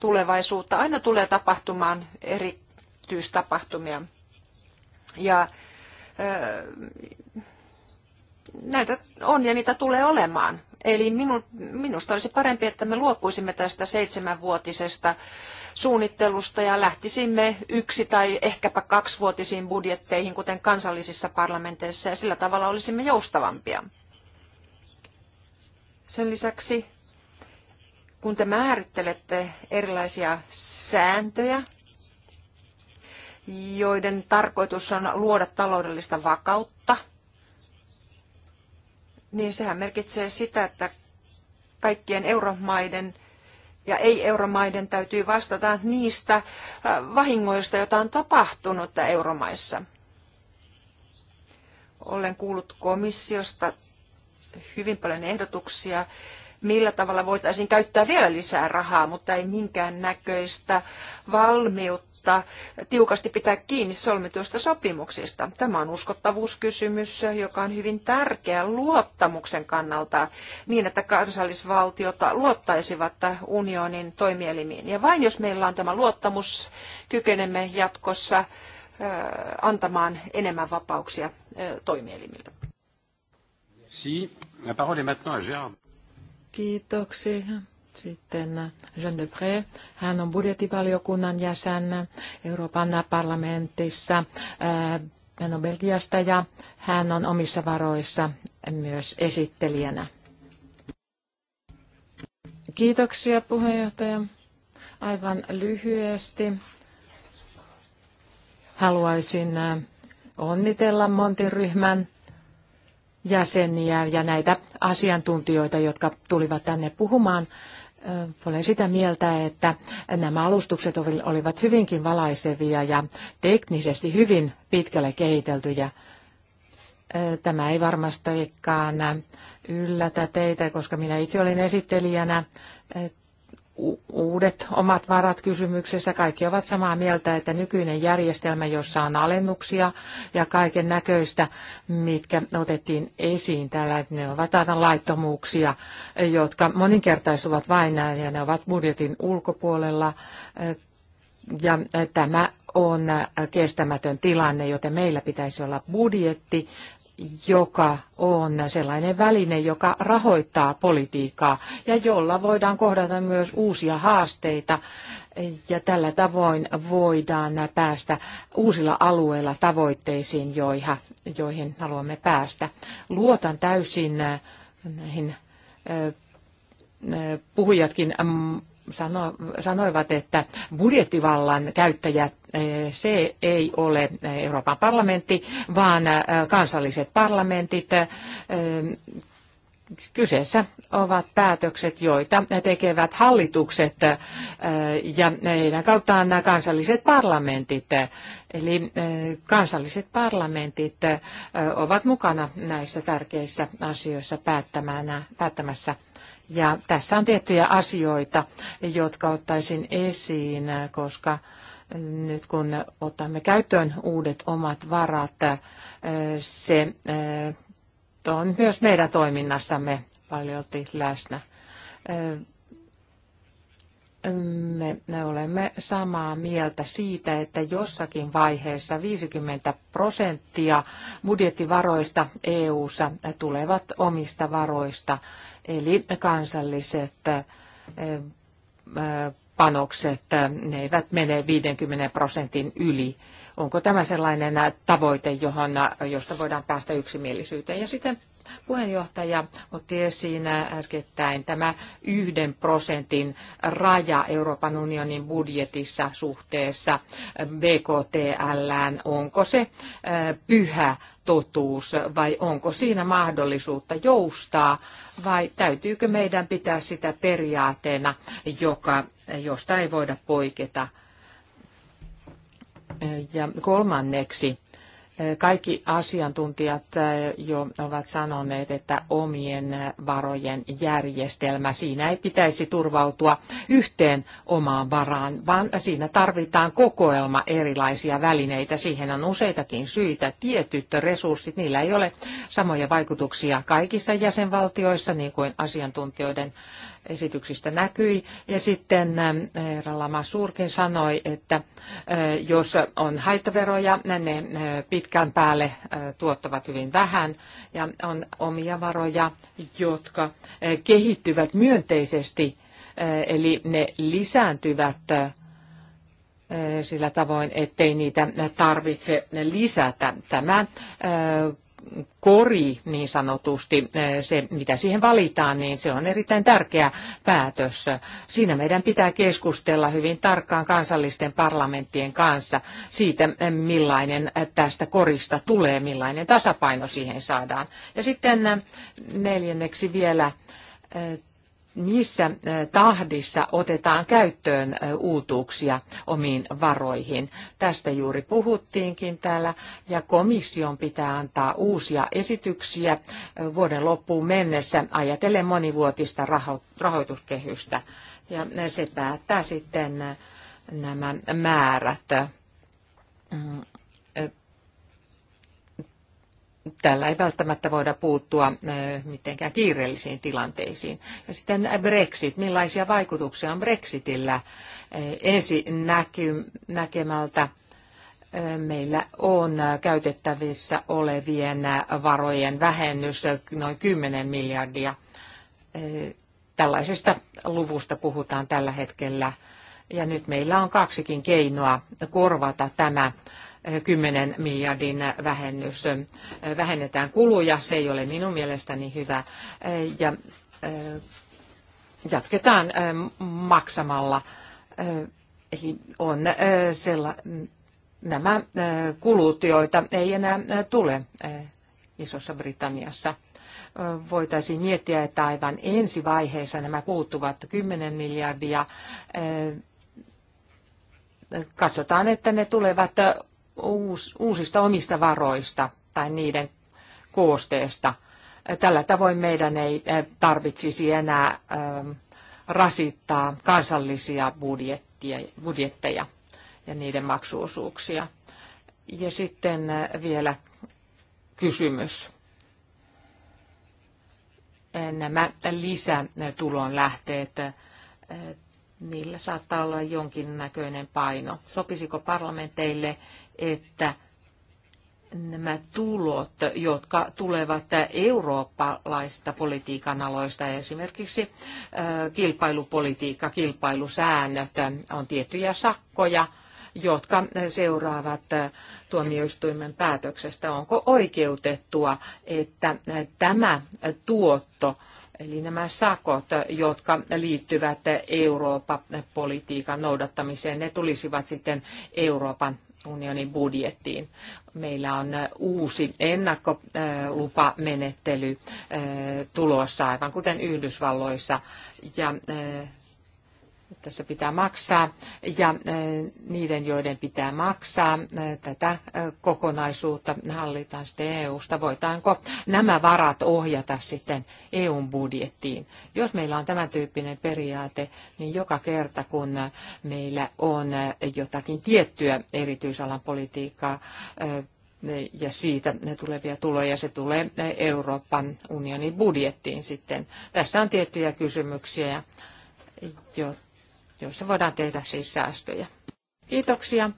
tulevaisuutta. Aina tulee tapahtumaan erityistapahtumia. Ja äh, näitä on ja niitä tulee olemaan. Eli minusta olisi parempi, että me luopuisimme tästä seitsemänvuotisesta suunnittelusta ja lähtisimme yksi tai ehkäpä kaksivuotisiin budjetteihin, kuten kansallisissa parlamenteissa, ja sillä tavalla olisimme joustavampia. Sen lisäksi, kun te määrittelette erilaisia sääntöjä, joiden tarkoitus on luoda taloudellista vakautta, niin sehän merkitsee sitä, että kaikkien euromaiden ja ei-euromaiden täytyy vastata niistä äh, vahingoista, joita on tapahtunut euromaissa. Olen kuullut komissiosta hyvin paljon ehdotuksia, millä tavalla voitaisiin käyttää vielä lisää rahaa, mutta ei minkään näköistä valmiutta velvollisuudesta tiukasti pitää kiinni solmituista sopimuksista. Tämä on uskottavuuskysymys, joka on hyvin tärkeä luottamuksen kannalta niin, että kansallisvaltiot luottaisivat unionin toimielimiin. Ja vain jos meillä on tämä luottamus, kykenemme jatkossa antamaan enemmän vapauksia toimielimille. Si. La parole est maintenant à Gérard. Kiitoksia. Sitten Jean de Pré. hän on budjettivaliokunnan jäsen Euroopan parlamentissa. Äh, hän on Belgiasta ja hän on omissa varoissa myös esittelijänä. Kiitoksia puheenjohtaja. Aivan lyhyesti haluaisin äh, onnitella Montin ryhmän jäseniä ja näitä asiantuntijoita, jotka tulivat tänne puhumaan. Olen sitä mieltä, että nämä alustukset olivat hyvinkin valaisevia ja teknisesti hyvin pitkälle kehiteltyjä. Tämä ei varmastikaan yllätä teitä, koska minä itse olin esittelijänä uudet omat varat kysymyksessä. Kaikki ovat samaa mieltä, että nykyinen järjestelmä, jossa on alennuksia ja kaiken näköistä, mitkä otettiin esiin tällä, ne ovat aivan laittomuuksia, jotka moninkertaisuvat vain ja ne ovat budjetin ulkopuolella. Ja tämä on kestämätön tilanne, joten meillä pitäisi olla budjetti, joka on sellainen väline, joka rahoittaa politiikkaa ja jolla voidaan kohdata myös uusia haasteita ja tällä tavoin voidaan päästä uusilla alueilla tavoitteisiin, joihin haluamme päästä. Luotan täysin näihin puhujatkin mm, sano, sanoivat, että budjettivallan käyttäjä eh, se ei ole eh, Euroopan parlamentti, vaan eh, kansalliset parlamentit. Kyseessä ovat päätökset, joita tekevät hallitukset ja heidän kauttaan nämä kansalliset parlamentit. Eli kansalliset parlamentit ovat mukana näissä tärkeissä asioissa päättämässä ja tässä on tiettyjä asioita, jotka ottaisin esiin, koska nyt kun otamme käyttöön uudet omat varat, eh, se eh, on myös meidän toiminnassamme paljolti läsnä. Me, eh, me olemme samaa mieltä siitä, että jossakin vaiheessa 50 prosenttia budjettivaroista EU-ssa tulevat omista varoista eli kansalliset panokset, ne eivät mene 50 prosentin yli. Onko tämä sellainen tavoite, johon, josta voidaan päästä yksimielisyyteen? Ja sitten Puheenjohtaja otti esiin äskettäin tämä yhden prosentin raja Euroopan unionin budjetissa suhteessa BKTL. Onko se pyhä totuus vai onko siinä mahdollisuutta joustaa vai täytyykö meidän pitää sitä periaatteena, joka, josta ei voida poiketa? Ja kolmanneksi kaikki asiantuntijat jo ovat sanoneet, että omien varojen järjestelmä, siinä ei pitäisi turvautua yhteen omaan varaan, vaan siinä tarvitaan kokoelma erilaisia välineitä. Siihen on useitakin syitä. Tietyt resurssit, niillä ei ole samoja vaikutuksia kaikissa jäsenvaltioissa, niin kuin asiantuntijoiden esityksistä näkyi. Ja sitten herra Lamasurkin sanoi, että jos on haittaveroja, ne pitkän päälle tuottavat hyvin vähän ja on omia varoja, jotka kehittyvät myönteisesti, eli ne lisääntyvät sillä tavoin, ettei niitä tarvitse lisätä. Tämä kori niin sanotusti, eh, se mitä siihen valitaan, niin se on erittäin tärkeä päätös. Siinä meidän pitää keskustella hyvin tarkkaan kansallisten parlamenttien kanssa siitä, eh, millainen tästä korista tulee, millainen tasapaino siihen saadaan. Ja sitten eh, neljänneksi vielä missä tahdissa otetaan käyttöön uutuuksia omiin varoihin. Tästä juuri puhuttiinkin täällä ja komission pitää antaa uusia esityksiä vuoden loppuun mennessä ajatellen monivuotista rahoituskehystä ja se päättää sitten nämä määrät mm tällä ei välttämättä voida puuttua eh, mitenkään kiireellisiin tilanteisiin. Ja sitten Brexit, millaisia vaikutuksia on Brexitillä eh, ensi näkemältä? Eh, meillä on käytettävissä olevien varojen vähennys noin 10 miljardia. Tällaisesta luvusta puhutaan tällä hetkellä. Ja nyt meillä on kaksikin keinoa korvata tämä 10 miljardin vähennys. Vähennetään kuluja, se ei ole minun mielestäni hyvä. Ja eh, jatketaan eh, maksamalla. Eh, eli on sella, nämä kulut, joita ei enää tule Isossa Britanniassa. Voitaisiin miettiä, että aivan ensi vaiheessa nämä puuttuvat 10 miljardia. Katsotaan, että ne tulevat uusista omista varoista tai niiden koosteesta. Tällä tavoin meidän ei eh, tarvitsisi enää eh, rasittaa kansallisia budjetteja ja niiden maksuosuuksia. Ja sitten eh, vielä kysymys. Nämä lähteet niillä saattaa olla jonkinnäköinen paino. Sopisiko parlamenteille että nämä tulot, jotka tulevat eurooppalaista politiikan aloista, esimerkiksi kilpailupolitiikka, kilpailusäännöt, on tiettyjä sakkoja, jotka seuraavat tuomioistuimen päätöksestä. Onko oikeutettua, että tämä tuotto, eli nämä sakot, jotka liittyvät Euroopan politiikan noudattamiseen, ne tulisivat sitten Euroopan unionin budjettiin. Meillä on uusi ennakkolupamenettely tulossa, aivan kuten Yhdysvalloissa, ja tässä pitää maksaa ja äh, niiden, joiden pitää maksaa äh, tätä äh, kokonaisuutta hallitaan sitten EU-sta. Voitaanko nämä varat ohjata sitten EUn budjettiin? Jos meillä on tämän tyyppinen periaate, niin joka kerta kun meillä on jotakin tiettyä erityisalan politiikkaa, ja siitä tulevia tuloja. Se tulee Euroopan unionin budjettiin sitten. Tässä on tiettyjä kysymyksiä, joissa voidaan tehdä siis säästöjä. Kiitoksia.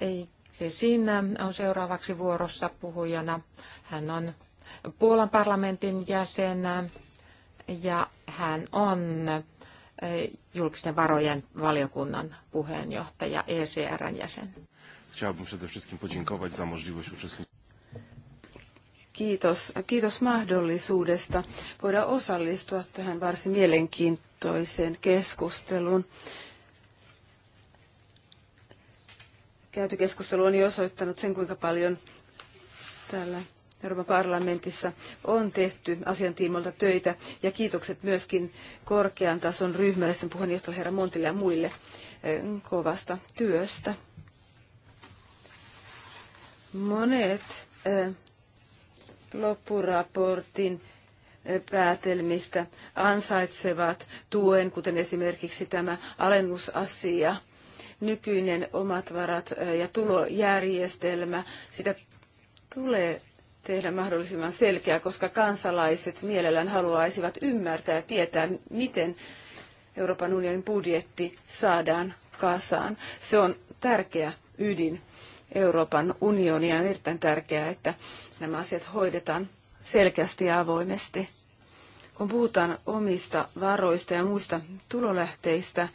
Ei, se siinä on seuraavaksi vuorossa puhujana. Hän on Puolan parlamentin jäsen ja hän on eh, julkisten varojen valiokunnan puheenjohtaja, ECRn jäsen. Kiitos, kiitos mahdollisuudesta voida osallistua tähän varsin mielenkiintoiseen luontoiseen keskusteluun. Käyty keskustelu on jo osoittanut sen, kuinka paljon täällä Euroopan parlamentissa on tehty asiantiimolta töitä ja kiitokset myöskin korkean tason ryhmälle, sen puheenjohtaja herra Montille ja muille eh, kovasta työstä. Monet eh, loppuraportin päätelmistä ansaitsevat tuen, kuten esimerkiksi tämä alennusasia, nykyinen omat varat ja tulojärjestelmä, sitä tulee tehdä mahdollisimman selkeä, koska kansalaiset mielellään haluaisivat ymmärtää ja tietää, miten Euroopan unionin budjetti saadaan kasaan. Se on tärkeä ydin Euroopan unionia. On erittäin tärkeää, että nämä asiat hoidetaan selkeästi ja avoimesti. Kun puhutaan omista varoista ja muista tulolähteistä,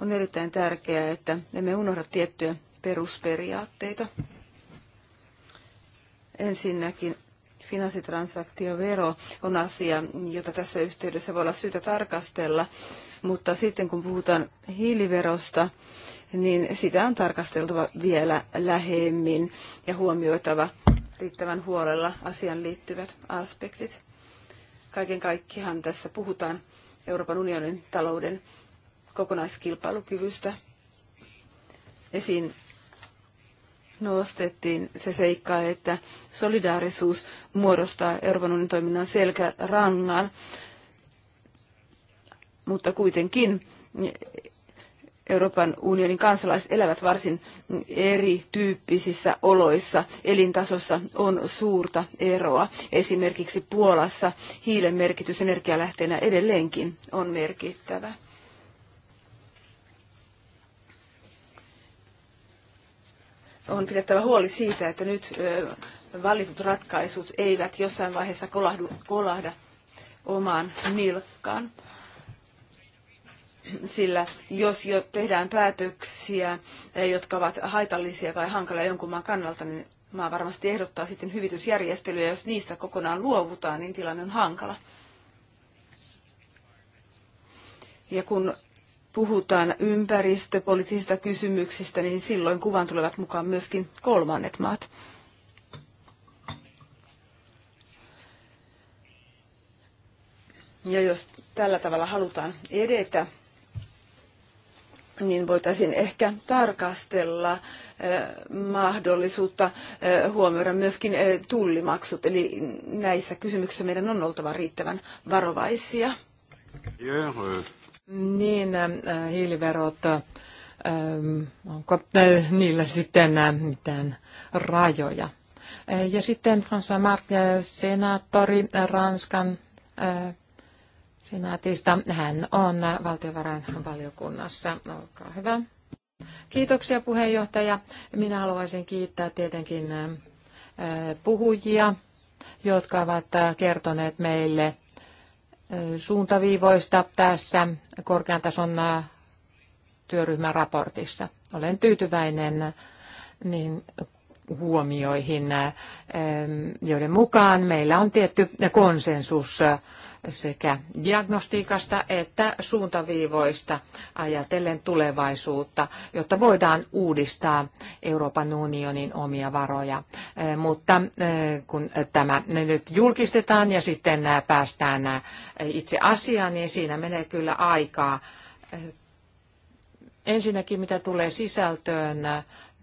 on erittäin tärkeää, että emme unohda tiettyjä perusperiaatteita. Ensinnäkin finanssitransaktiovero on asia, jota tässä yhteydessä voi olla syytä tarkastella, mutta sitten kun puhutaan hiiliverosta, niin sitä on tarkasteltava vielä lähemmin ja huomioitava riittävän huolella asian liittyvät aspektit. Kaiken kaikkihan tässä puhutaan Euroopan unionin talouden kokonaiskilpailukyvystä. Esiin nostettiin se seikka, että solidaarisuus muodostaa Euroopan unionin toiminnan selkärangan, mutta kuitenkin Euroopan unionin kansalaiset elävät varsin erityyppisissä oloissa. Elintasossa on suurta eroa. Esimerkiksi Puolassa hiilen merkitys energialähteenä edelleenkin on merkittävä. On pidettävä huoli siitä, että nyt valitut ratkaisut eivät jossain vaiheessa kolahdu, kolahda omaan nilkkaan sillä jos jo tehdään päätöksiä, eh, jotka ovat haitallisia tai hankalia jonkun maan kannalta, niin maa varmasti ehdottaa sitten hyvitysjärjestelyä, Jos niistä kokonaan luovutaan, niin tilanne on hankala. Ja kun puhutaan ympäristöpoliittisista kysymyksistä, niin silloin kuvan tulevat mukaan myöskin kolmannet maat. Ja jos tällä tavalla halutaan edetä, niin voitaisiin ehkä tarkastella eh, mahdollisuutta eh, huomioida myöskin eh, tullimaksut. Eli näissä kysymyksissä meidän on oltava riittävän varovaisia. Niin, hiiliverot, onko niillä sitten mitään rajoja? Ja sitten François Marc, senaattori Ranskan senaatista. Hän on valtiovarainvaliokunnassa. Olkaa hyvä. Kiitoksia puheenjohtaja. Minä haluaisin kiittää tietenkin puhujia, jotka ovat kertoneet meille suuntaviivoista tässä korkean tason työryhmän raportissa. Olen tyytyväinen niin huomioihin, joiden mukaan meillä on tietty konsensus sekä diagnostiikasta että suuntaviivoista ajatellen tulevaisuutta, jotta voidaan uudistaa Euroopan unionin omia varoja. Eh, mutta eh, kun tämä nyt julkistetaan ja sitten eh, päästään itse asiaan, niin siinä menee kyllä aikaa. Ensinnäkin mitä tulee sisältöön,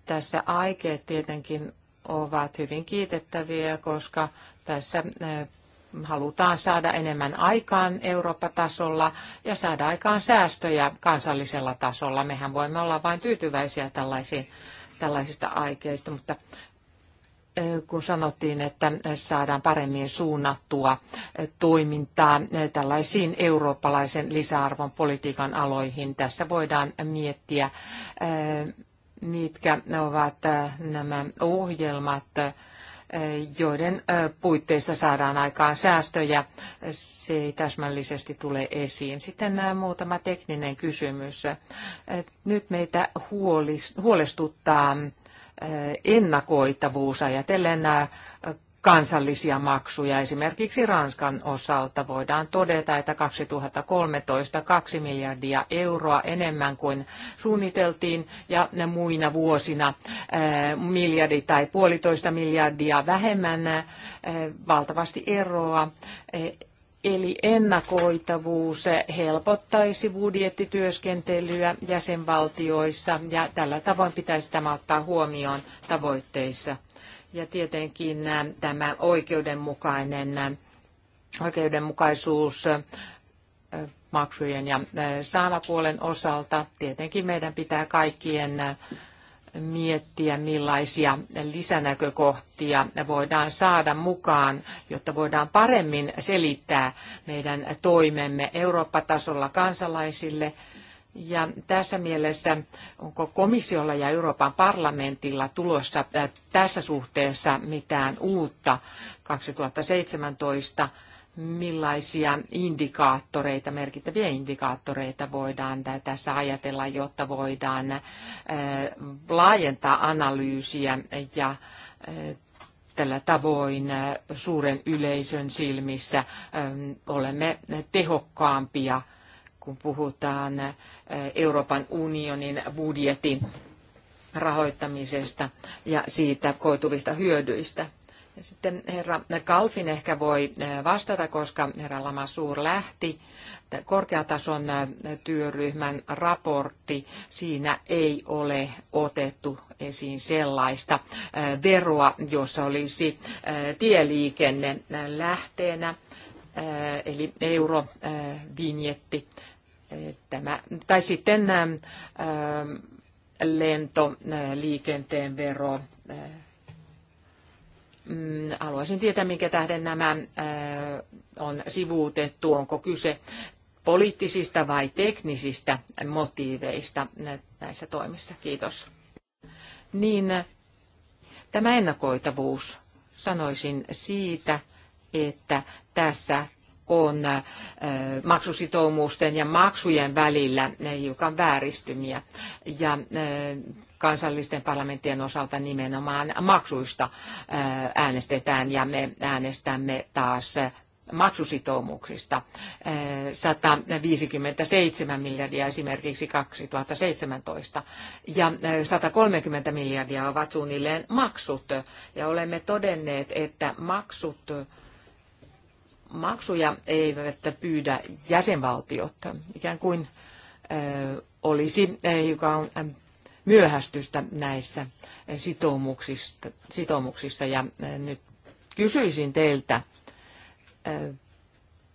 tässä aikeet tietenkin ovat hyvin kiitettäviä, koska tässä halutaan saada enemmän aikaan Eurooppa-tasolla ja saada aikaan säästöjä kansallisella tasolla. Mehän voimme olla vain tyytyväisiä tällaisiin, tällaisista aikeista, mutta kun sanottiin, että saadaan paremmin suunnattua toimintaa tällaisiin eurooppalaisen lisäarvon politiikan aloihin. Tässä voidaan miettiä, mitkä ovat nämä ohjelmat, joiden puitteissa saadaan aikaan säästöjä. Se ei täsmällisesti tule esiin. Sitten muutama tekninen kysymys. Nyt meitä huolestuttaa ennakoitavuus ajatellen kansallisia maksuja. Esimerkiksi Ranskan osalta voidaan todeta, että 2013 2 miljardia euroa enemmän kuin suunniteltiin ja ne muina vuosina eh, miljardi tai puolitoista miljardia vähemmän eh, valtavasti eroa. Eh, eli ennakoitavuus helpottaisi budjettityöskentelyä jäsenvaltioissa ja tällä tavoin pitäisi tämä ottaa huomioon tavoitteissa. Ja tietenkin äh, tämä oikeudenmukainen, äh, oikeudenmukaisuus äh, maksujen ja saamapuolen osalta. Tietenkin meidän pitää kaikkien miettiä, millaisia lisänäkökohtia voidaan saada mukaan, jotta voidaan paremmin selittää meidän toimemme Eurooppa-tasolla kansalaisille – ja tässä mielessä onko komissiolla ja Euroopan parlamentilla tulossa äh, tässä suhteessa mitään uutta 2017? Millaisia indikaattoreita, merkittäviä indikaattoreita voidaan tässä ajatella, jotta voidaan äh, laajentaa analyysiä ja äh, tällä tavoin suuren yleisön silmissä ähm, olemme tehokkaampia – kun puhutaan eh, Euroopan unionin budjetin rahoittamisesta ja siitä koituvista hyödyistä. Ja sitten herra Kalfin ehkä voi eh, vastata, koska herra Lamasuur lähti. Korkeatason eh, työryhmän raportti, siinä ei ole otettu esiin sellaista veroa, jossa olisi tieliikenne lähteenä, eli eurovinjetti. Tämä, tai sitten nämä lentoliikenteen vero. Mm, haluaisin tietää, minkä tähden nämä on sivuutettu. Onko kyse poliittisista vai teknisistä motiiveista näissä toimissa? Kiitos. Niin tämä ennakoitavuus, sanoisin siitä, että tässä on äh, maksusitoumusten ja maksujen välillä hiukan vääristymiä. Ja äh, kansallisten parlamenttien osalta nimenomaan maksuista äh, äänestetään ja me äänestämme taas maksusitoumuksista 157 miljardia esimerkiksi 2017 ja 130 miljardia ovat suunnilleen maksut ja olemme todenneet, että maksut maksuja eivät pyydä jäsenvaltiot, ikään kuin olisi joka on myöhästystä näissä sitoumuksista, sitoumuksissa. Ja nyt kysyisin teiltä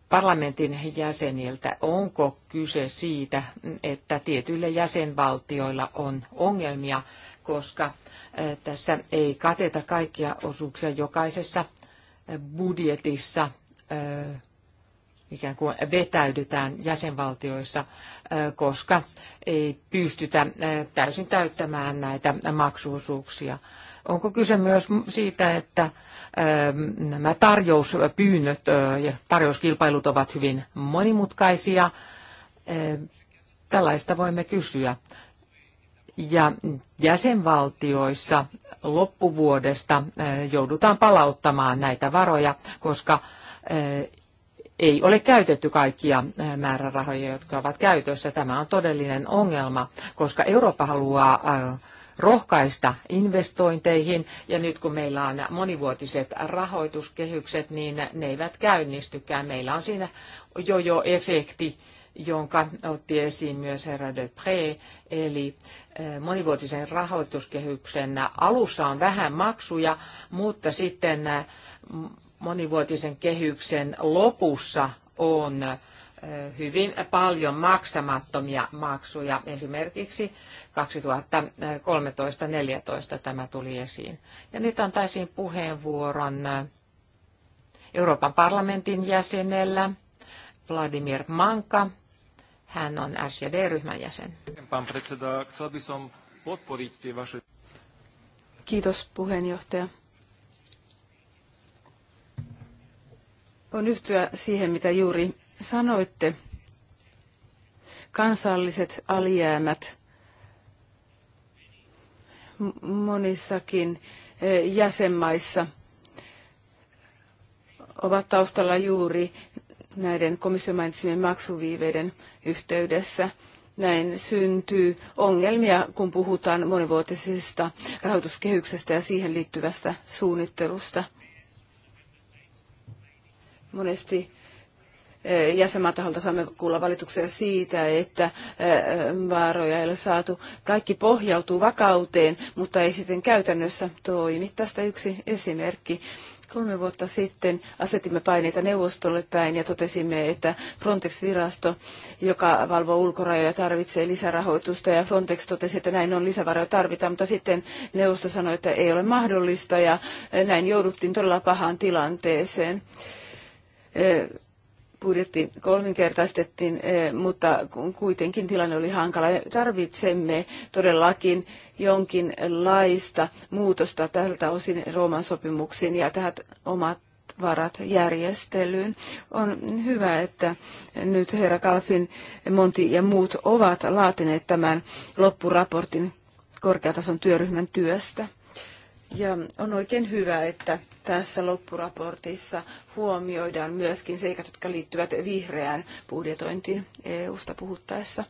parlamentin jäseniltä, onko kyse siitä, että tietyillä jäsenvaltioilla on ongelmia, koska tässä ei kateta kaikkia osuuksia jokaisessa budjetissa ikään kuin vetäydytään jäsenvaltioissa, koska ei pystytä täysin täyttämään näitä maksuosuuksia. Onko kyse myös siitä, että nämä tarjouspyynnöt ja tarjouskilpailut ovat hyvin monimutkaisia? Tällaista voimme kysyä. Ja jäsenvaltioissa loppuvuodesta joudutaan palauttamaan näitä varoja, koska ei ole käytetty kaikkia määrärahoja, jotka ovat käytössä. Tämä on todellinen ongelma, koska Eurooppa haluaa rohkaista investointeihin. Ja nyt kun meillä on monivuotiset rahoituskehykset, niin ne eivät käynnistykään. Meillä on siinä jojo-efekti, jonka otti esiin myös herra Pré, Eli monivuotisen rahoituskehyksen alussa on vähän maksuja, mutta sitten monivuotisen kehyksen lopussa on hyvin paljon maksamattomia maksuja. Esimerkiksi 2013-2014 tämä tuli esiin. Ja nyt antaisin puheenvuoron Euroopan parlamentin jäsenellä Vladimir Manka. Hän on SJD-ryhmän jäsen. Kiitos puheenjohtaja. on yhtyä siihen, mitä juuri sanoitte. Kansalliset alijäämät monissakin e, jäsenmaissa ovat taustalla juuri näiden komission mainitsemien maksuviiveiden yhteydessä. Näin syntyy ongelmia, kun puhutaan monivuotisesta rahoituskehyksestä ja siihen liittyvästä suunnittelusta. Monesti eh, jäsenmaan taholta saamme kuulla valituksia siitä, että eh, vaaroja ei ole saatu. Kaikki pohjautuu vakauteen, mutta ei sitten käytännössä toimi. Tästä yksi esimerkki. Kolme vuotta sitten asetimme paineita neuvostolle päin ja totesimme, että Frontex-virasto, joka valvoo ulkorajoja, tarvitsee lisärahoitusta ja Frontex totesi, että näin on lisävaroja tarvitaan, mutta sitten neuvosto sanoi, että ei ole mahdollista ja näin jouduttiin todella pahaan tilanteeseen budjetti kolminkertaistettiin, mutta kuitenkin tilanne oli hankala. Tarvitsemme todellakin jonkinlaista muutosta tältä osin Rooman sopimuksiin ja tähän omat varat järjestelyyn. On hyvä, että nyt herra Kalfin, Monti ja muut ovat laatineet tämän loppuraportin korkeatason työryhmän työstä. Ja on oikein hyvä, että tässä loppuraportissa huomioidaan myöskin seikat, jotka liittyvät vihreään budjetointiin EU-sta puhuttaessa.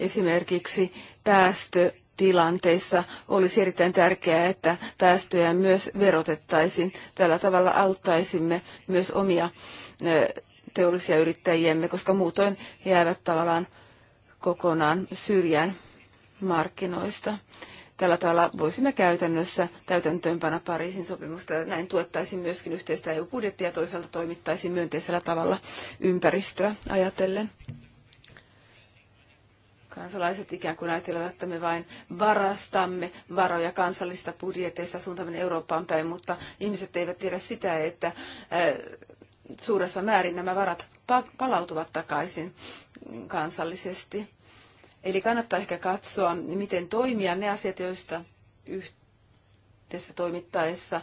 Esimerkiksi päästö tilanteissa olisi erittäin tärkeää, että päästöjä myös verotettaisiin. Tällä tavalla auttaisimme myös omia teollisia yrittäjiämme, koska muutoin jäävät tavallaan kokonaan syrjään markkinoista. Tällä tavalla voisimme käytännössä täytäntöönpana Pariisin sopimusta ja näin tuettaisiin myöskin yhteistä EU-budjettia ja toisaalta toimittaisiin myönteisellä tavalla ympäristöä ajatellen. Kansalaiset ikään kuin ajattelevat, että me vain varastamme varoja kansallista budjeteista suuntaan Eurooppaan päin, mutta ihmiset eivät tiedä sitä, että äh, suuressa määrin nämä varat palautuvat takaisin kansallisesti Eli kannattaa ehkä katsoa, miten toimia ne asiat, joista yhdessä toimittaessa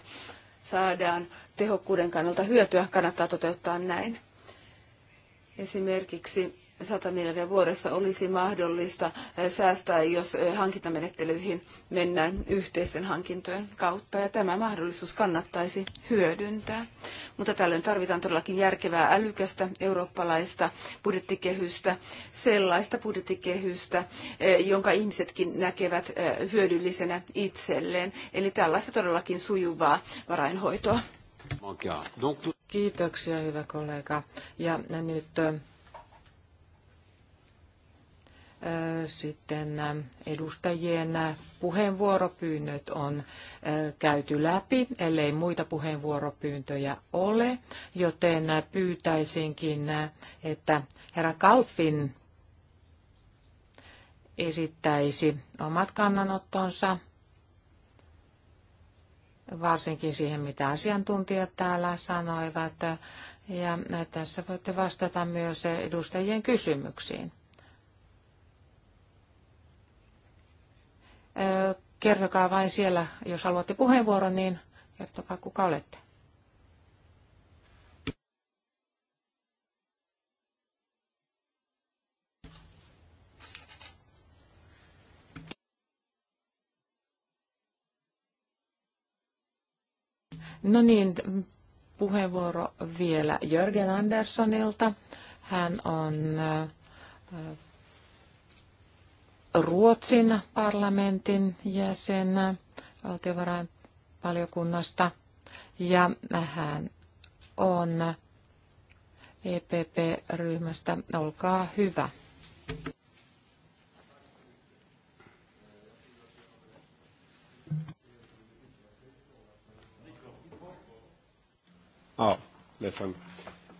saadaan tehokkuuden kannalta hyötyä. Kannattaa toteuttaa näin. Esimerkiksi 100 miljardia vuodessa olisi mahdollista eh, säästää, jos eh, hankintamenettelyihin mennään yhteisten hankintojen kautta, ja tämä mahdollisuus kannattaisi hyödyntää. Mutta tällöin tarvitaan todellakin järkevää, älykästä eurooppalaista budjettikehystä, sellaista budjettikehystä, eh, jonka ihmisetkin näkevät hyödyllisenä itselleen. Eli tällaista todellakin sujuvaa varainhoitoa. Kiitoksia, hyvä kollega. Ja nyt sitten edustajien puheenvuoropyynnöt on käyty läpi, ellei muita puheenvuoropyyntöjä ole, joten pyytäisinkin, että herra Kalfin esittäisi omat kannanottonsa, varsinkin siihen, mitä asiantuntijat täällä sanoivat. Ja tässä voitte vastata myös edustajien kysymyksiin. Kertokaa vain siellä, jos haluatte puheenvuoron, niin kertokaa kuka olette. No niin, puheenvuoro vielä Jörgen Anderssonilta. Hän on Ruotsin parlamentin jäsen valtiovarainvaliokunnasta ja hän on EPP-ryhmästä. Olkaa hyvä. Ja, ah,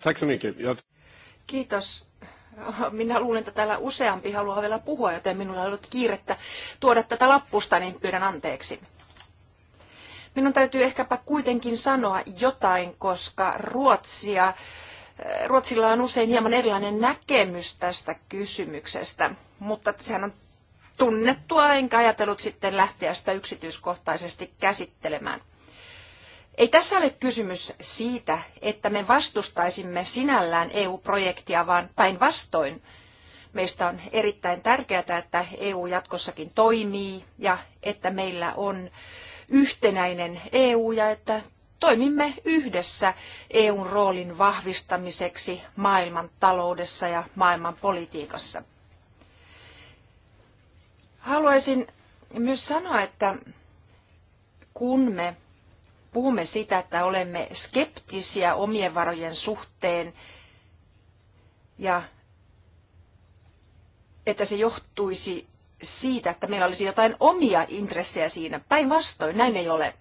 Tack så mycket. Jag... Kiitos minä luulen, että täällä useampi haluaa vielä puhua, joten minulla ei ollut kiirettä tuoda tätä lappusta, niin pyydän anteeksi. Minun täytyy ehkäpä kuitenkin sanoa jotain, koska Ruotsia, eh, Ruotsilla on usein hieman erilainen näkemys tästä kysymyksestä, mutta sehän on tunnettua, enkä ajatellut sitten lähteä sitä yksityiskohtaisesti käsittelemään. Ei tässä ole kysymys siitä, että me vastustaisimme sinällään EU-projektia, vaan päinvastoin. Meistä on erittäin tärkeää, että EU jatkossakin toimii ja että meillä on yhtenäinen EU ja että toimimme yhdessä EUn roolin vahvistamiseksi maailman taloudessa ja maailman politiikassa. Haluaisin myös sanoa, että kun me puhumme sitä, että olemme skeptisiä omien varojen suhteen ja että se johtuisi siitä, että meillä olisi jotain omia intressejä siinä. Päinvastoin, näin ei ole.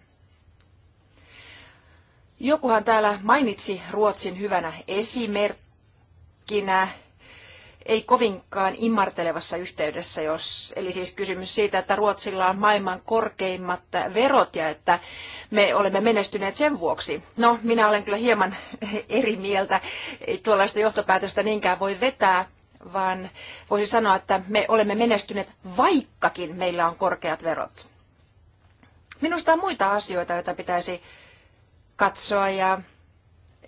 Jokuhan täällä mainitsi Ruotsin hyvänä esimerkkinä ei kovinkaan immartelevassa yhteydessä, jos, eli siis kysymys siitä, että Ruotsilla on maailman korkeimmat verot ja että me olemme menestyneet sen vuoksi. No, minä olen kyllä hieman eri mieltä, ei tuollaista johtopäätöstä niinkään voi vetää, vaan voisi sanoa, että me olemme menestyneet vaikkakin meillä on korkeat verot. Minusta on muita asioita, joita pitäisi katsoa ja,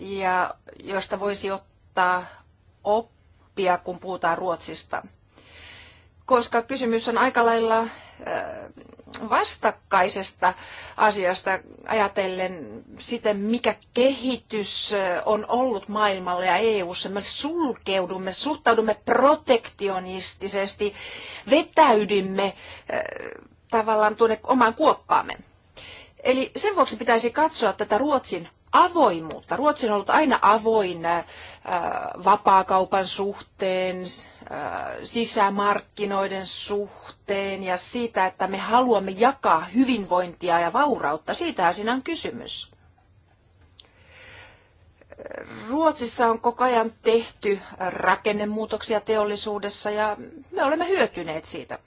ja josta voisi ottaa oppia oppia, kun puhutaan Ruotsista. Koska kysymys on aika lailla vastakkaisesta asiasta ajatellen sitä, mikä kehitys on ollut maailmalla ja EU:ssa. Me sulkeudumme, suhtaudumme protektionistisesti, vetäydymme tavallaan tuonne omaan kuoppaamme. Eli sen vuoksi pitäisi katsoa tätä Ruotsin avoimuutta. Ruotsi on ollut aina avoin äh, vapaakaupan suhteen, äh, sisämarkkinoiden suhteen ja siitä, että me haluamme jakaa hyvinvointia ja vaurautta. Siitähän siinä on kysymys. Ruotsissa on koko ajan tehty äh, rakennemuutoksia teollisuudessa ja me olemme hyötyneet siitä.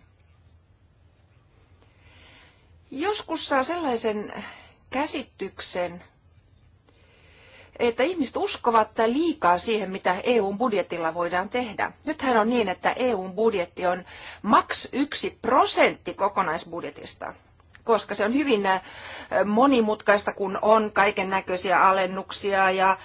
Joskus saa sellaisen käsityksen, että ihmiset uskovat liikaa siihen, mitä EUn budjetilla voidaan tehdä. Nythän on niin, että EUn budjetti on maks yksi prosentti kokonaisbudjetista koska se on hyvin äh, monimutkaista, kun on kaiken näköisiä alennuksia ja äh,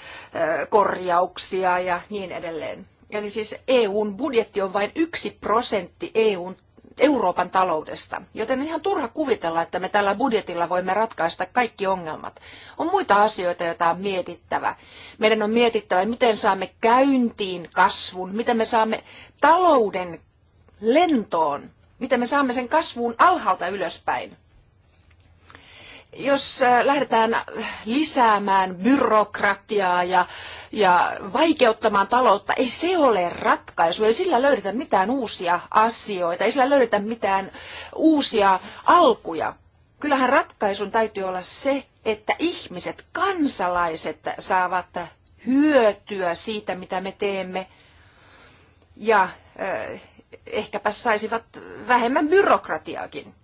korjauksia ja niin edelleen. Eli siis EUn budjetti on vain yksi prosentti EUn Euroopan taloudesta. Joten on ihan turha kuvitella, että me tällä budjetilla voimme ratkaista kaikki ongelmat. On muita asioita, joita on mietittävä. Meidän on mietittävä, miten saamme käyntiin kasvun, miten me saamme talouden lentoon, miten me saamme sen kasvuun alhaalta ylöspäin jos äh, lähdetään lisäämään byrokratiaa ja, ja vaikeuttamaan taloutta, ei se ole ratkaisu. Ei sillä löydetä mitään uusia asioita, ei sillä löydetä mitään uusia alkuja. Kyllähän ratkaisun täytyy olla se, että ihmiset, kansalaiset saavat hyötyä siitä, mitä me teemme. Ja eh, ehkäpä saisivat vähemmän byrokratiaakin.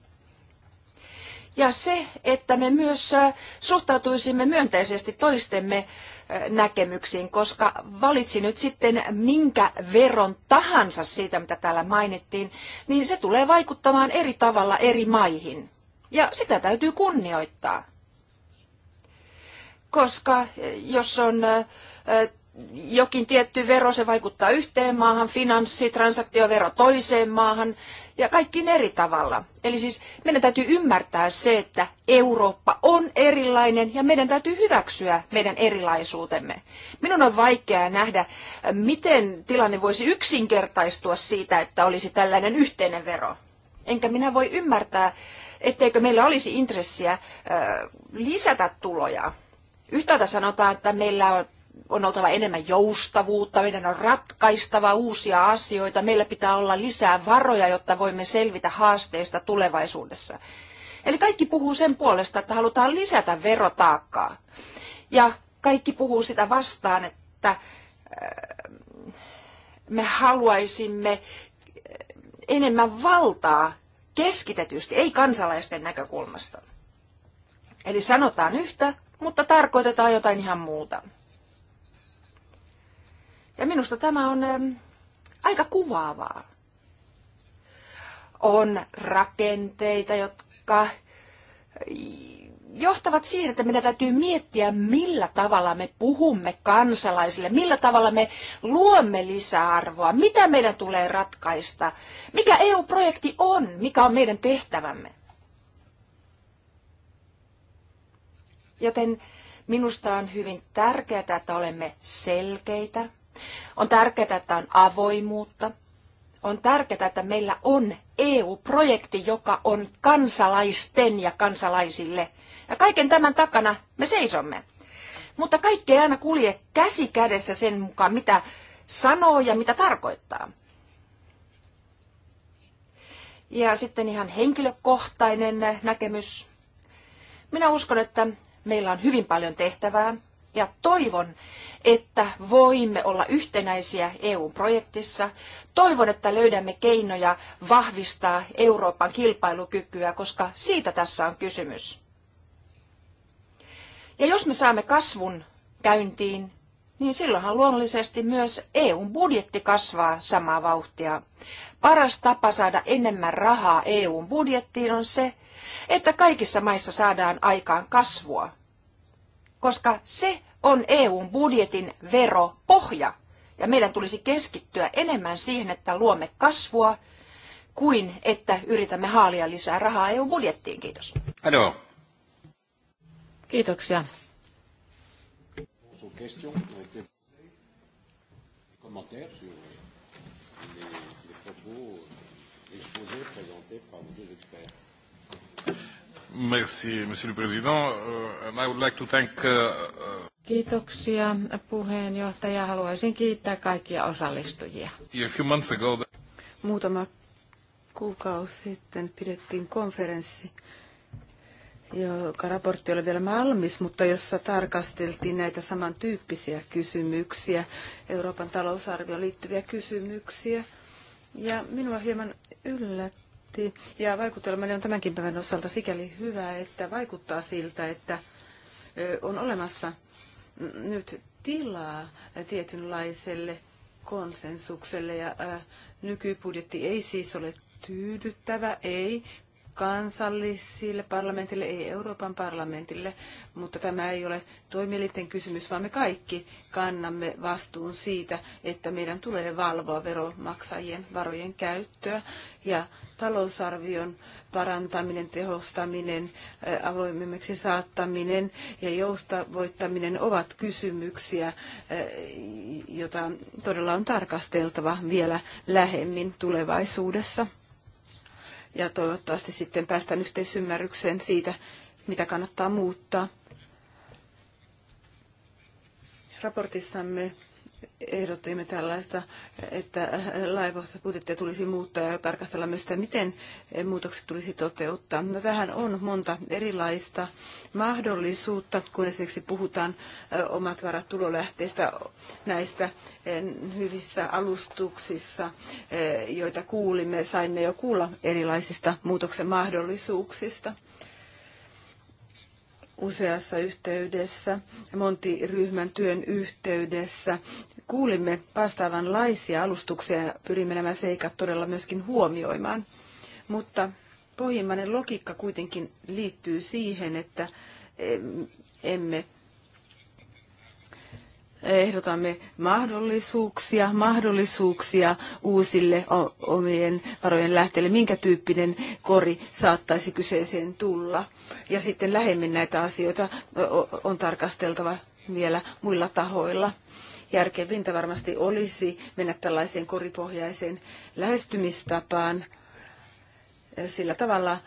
Ja se, että me myös äh, suhtautuisimme myönteisesti toistemme äh, näkemyksiin, koska valitsi nyt sitten minkä veron tahansa siitä, mitä täällä mainittiin, niin se tulee vaikuttamaan eri tavalla eri maihin. Ja sitä täytyy kunnioittaa. Koska äh, jos on jokin tietty vero, se vaikuttaa yhteen maahan, finanssitransaktiovero toiseen maahan ja kaikkiin eri tavalla. Eli siis meidän täytyy ymmärtää se, että Eurooppa on erilainen ja meidän täytyy hyväksyä meidän erilaisuutemme. Minun on vaikeaa nähdä, miten tilanne voisi yksinkertaistua siitä, että olisi tällainen yhteinen vero. Enkä minä voi ymmärtää, etteikö meillä olisi intressiä lisätä tuloja. Yhtäältä sanotaan, että meillä on on oltava enemmän joustavuutta, meidän on ratkaistava uusia asioita, meillä pitää olla lisää varoja, jotta voimme selvitä haasteista tulevaisuudessa. Eli kaikki puhuu sen puolesta, että halutaan lisätä verotaakkaa. Ja kaikki puhuu sitä vastaan, että äh, me haluaisimme äh, enemmän valtaa keskitetysti, ei kansalaisten näkökulmasta. Eli sanotaan yhtä, mutta tarkoitetaan jotain ihan muuta. Ja minusta tämä on aika kuvaavaa. On rakenteita, jotka johtavat siihen, että meidän täytyy miettiä, millä tavalla me puhumme kansalaisille, millä tavalla me luomme lisäarvoa, mitä meidän tulee ratkaista, mikä EU-projekti on, mikä on meidän tehtävämme. Joten minusta on hyvin tärkeää, että olemme selkeitä, on tärkeää, että on avoimuutta. On tärkeää, että meillä on EU-projekti, joka on kansalaisten ja kansalaisille. Ja kaiken tämän takana me seisomme. Mutta kaikki ei aina kulje käsi kädessä sen mukaan, mitä sanoo ja mitä tarkoittaa. Ja sitten ihan henkilökohtainen näkemys. Minä uskon, että meillä on hyvin paljon tehtävää ja toivon, että voimme olla yhtenäisiä EU-projektissa. Toivon, että löydämme keinoja vahvistaa Euroopan kilpailukykyä, koska siitä tässä on kysymys. Ja jos me saamme kasvun käyntiin, niin silloinhan luonnollisesti myös EUn budjetti kasvaa samaa vauhtia. Paras tapa saada enemmän rahaa EUn budjettiin on se, että kaikissa maissa saadaan aikaan kasvua koska se on EUn budjetin veropohja. Ja meidän tulisi keskittyä enemmän siihen, että luomme kasvua kuin että yritämme haalia lisää rahaa EUn budjettiin. Kiitos. Hello. Kiitoksia. sur les, propos exposés Merci, Monsieur le Président. Euh, and I would like to thank, uh, uh Kiitoksia puheenjohtaja. Haluaisin kiittää kaikkia osallistujia. Muutama kuukausi sitten pidettiin konferenssi, joka raportti oli vielä valmis, mutta jossa tarkasteltiin näitä samantyyppisiä kysymyksiä, Euroopan talousarvioon liittyviä kysymyksiä. Ja minua hieman yllätti, mandaatti ja vaikutelma on tämänkin päivän osalta sikäli hyvä, että vaikuttaa siltä, että on olemassa nyt tilaa tietynlaiselle konsensukselle ja nykybudjetti ei siis ole tyydyttävä, ei kansallisille parlamentille, ei Euroopan parlamentille, mutta tämä ei ole toimielinten kysymys, vaan me kaikki kannamme vastuun siitä, että meidän tulee valvoa veromaksajien varojen käyttöä ja talousarvion parantaminen, tehostaminen, avoimemmaksi saattaminen ja joustavoittaminen ovat kysymyksiä, joita todella on tarkasteltava vielä lähemmin tulevaisuudessa. Ja toivottavasti sitten päästään yhteisymmärrykseen siitä, mitä kannattaa muuttaa. Raportissamme ehdottimme tällaista, että laivoista budjettia tulisi muuttaa ja tarkastella myös sitä, miten muutokset tulisi toteuttaa. No, tähän on monta erilaista mahdollisuutta, kun esimerkiksi puhutaan omat varat tulolähteistä näistä hyvissä alustuksissa, joita kuulimme, saimme jo kuulla erilaisista muutoksen mahdollisuuksista useassa yhteydessä, Monti-ryhmän työn yhteydessä. Kuulimme vastaavanlaisia alustuksia ja pyrimme nämä seikat todella myöskin huomioimaan. Mutta pohjimmainen logiikka kuitenkin liittyy siihen, että emme ehdotamme mahdollisuuksia, mahdollisuuksia uusille omien varojen lähteille, minkä tyyppinen kori saattaisi kyseeseen tulla. Ja sitten lähemmin näitä asioita on tarkasteltava vielä muilla tahoilla. Järkevintä varmasti olisi mennä tällaiseen koripohjaiseen lähestymistapaan. Sillä tavalla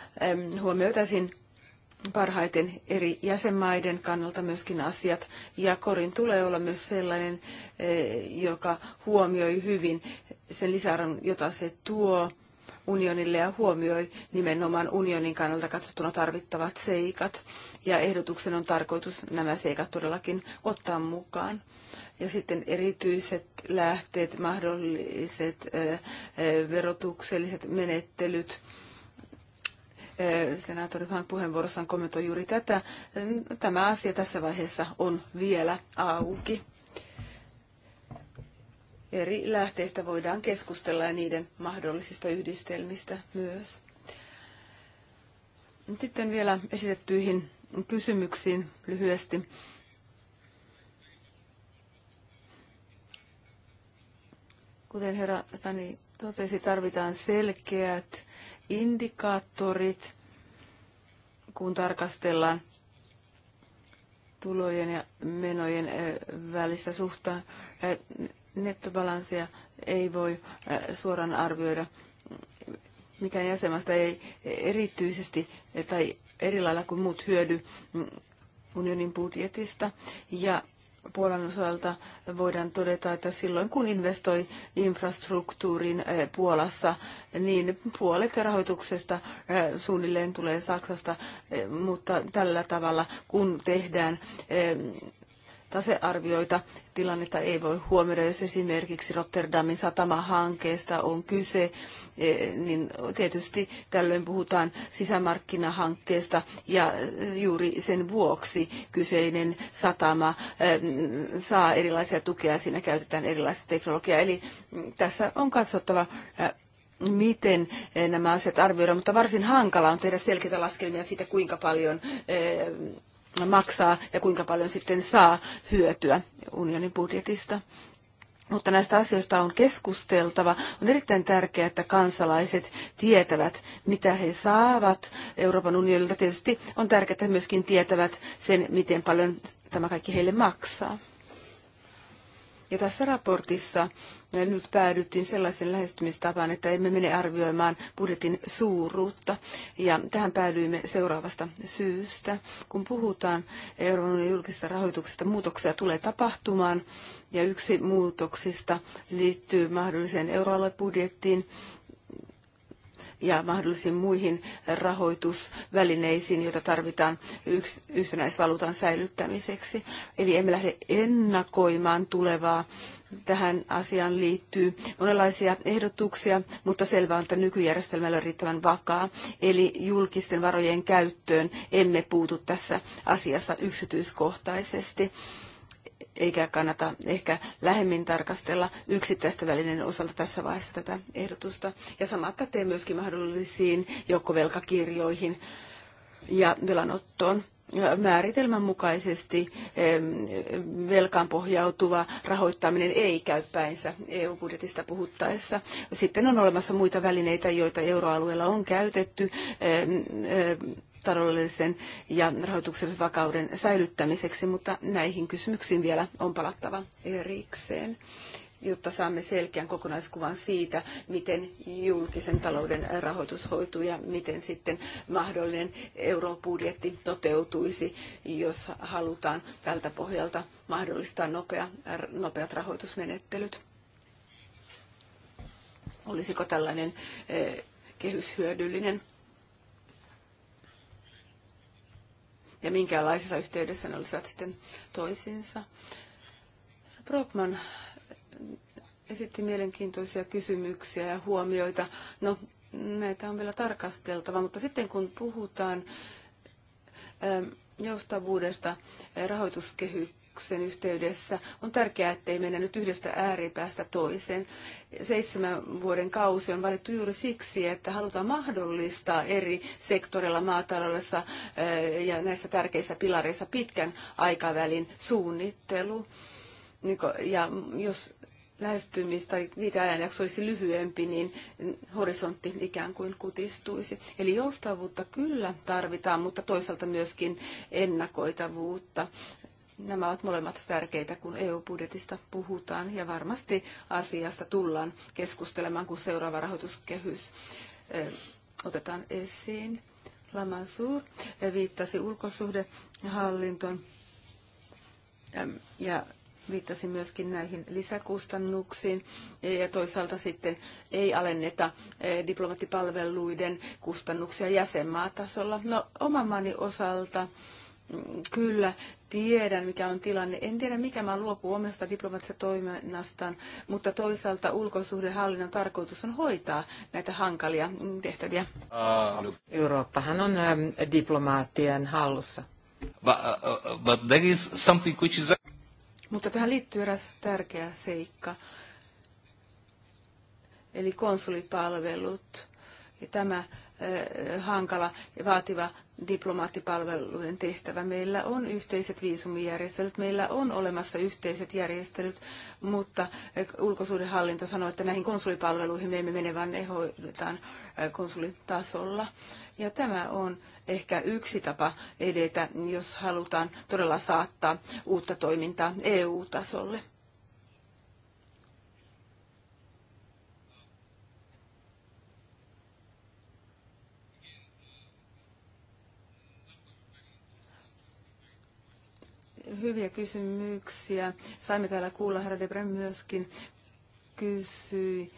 huomioitaisiin parhaiten eri jäsenmaiden kannalta myöskin asiat. Ja korin tulee olla myös sellainen, eh, joka huomioi hyvin sen lisäarvon, jota se tuo unionille ja huomioi nimenomaan unionin kannalta katsottuna tarvittavat seikat. Ja ehdotuksen on tarkoitus nämä seikat todellakin ottaa mukaan. Ja sitten erityiset lähteet, mahdolliset eh, eh, verotukselliset menettelyt, Eh, senaattori Van puheenvuorossaan kommentoi juuri tätä. Tämä asia tässä vaiheessa on vielä auki. Eri lähteistä voidaan keskustella ja niiden mahdollisista yhdistelmistä myös. Sitten vielä esitettyihin kysymyksiin lyhyesti. Kuten herra Stani totesi, tarvitaan selkeät indikaattorit, kun tarkastellaan tulojen ja menojen eh, välistä suhtaan. Eh, nettobalanssia ei voi eh, suoraan arvioida. Mikään jäsenmästä ei erityisesti tai eri lailla kuin muut hyödy mm, unionin budjetista. Ja Puolan osalta voidaan todeta, että silloin kun investoi infrastruktuurin eh, Puolassa, niin puolet rahoituksesta eh, suunnilleen tulee Saksasta, eh, mutta tällä tavalla kun tehdään tasearvioita. Tilannetta ei voi huomioida, jos esimerkiksi Rotterdamin satamahankkeesta on kyse, e, niin tietysti tällöin puhutaan sisämarkkinahankkeesta ja juuri sen vuoksi kyseinen satama e, saa erilaisia tukea, siinä käytetään erilaista teknologiaa. Eli tässä on katsottava e, miten nämä asiat arvioidaan, mutta varsin hankala on tehdä selkeitä laskelmia siitä, kuinka paljon maksaa ja kuinka paljon sitten saa hyötyä unionin budjetista. Mutta näistä asioista on keskusteltava. On erittäin tärkeää, että kansalaiset tietävät, mitä he saavat Euroopan unionilta. Tietysti on tärkeää, että he myöskin tietävät sen, miten paljon tämä kaikki heille maksaa. Ja tässä raportissa nyt päädyttiin sellaisen lähestymistapaan, että emme mene arvioimaan budjetin suuruutta. Ja tähän päädyimme seuraavasta syystä. Kun puhutaan Euroopan julkisesta rahoituksesta, muutoksia tulee tapahtumaan. Ja yksi muutoksista liittyy mahdolliseen euroaluebudjettiin ja mahdollisiin muihin rahoitusvälineisiin, joita tarvitaan yhtenäisvaluutan säilyttämiseksi. Eli emme lähde ennakoimaan tulevaa Tähän asiaan liittyy monenlaisia ehdotuksia, mutta selvää on, että nykyjärjestelmällä on riittävän vakaa. Eli julkisten varojen käyttöön emme puutu tässä asiassa yksityiskohtaisesti eikä kannata ehkä lähemmin tarkastella yksittäistä välinen osalta tässä vaiheessa tätä ehdotusta. Ja sama pätee myöskin mahdollisiin joukkovelkakirjoihin ja velanottoon määritelmän mukaisesti velkaan pohjautuva rahoittaminen ei käy päinsä EU-budjetista puhuttaessa. Sitten on olemassa muita välineitä, joita euroalueella on käytetty taloudellisen ja rahoituksellisen vakauden säilyttämiseksi, mutta näihin kysymyksiin vielä on palattava erikseen jotta saamme selkeän kokonaiskuvan siitä, miten julkisen talouden rahoitus hoituu ja miten sitten mahdollinen eurobudjetti toteutuisi, jos halutaan tältä pohjalta mahdollistaa nopea, nopeat rahoitusmenettelyt. Olisiko tällainen e, kehys hyödyllinen? ja minkälaisessa yhteydessä ne olisivat sitten toisiinsa. Brockman esitti mielenkiintoisia kysymyksiä ja huomioita. No, näitä on vielä tarkasteltava, mutta sitten kun puhutaan ähm, joustavuudesta äh, rahoituskehyksen yhteydessä, on tärkeää, ettei mennä nyt yhdestä ääripäästä toiseen. Seitsemän vuoden kausi on valittu juuri siksi, että halutaan mahdollistaa eri sektoreilla maataloudessa äh, ja näissä tärkeissä pilareissa pitkän aikavälin suunnittelu niin ja jos lähestymis- tai viiteajanjakso olisi lyhyempi, niin horisontti ikään kuin kutistuisi. Eli joustavuutta kyllä tarvitaan, mutta toisaalta myöskin ennakoitavuutta. Nämä ovat molemmat tärkeitä, kun EU-budjetista puhutaan ja varmasti asiasta tullaan keskustelemaan, kun seuraava rahoituskehys otetaan esiin. Lamansur viittasi ulkosuhdehallinton ja viittasi myöskin näihin lisäkustannuksiin ja toisaalta sitten ei alenneta eh, diplomaattipalveluiden kustannuksia jäsenmaatasolla. No oman maani osalta mm, Kyllä, tiedän mikä on tilanne. En tiedä mikä maa luopuu omasta diplomaattisesta toiminnastaan, mutta toisaalta ulkosuhdehallinnon tarkoitus on hoitaa näitä hankalia mm, tehtäviä. Ah, Eurooppahan on eh, diplomaattien hallussa. But, uh, uh, but there is something which is... Mutta tähän liittyy eräs tärkeä seikka, eli konsulipalvelut. Ja tämä hankala ja vaativa diplomaattipalvelujen tehtävä. Meillä on yhteiset viisumijärjestelyt, meillä on olemassa yhteiset järjestelyt, mutta ulkosuudenhallinto sanoi, että näihin konsulipalveluihin me emme mene, vaan ne hoidetaan konsulitasolla. Ja tämä on ehkä yksi tapa edetä, jos halutaan todella saattaa uutta toimintaa EU-tasolle. hyviä kysymyksiä. Saimme täällä kuulla, herra Debrem myöskin kysyi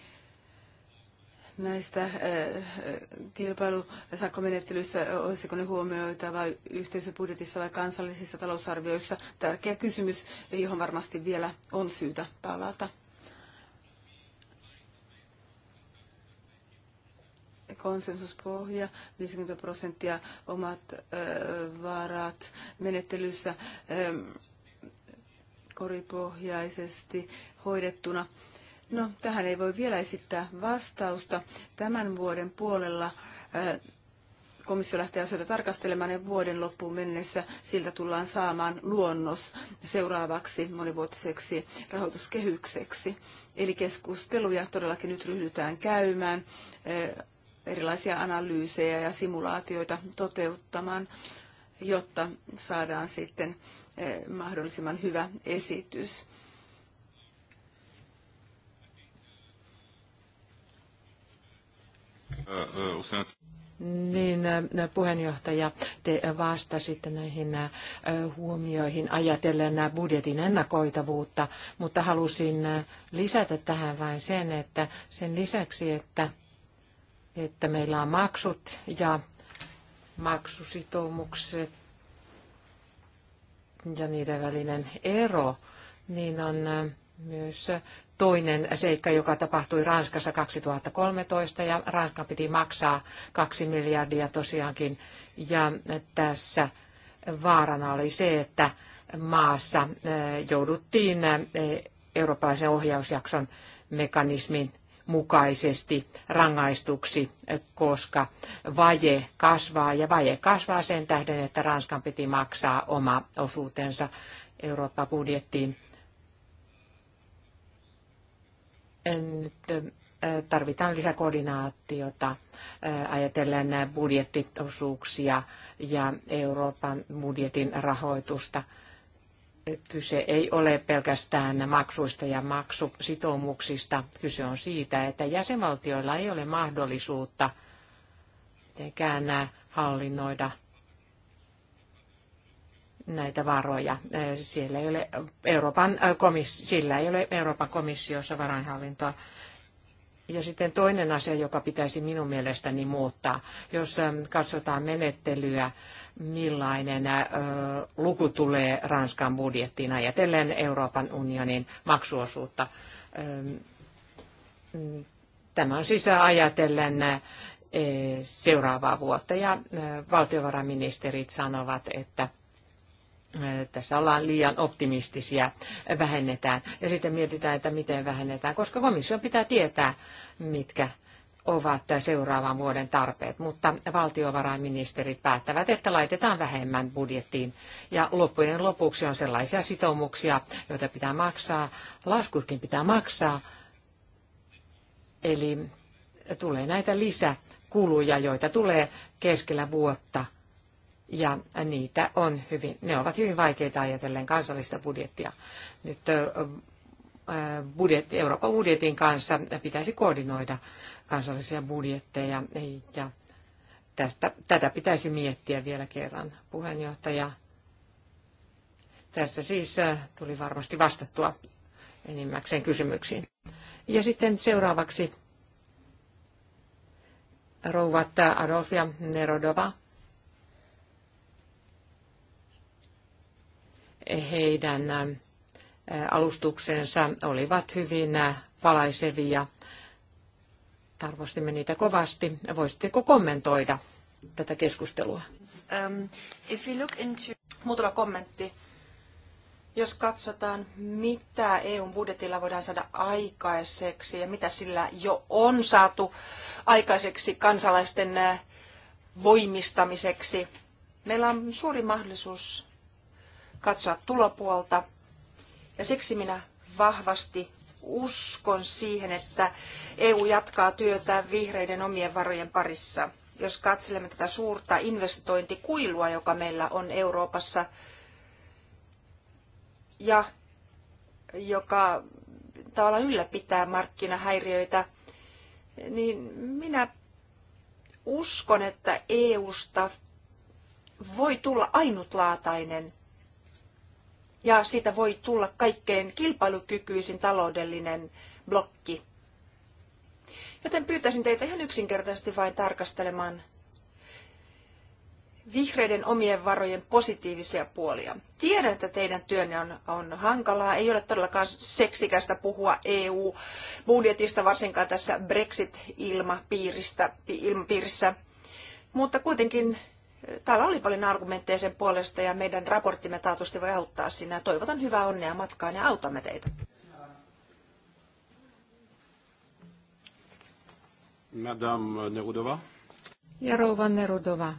näistä eh, eh, kilpailusakkomenettelyissä, eh, olisiko ne huomioitava yhteisöbudjetissa vai kansallisissa talousarvioissa? Tärkeä kysymys, johon varmasti vielä on syytä palata. konsensuspohja, 50 prosenttia omat ö, varat menettelyssä ö, koripohjaisesti hoidettuna. No, tähän ei voi vielä esittää vastausta. Tämän vuoden puolella äh, komissio lähtee asioita tarkastelemaan ja vuoden loppuun mennessä siltä tullaan saamaan luonnos seuraavaksi monivuotiseksi rahoituskehykseksi. Eli keskusteluja todellakin nyt ryhdytään käymään, äh, erilaisia analyysejä ja simulaatioita toteuttamaan, jotta saadaan sitten äh, mahdollisimman hyvä esitys. Niin, äh, äh, puheenjohtaja, te vastasitte näihin äh, huomioihin ajatellen budjetin ennakoitavuutta, mutta halusin lisätä tähän vain sen, että sen lisäksi, että, että meillä on maksut ja maksusitoumukset ja niiden välinen ero, niin on myös toinen seikka, joka tapahtui Ranskassa 2013 ja Ranska piti maksaa kaksi miljardia tosiaankin ja tässä vaarana oli se, että maassa eh, jouduttiin eh, eurooppalaisen ohjausjakson mekanismin mukaisesti rangaistuksi, koska vaje kasvaa ja vaje kasvaa sen tähden, että Ranskan piti maksaa oma osuutensa Eurooppa-budjettiin. nyt tarvitaan lisäkoordinaatiota ajatellen budjettiosuuksia ja Euroopan budjetin rahoitusta. Kyse ei ole pelkästään maksuista ja maksusitoumuksista. Kyse on siitä, että jäsenvaltioilla ei ole mahdollisuutta mitenkään hallinnoida näitä varoja. Siellä ei ole Euroopan komissio, sillä ei ole Euroopan komissiossa varainhallintoa. Ja sitten toinen asia, joka pitäisi minun mielestäni muuttaa, jos katsotaan menettelyä, millainen luku tulee Ranskan budjettiin ajatellen Euroopan unionin maksuosuutta. Tämä on siis ajatellen seuraavaa vuotta ja valtiovarainministerit sanovat, että tässä ollaan liian optimistisia, vähennetään. Ja sitten mietitään, että miten vähennetään, koska komissio pitää tietää, mitkä ovat seuraavan vuoden tarpeet, mutta valtiovarainministerit päättävät, että laitetaan vähemmän budjettiin. Ja loppujen lopuksi on sellaisia sitoumuksia, joita pitää maksaa, laskutkin pitää maksaa. Eli tulee näitä lisäkuluja, joita tulee keskellä vuotta – ja niitä on hyvin, ne ovat hyvin vaikeita ajatellen kansallista budjettia. Nyt budjetti, Euroopan budjetin kanssa pitäisi koordinoida kansallisia budjetteja ja tästä, tätä pitäisi miettiä vielä kerran puheenjohtaja. Tässä siis tuli varmasti vastattua enimmäkseen kysymyksiin. Ja sitten seuraavaksi rouvat Adolfia Nerodova. heidän alustuksensa olivat hyvin valaisevia. Arvostimme niitä kovasti. Voisitteko kommentoida tätä keskustelua? Um, into... Muutama kommentti. Jos katsotaan, mitä EUn budjetilla voidaan saada aikaiseksi ja mitä sillä jo on saatu aikaiseksi kansalaisten voimistamiseksi, meillä on suuri mahdollisuus katsoa tulopuolta. Ja siksi minä vahvasti uskon siihen, että EU jatkaa työtään vihreiden omien varojen parissa. Jos katselemme tätä suurta investointikuilua, joka meillä on Euroopassa ja joka tavallaan ylläpitää markkinahäiriöitä, niin minä uskon, että EUsta voi tulla ainutlaatainen ja siitä voi tulla kaikkein kilpailukykyisin taloudellinen blokki. Joten pyytäisin teitä ihan yksinkertaisesti vain tarkastelemaan vihreiden omien varojen positiivisia puolia. Tiedän, että teidän työnne on, on hankalaa. Ei ole todellakaan seksikästä puhua EU-budjetista, varsinkaan tässä Brexit-ilmapiirissä. Mutta kuitenkin täällä oli paljon argumentteja sen puolesta ja meidän raporttimme taatusti voi auttaa sinä. Toivotan hyvää onnea matkaan ja autamme teitä. Madame Nerudova. Jarova Nerudova.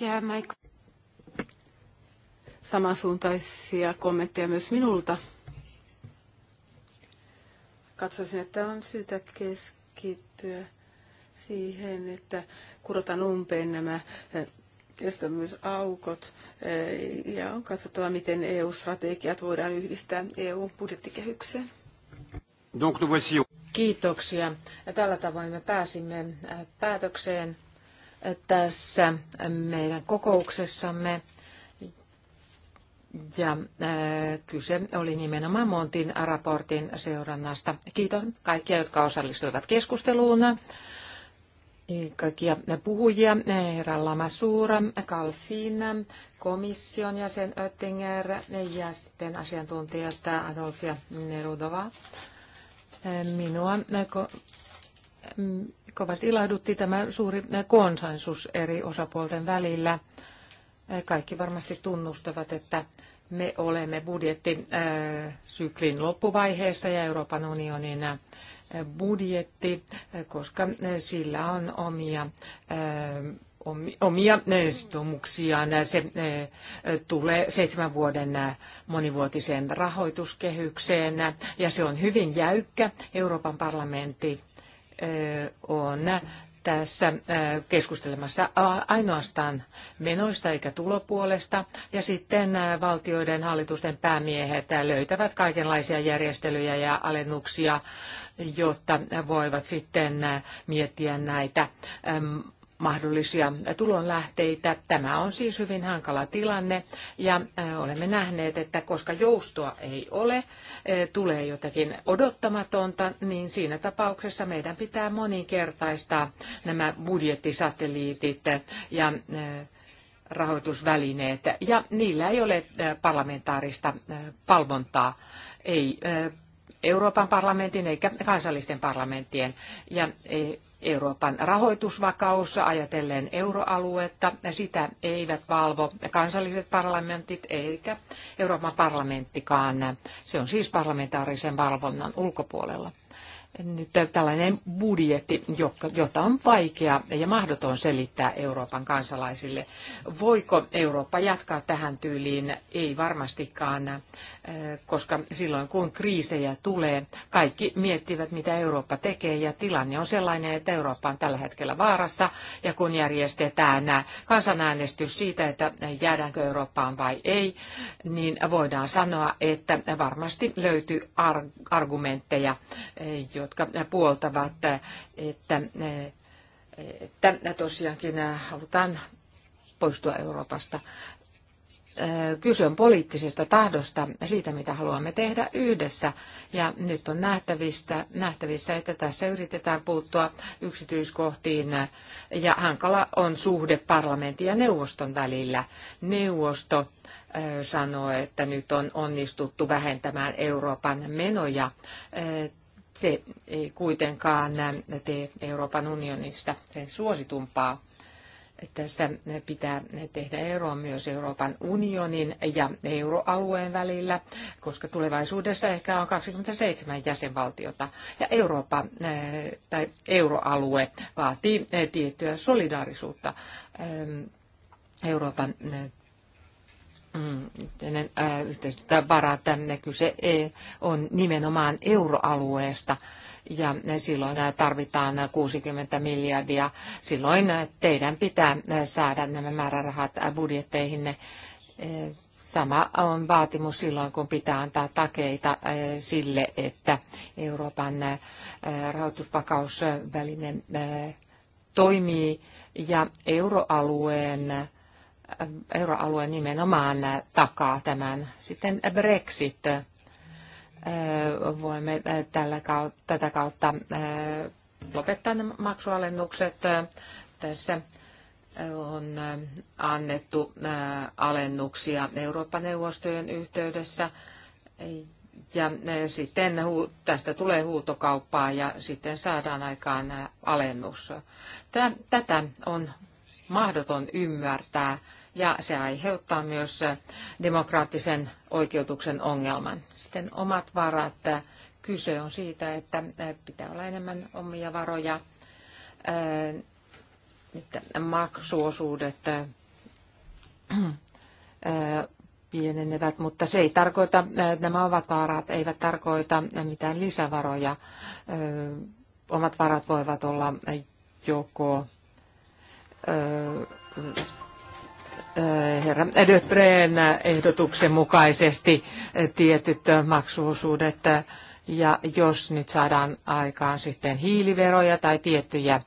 Ja Mike. Samansuuntaisia kommentteja myös minulta. Katsoisin, että on syytä keskittyä siihen, että kurotaan umpeen nämä eh, kestävyysaukot eh, ja on katsottava, miten EU-strategiat voidaan yhdistää EU-budjettikehykseen. Kiitoksia. Tällä tavoin me pääsimme eh, päätökseen tässä meidän kokouksessamme. Ja kyse oli nimenomaan Montin raportin seurannasta. Kiitos kaikkia, jotka osallistuivat keskusteluun kaikkia puhujia, herra Lamasuura, Kalfina, komission jäsen Oettinger ja sitten asiantuntijat Adolfia Nerudova. Minua kovasti ilahdutti tämä suuri konsensus eri osapuolten välillä. Kaikki varmasti tunnustavat, että me olemme budjettisyklin loppuvaiheessa ja Euroopan unionin budjetti, koska sillä on omia eh, omia eh, sitoumuksiaan. Se eh, tulee seitsemän vuoden monivuotiseen rahoituskehykseen ja se on hyvin jäykkä. Euroopan parlamentti on tässä äh, keskustelemassa ainoastaan menoista eikä tulopuolesta. Ja sitten äh, valtioiden hallitusten päämiehet äh, löytävät kaikenlaisia järjestelyjä ja alennuksia, jotta voivat sitten miettiä näitä mahdollisia tulonlähteitä. Tämä on siis hyvin hankala tilanne ja olemme nähneet, että koska joustoa ei ole, tulee jotakin odottamatonta, niin siinä tapauksessa meidän pitää moninkertaistaa nämä budjettisatelliitit ja rahoitusvälineet ja niillä ei ole parlamentaarista palvontaa, ei Euroopan parlamentin eikä kansallisten parlamenttien. Ja e, Euroopan rahoitusvakaus ajatellen euroaluetta. Sitä eivät valvo kansalliset parlamentit eikä Euroopan parlamenttikaan. Se on siis parlamentaarisen valvonnan ulkopuolella nyt tällainen budjetti, jota on vaikea ja mahdoton selittää Euroopan kansalaisille. Voiko Eurooppa jatkaa tähän tyyliin? Ei varmastikaan, äh, koska silloin kun kriisejä tulee, kaikki miettivät, mitä Eurooppa tekee ja tilanne on sellainen, että Eurooppa on tällä hetkellä vaarassa ja kun järjestetään äh, kansanäänestys siitä, että jäädäänkö Eurooppaan vai ei, niin voidaan sanoa, että varmasti löytyy argumentteja, äh, joita jotka puoltavat, että, että tosiaankin halutaan poistua Euroopasta. Kyse on poliittisesta tahdosta, siitä mitä haluamme tehdä yhdessä. Ja nyt on nähtävissä, nähtävissä, että tässä yritetään puuttua yksityiskohtiin ja hankala on suhde parlamentin ja neuvoston välillä. Neuvosto sanoo, että nyt on onnistuttu vähentämään Euroopan menoja se ei kuitenkaan tee Euroopan unionista sen suositumpaa. Tässä pitää tehdä eroa myös Euroopan unionin ja euroalueen välillä, koska tulevaisuudessa ehkä on 27 jäsenvaltiota. Ja Eurooppa eh, tai euroalue vaatii eh, tiettyä solidaarisuutta eh, Euroopan yhteinen, ää, äh, yhteiset Kyse eh, on nimenomaan euroalueesta ja silloin äh, tarvitaan 60 miljardia. Silloin äh, teidän pitää saada nämä määrärahat budjetteihinne. Eh, sama on vaatimus silloin, kun pitää antaa takeita sille, että Euroopan rahoitusvakausväline toimii ja euroalueen euroalue nimenomaan takaa tämän. Sitten Brexit. Voimme tällä kautta, tätä kautta lopettaa ne maksualennukset. Tässä on annettu alennuksia Eurooppa-neuvostojen yhteydessä. Ja sitten tästä tulee huutokauppaa ja sitten saadaan aikaan alennus. Tätä on mahdoton ymmärtää ja se aiheuttaa myös demokraattisen oikeutuksen ongelman. Sitten omat varat. Kyse on siitä, että äh, pitää olla enemmän omia varoja, äh, että maksuosuudet äh, pienenevät, mutta se ei tarkoita, nämä ovat varat, eivät tarkoita mitään lisävaroja. Omat varat voivat olla joko herra Döpreen ehdotuksen mukaisesti tietyt maksuosuudet ja jos nyt saadaan aikaan sitten hiiliveroja tai tiettyjä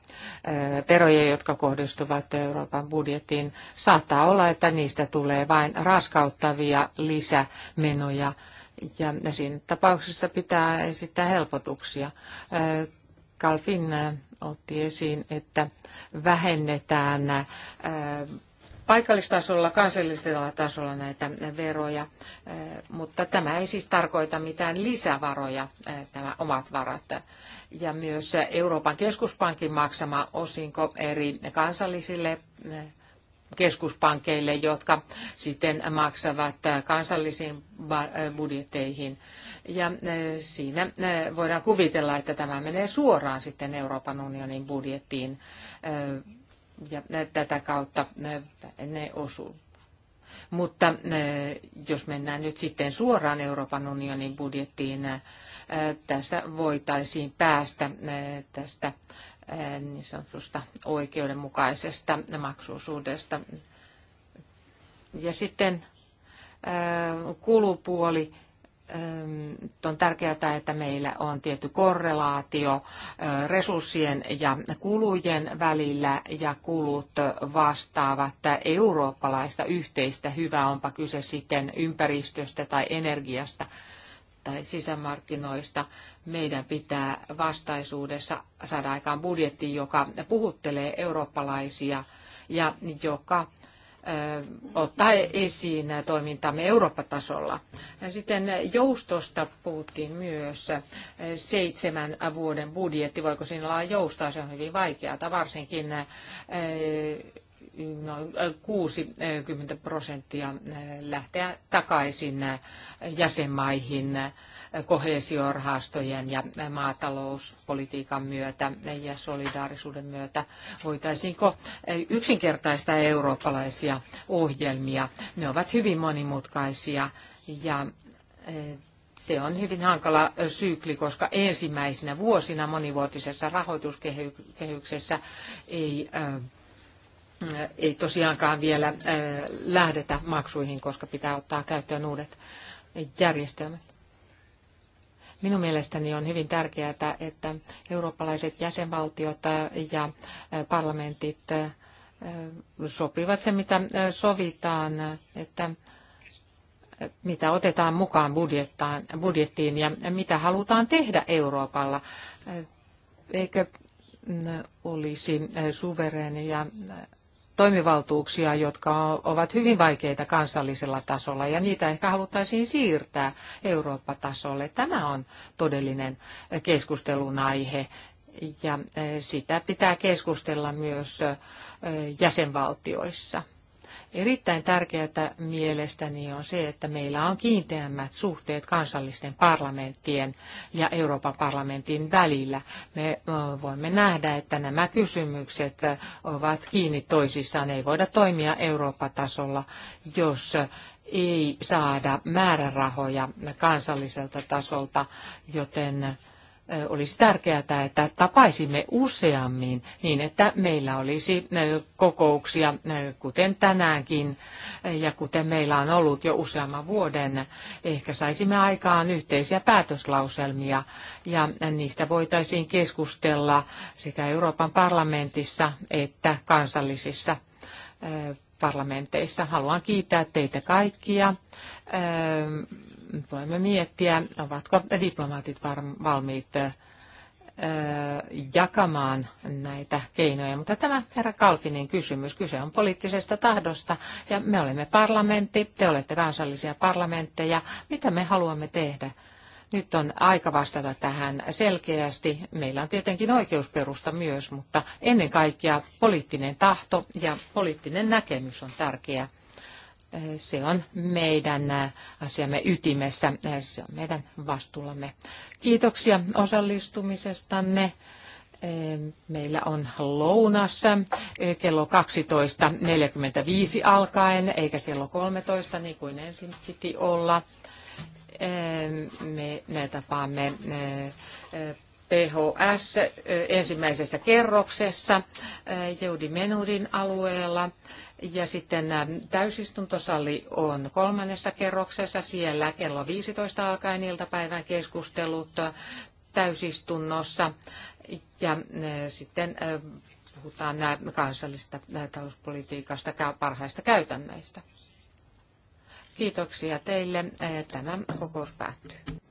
veroja, jotka kohdistuvat Euroopan budjettiin, saattaa olla, että niistä tulee vain raskauttavia lisämenoja. Ja siinä tapauksessa pitää esittää helpotuksia. Kalfin äh, otti esiin, että vähennetään äh, paikallistasolla, kansallisella tasolla näitä veroja, äh, mutta tämä ei siis tarkoita mitään lisävaroja, nämä omat varat. Ja myös Euroopan keskuspankin maksama osinko eri kansallisille keskuspankeille, jotka sitten maksavat kansallisiin budjetteihin. Ja eh, siinä eh, voidaan kuvitella, että tämä menee suoraan sitten Euroopan unionin budjettiin eh, ja tätä kautta ne osuu. Mutta jos mennään nyt sitten suoraan Euroopan unionin budjettiin, tässä voitaisiin päästä tästä Eh, niin sanotusta oikeudenmukaisesta maksuosuudesta. Ja sitten eh, kulupuoli eh, on tärkeää, että meillä on tietty korrelaatio resurssien ja kulujen välillä ja kulut vastaavat eurooppalaista yhteistä hyvää, onpa kyse sitten ympäristöstä tai energiasta tai sisämarkkinoista meidän pitää vastaisuudessa saada aikaan budjetti, joka puhuttelee eurooppalaisia ja joka ottaa esiin toimintamme Eurooppa-tasolla. Sitten joustosta puhuttiin myös seitsemän vuoden budjetti. Voiko siinä olla joustaa? Se on hyvin vaikeaa, varsinkin noin 60 prosenttia eh, lähteä takaisin eh, jäsenmaihin eh, kohesiorahastojen ja maatalouspolitiikan myötä ja solidaarisuuden myötä. Voitaisiinko yksinkertaista eurooppalaisia ohjelmia? Ne ovat hyvin monimutkaisia ja se on hyvin hankala sykli, koska ensimmäisinä vuosina monivuotisessa rahoituskehyksessä ei ei tosiaankaan vielä äh, lähdetä maksuihin, koska pitää ottaa käyttöön uudet järjestelmät. Minun mielestäni on hyvin tärkeää, että eurooppalaiset jäsenvaltiot äh, ja äh, parlamentit sopivat se, mitä sovitaan, että mitä otetaan mukaan budjettiin ja mitä halutaan tehdä Euroopalla. Eikö mm, olisi ja toimivaltuuksia, jotka ovat hyvin vaikeita kansallisella tasolla, ja niitä ehkä haluttaisiin siirtää Eurooppa-tasolle. Tämä on todellinen keskustelun aihe, ja eh, sitä pitää keskustella myös eh, jäsenvaltioissa. Erittäin tärkeää mielestäni on se, että meillä on kiinteämmät suhteet kansallisten parlamenttien ja Euroopan parlamentin välillä. Me voimme nähdä, että nämä kysymykset ovat kiinni toisissaan. Ei voida toimia Eurooppa-tasolla, jos ei saada määrärahoja kansalliselta tasolta, joten olisi tärkeää, että tapaisimme useammin niin, että meillä olisi kokouksia, kuten tänäänkin ja kuten meillä on ollut jo useamman vuoden. Ehkä saisimme aikaan yhteisiä päätöslauselmia ja niistä voitaisiin keskustella sekä Euroopan parlamentissa että kansallisissa parlamenteissa. Haluan kiittää teitä kaikkia voimme miettiä, ovatko diplomaatit valmiit jakamaan näitä keinoja. Mutta tämä herra Kalfinin kysymys, kyse on poliittisesta tahdosta ja me olemme parlamentti, te olette kansallisia parlamentteja. Mitä me haluamme tehdä? Nyt on aika vastata tähän selkeästi. Meillä on tietenkin oikeusperusta myös, mutta ennen kaikkea poliittinen tahto ja poliittinen näkemys on tärkeä se on meidän äh, asiamme ytimessä, se on meidän vastuullamme. Kiitoksia osallistumisestanne. Meillä on lounassa kello 12.45 alkaen, eikä kello 13, niin kuin ensin piti olla. Me tapaamme PHS ensimmäisessä kerroksessa Joudi Menudin alueella. Ja sitten täysistuntosali on kolmannessa kerroksessa. Siellä kello 15 alkaen iltapäivän keskustelut täysistunnossa. Ja sitten puhutaan kansallisesta talouspolitiikasta ja parhaista käytännöistä. Kiitoksia teille. Tämä kokous päättyy.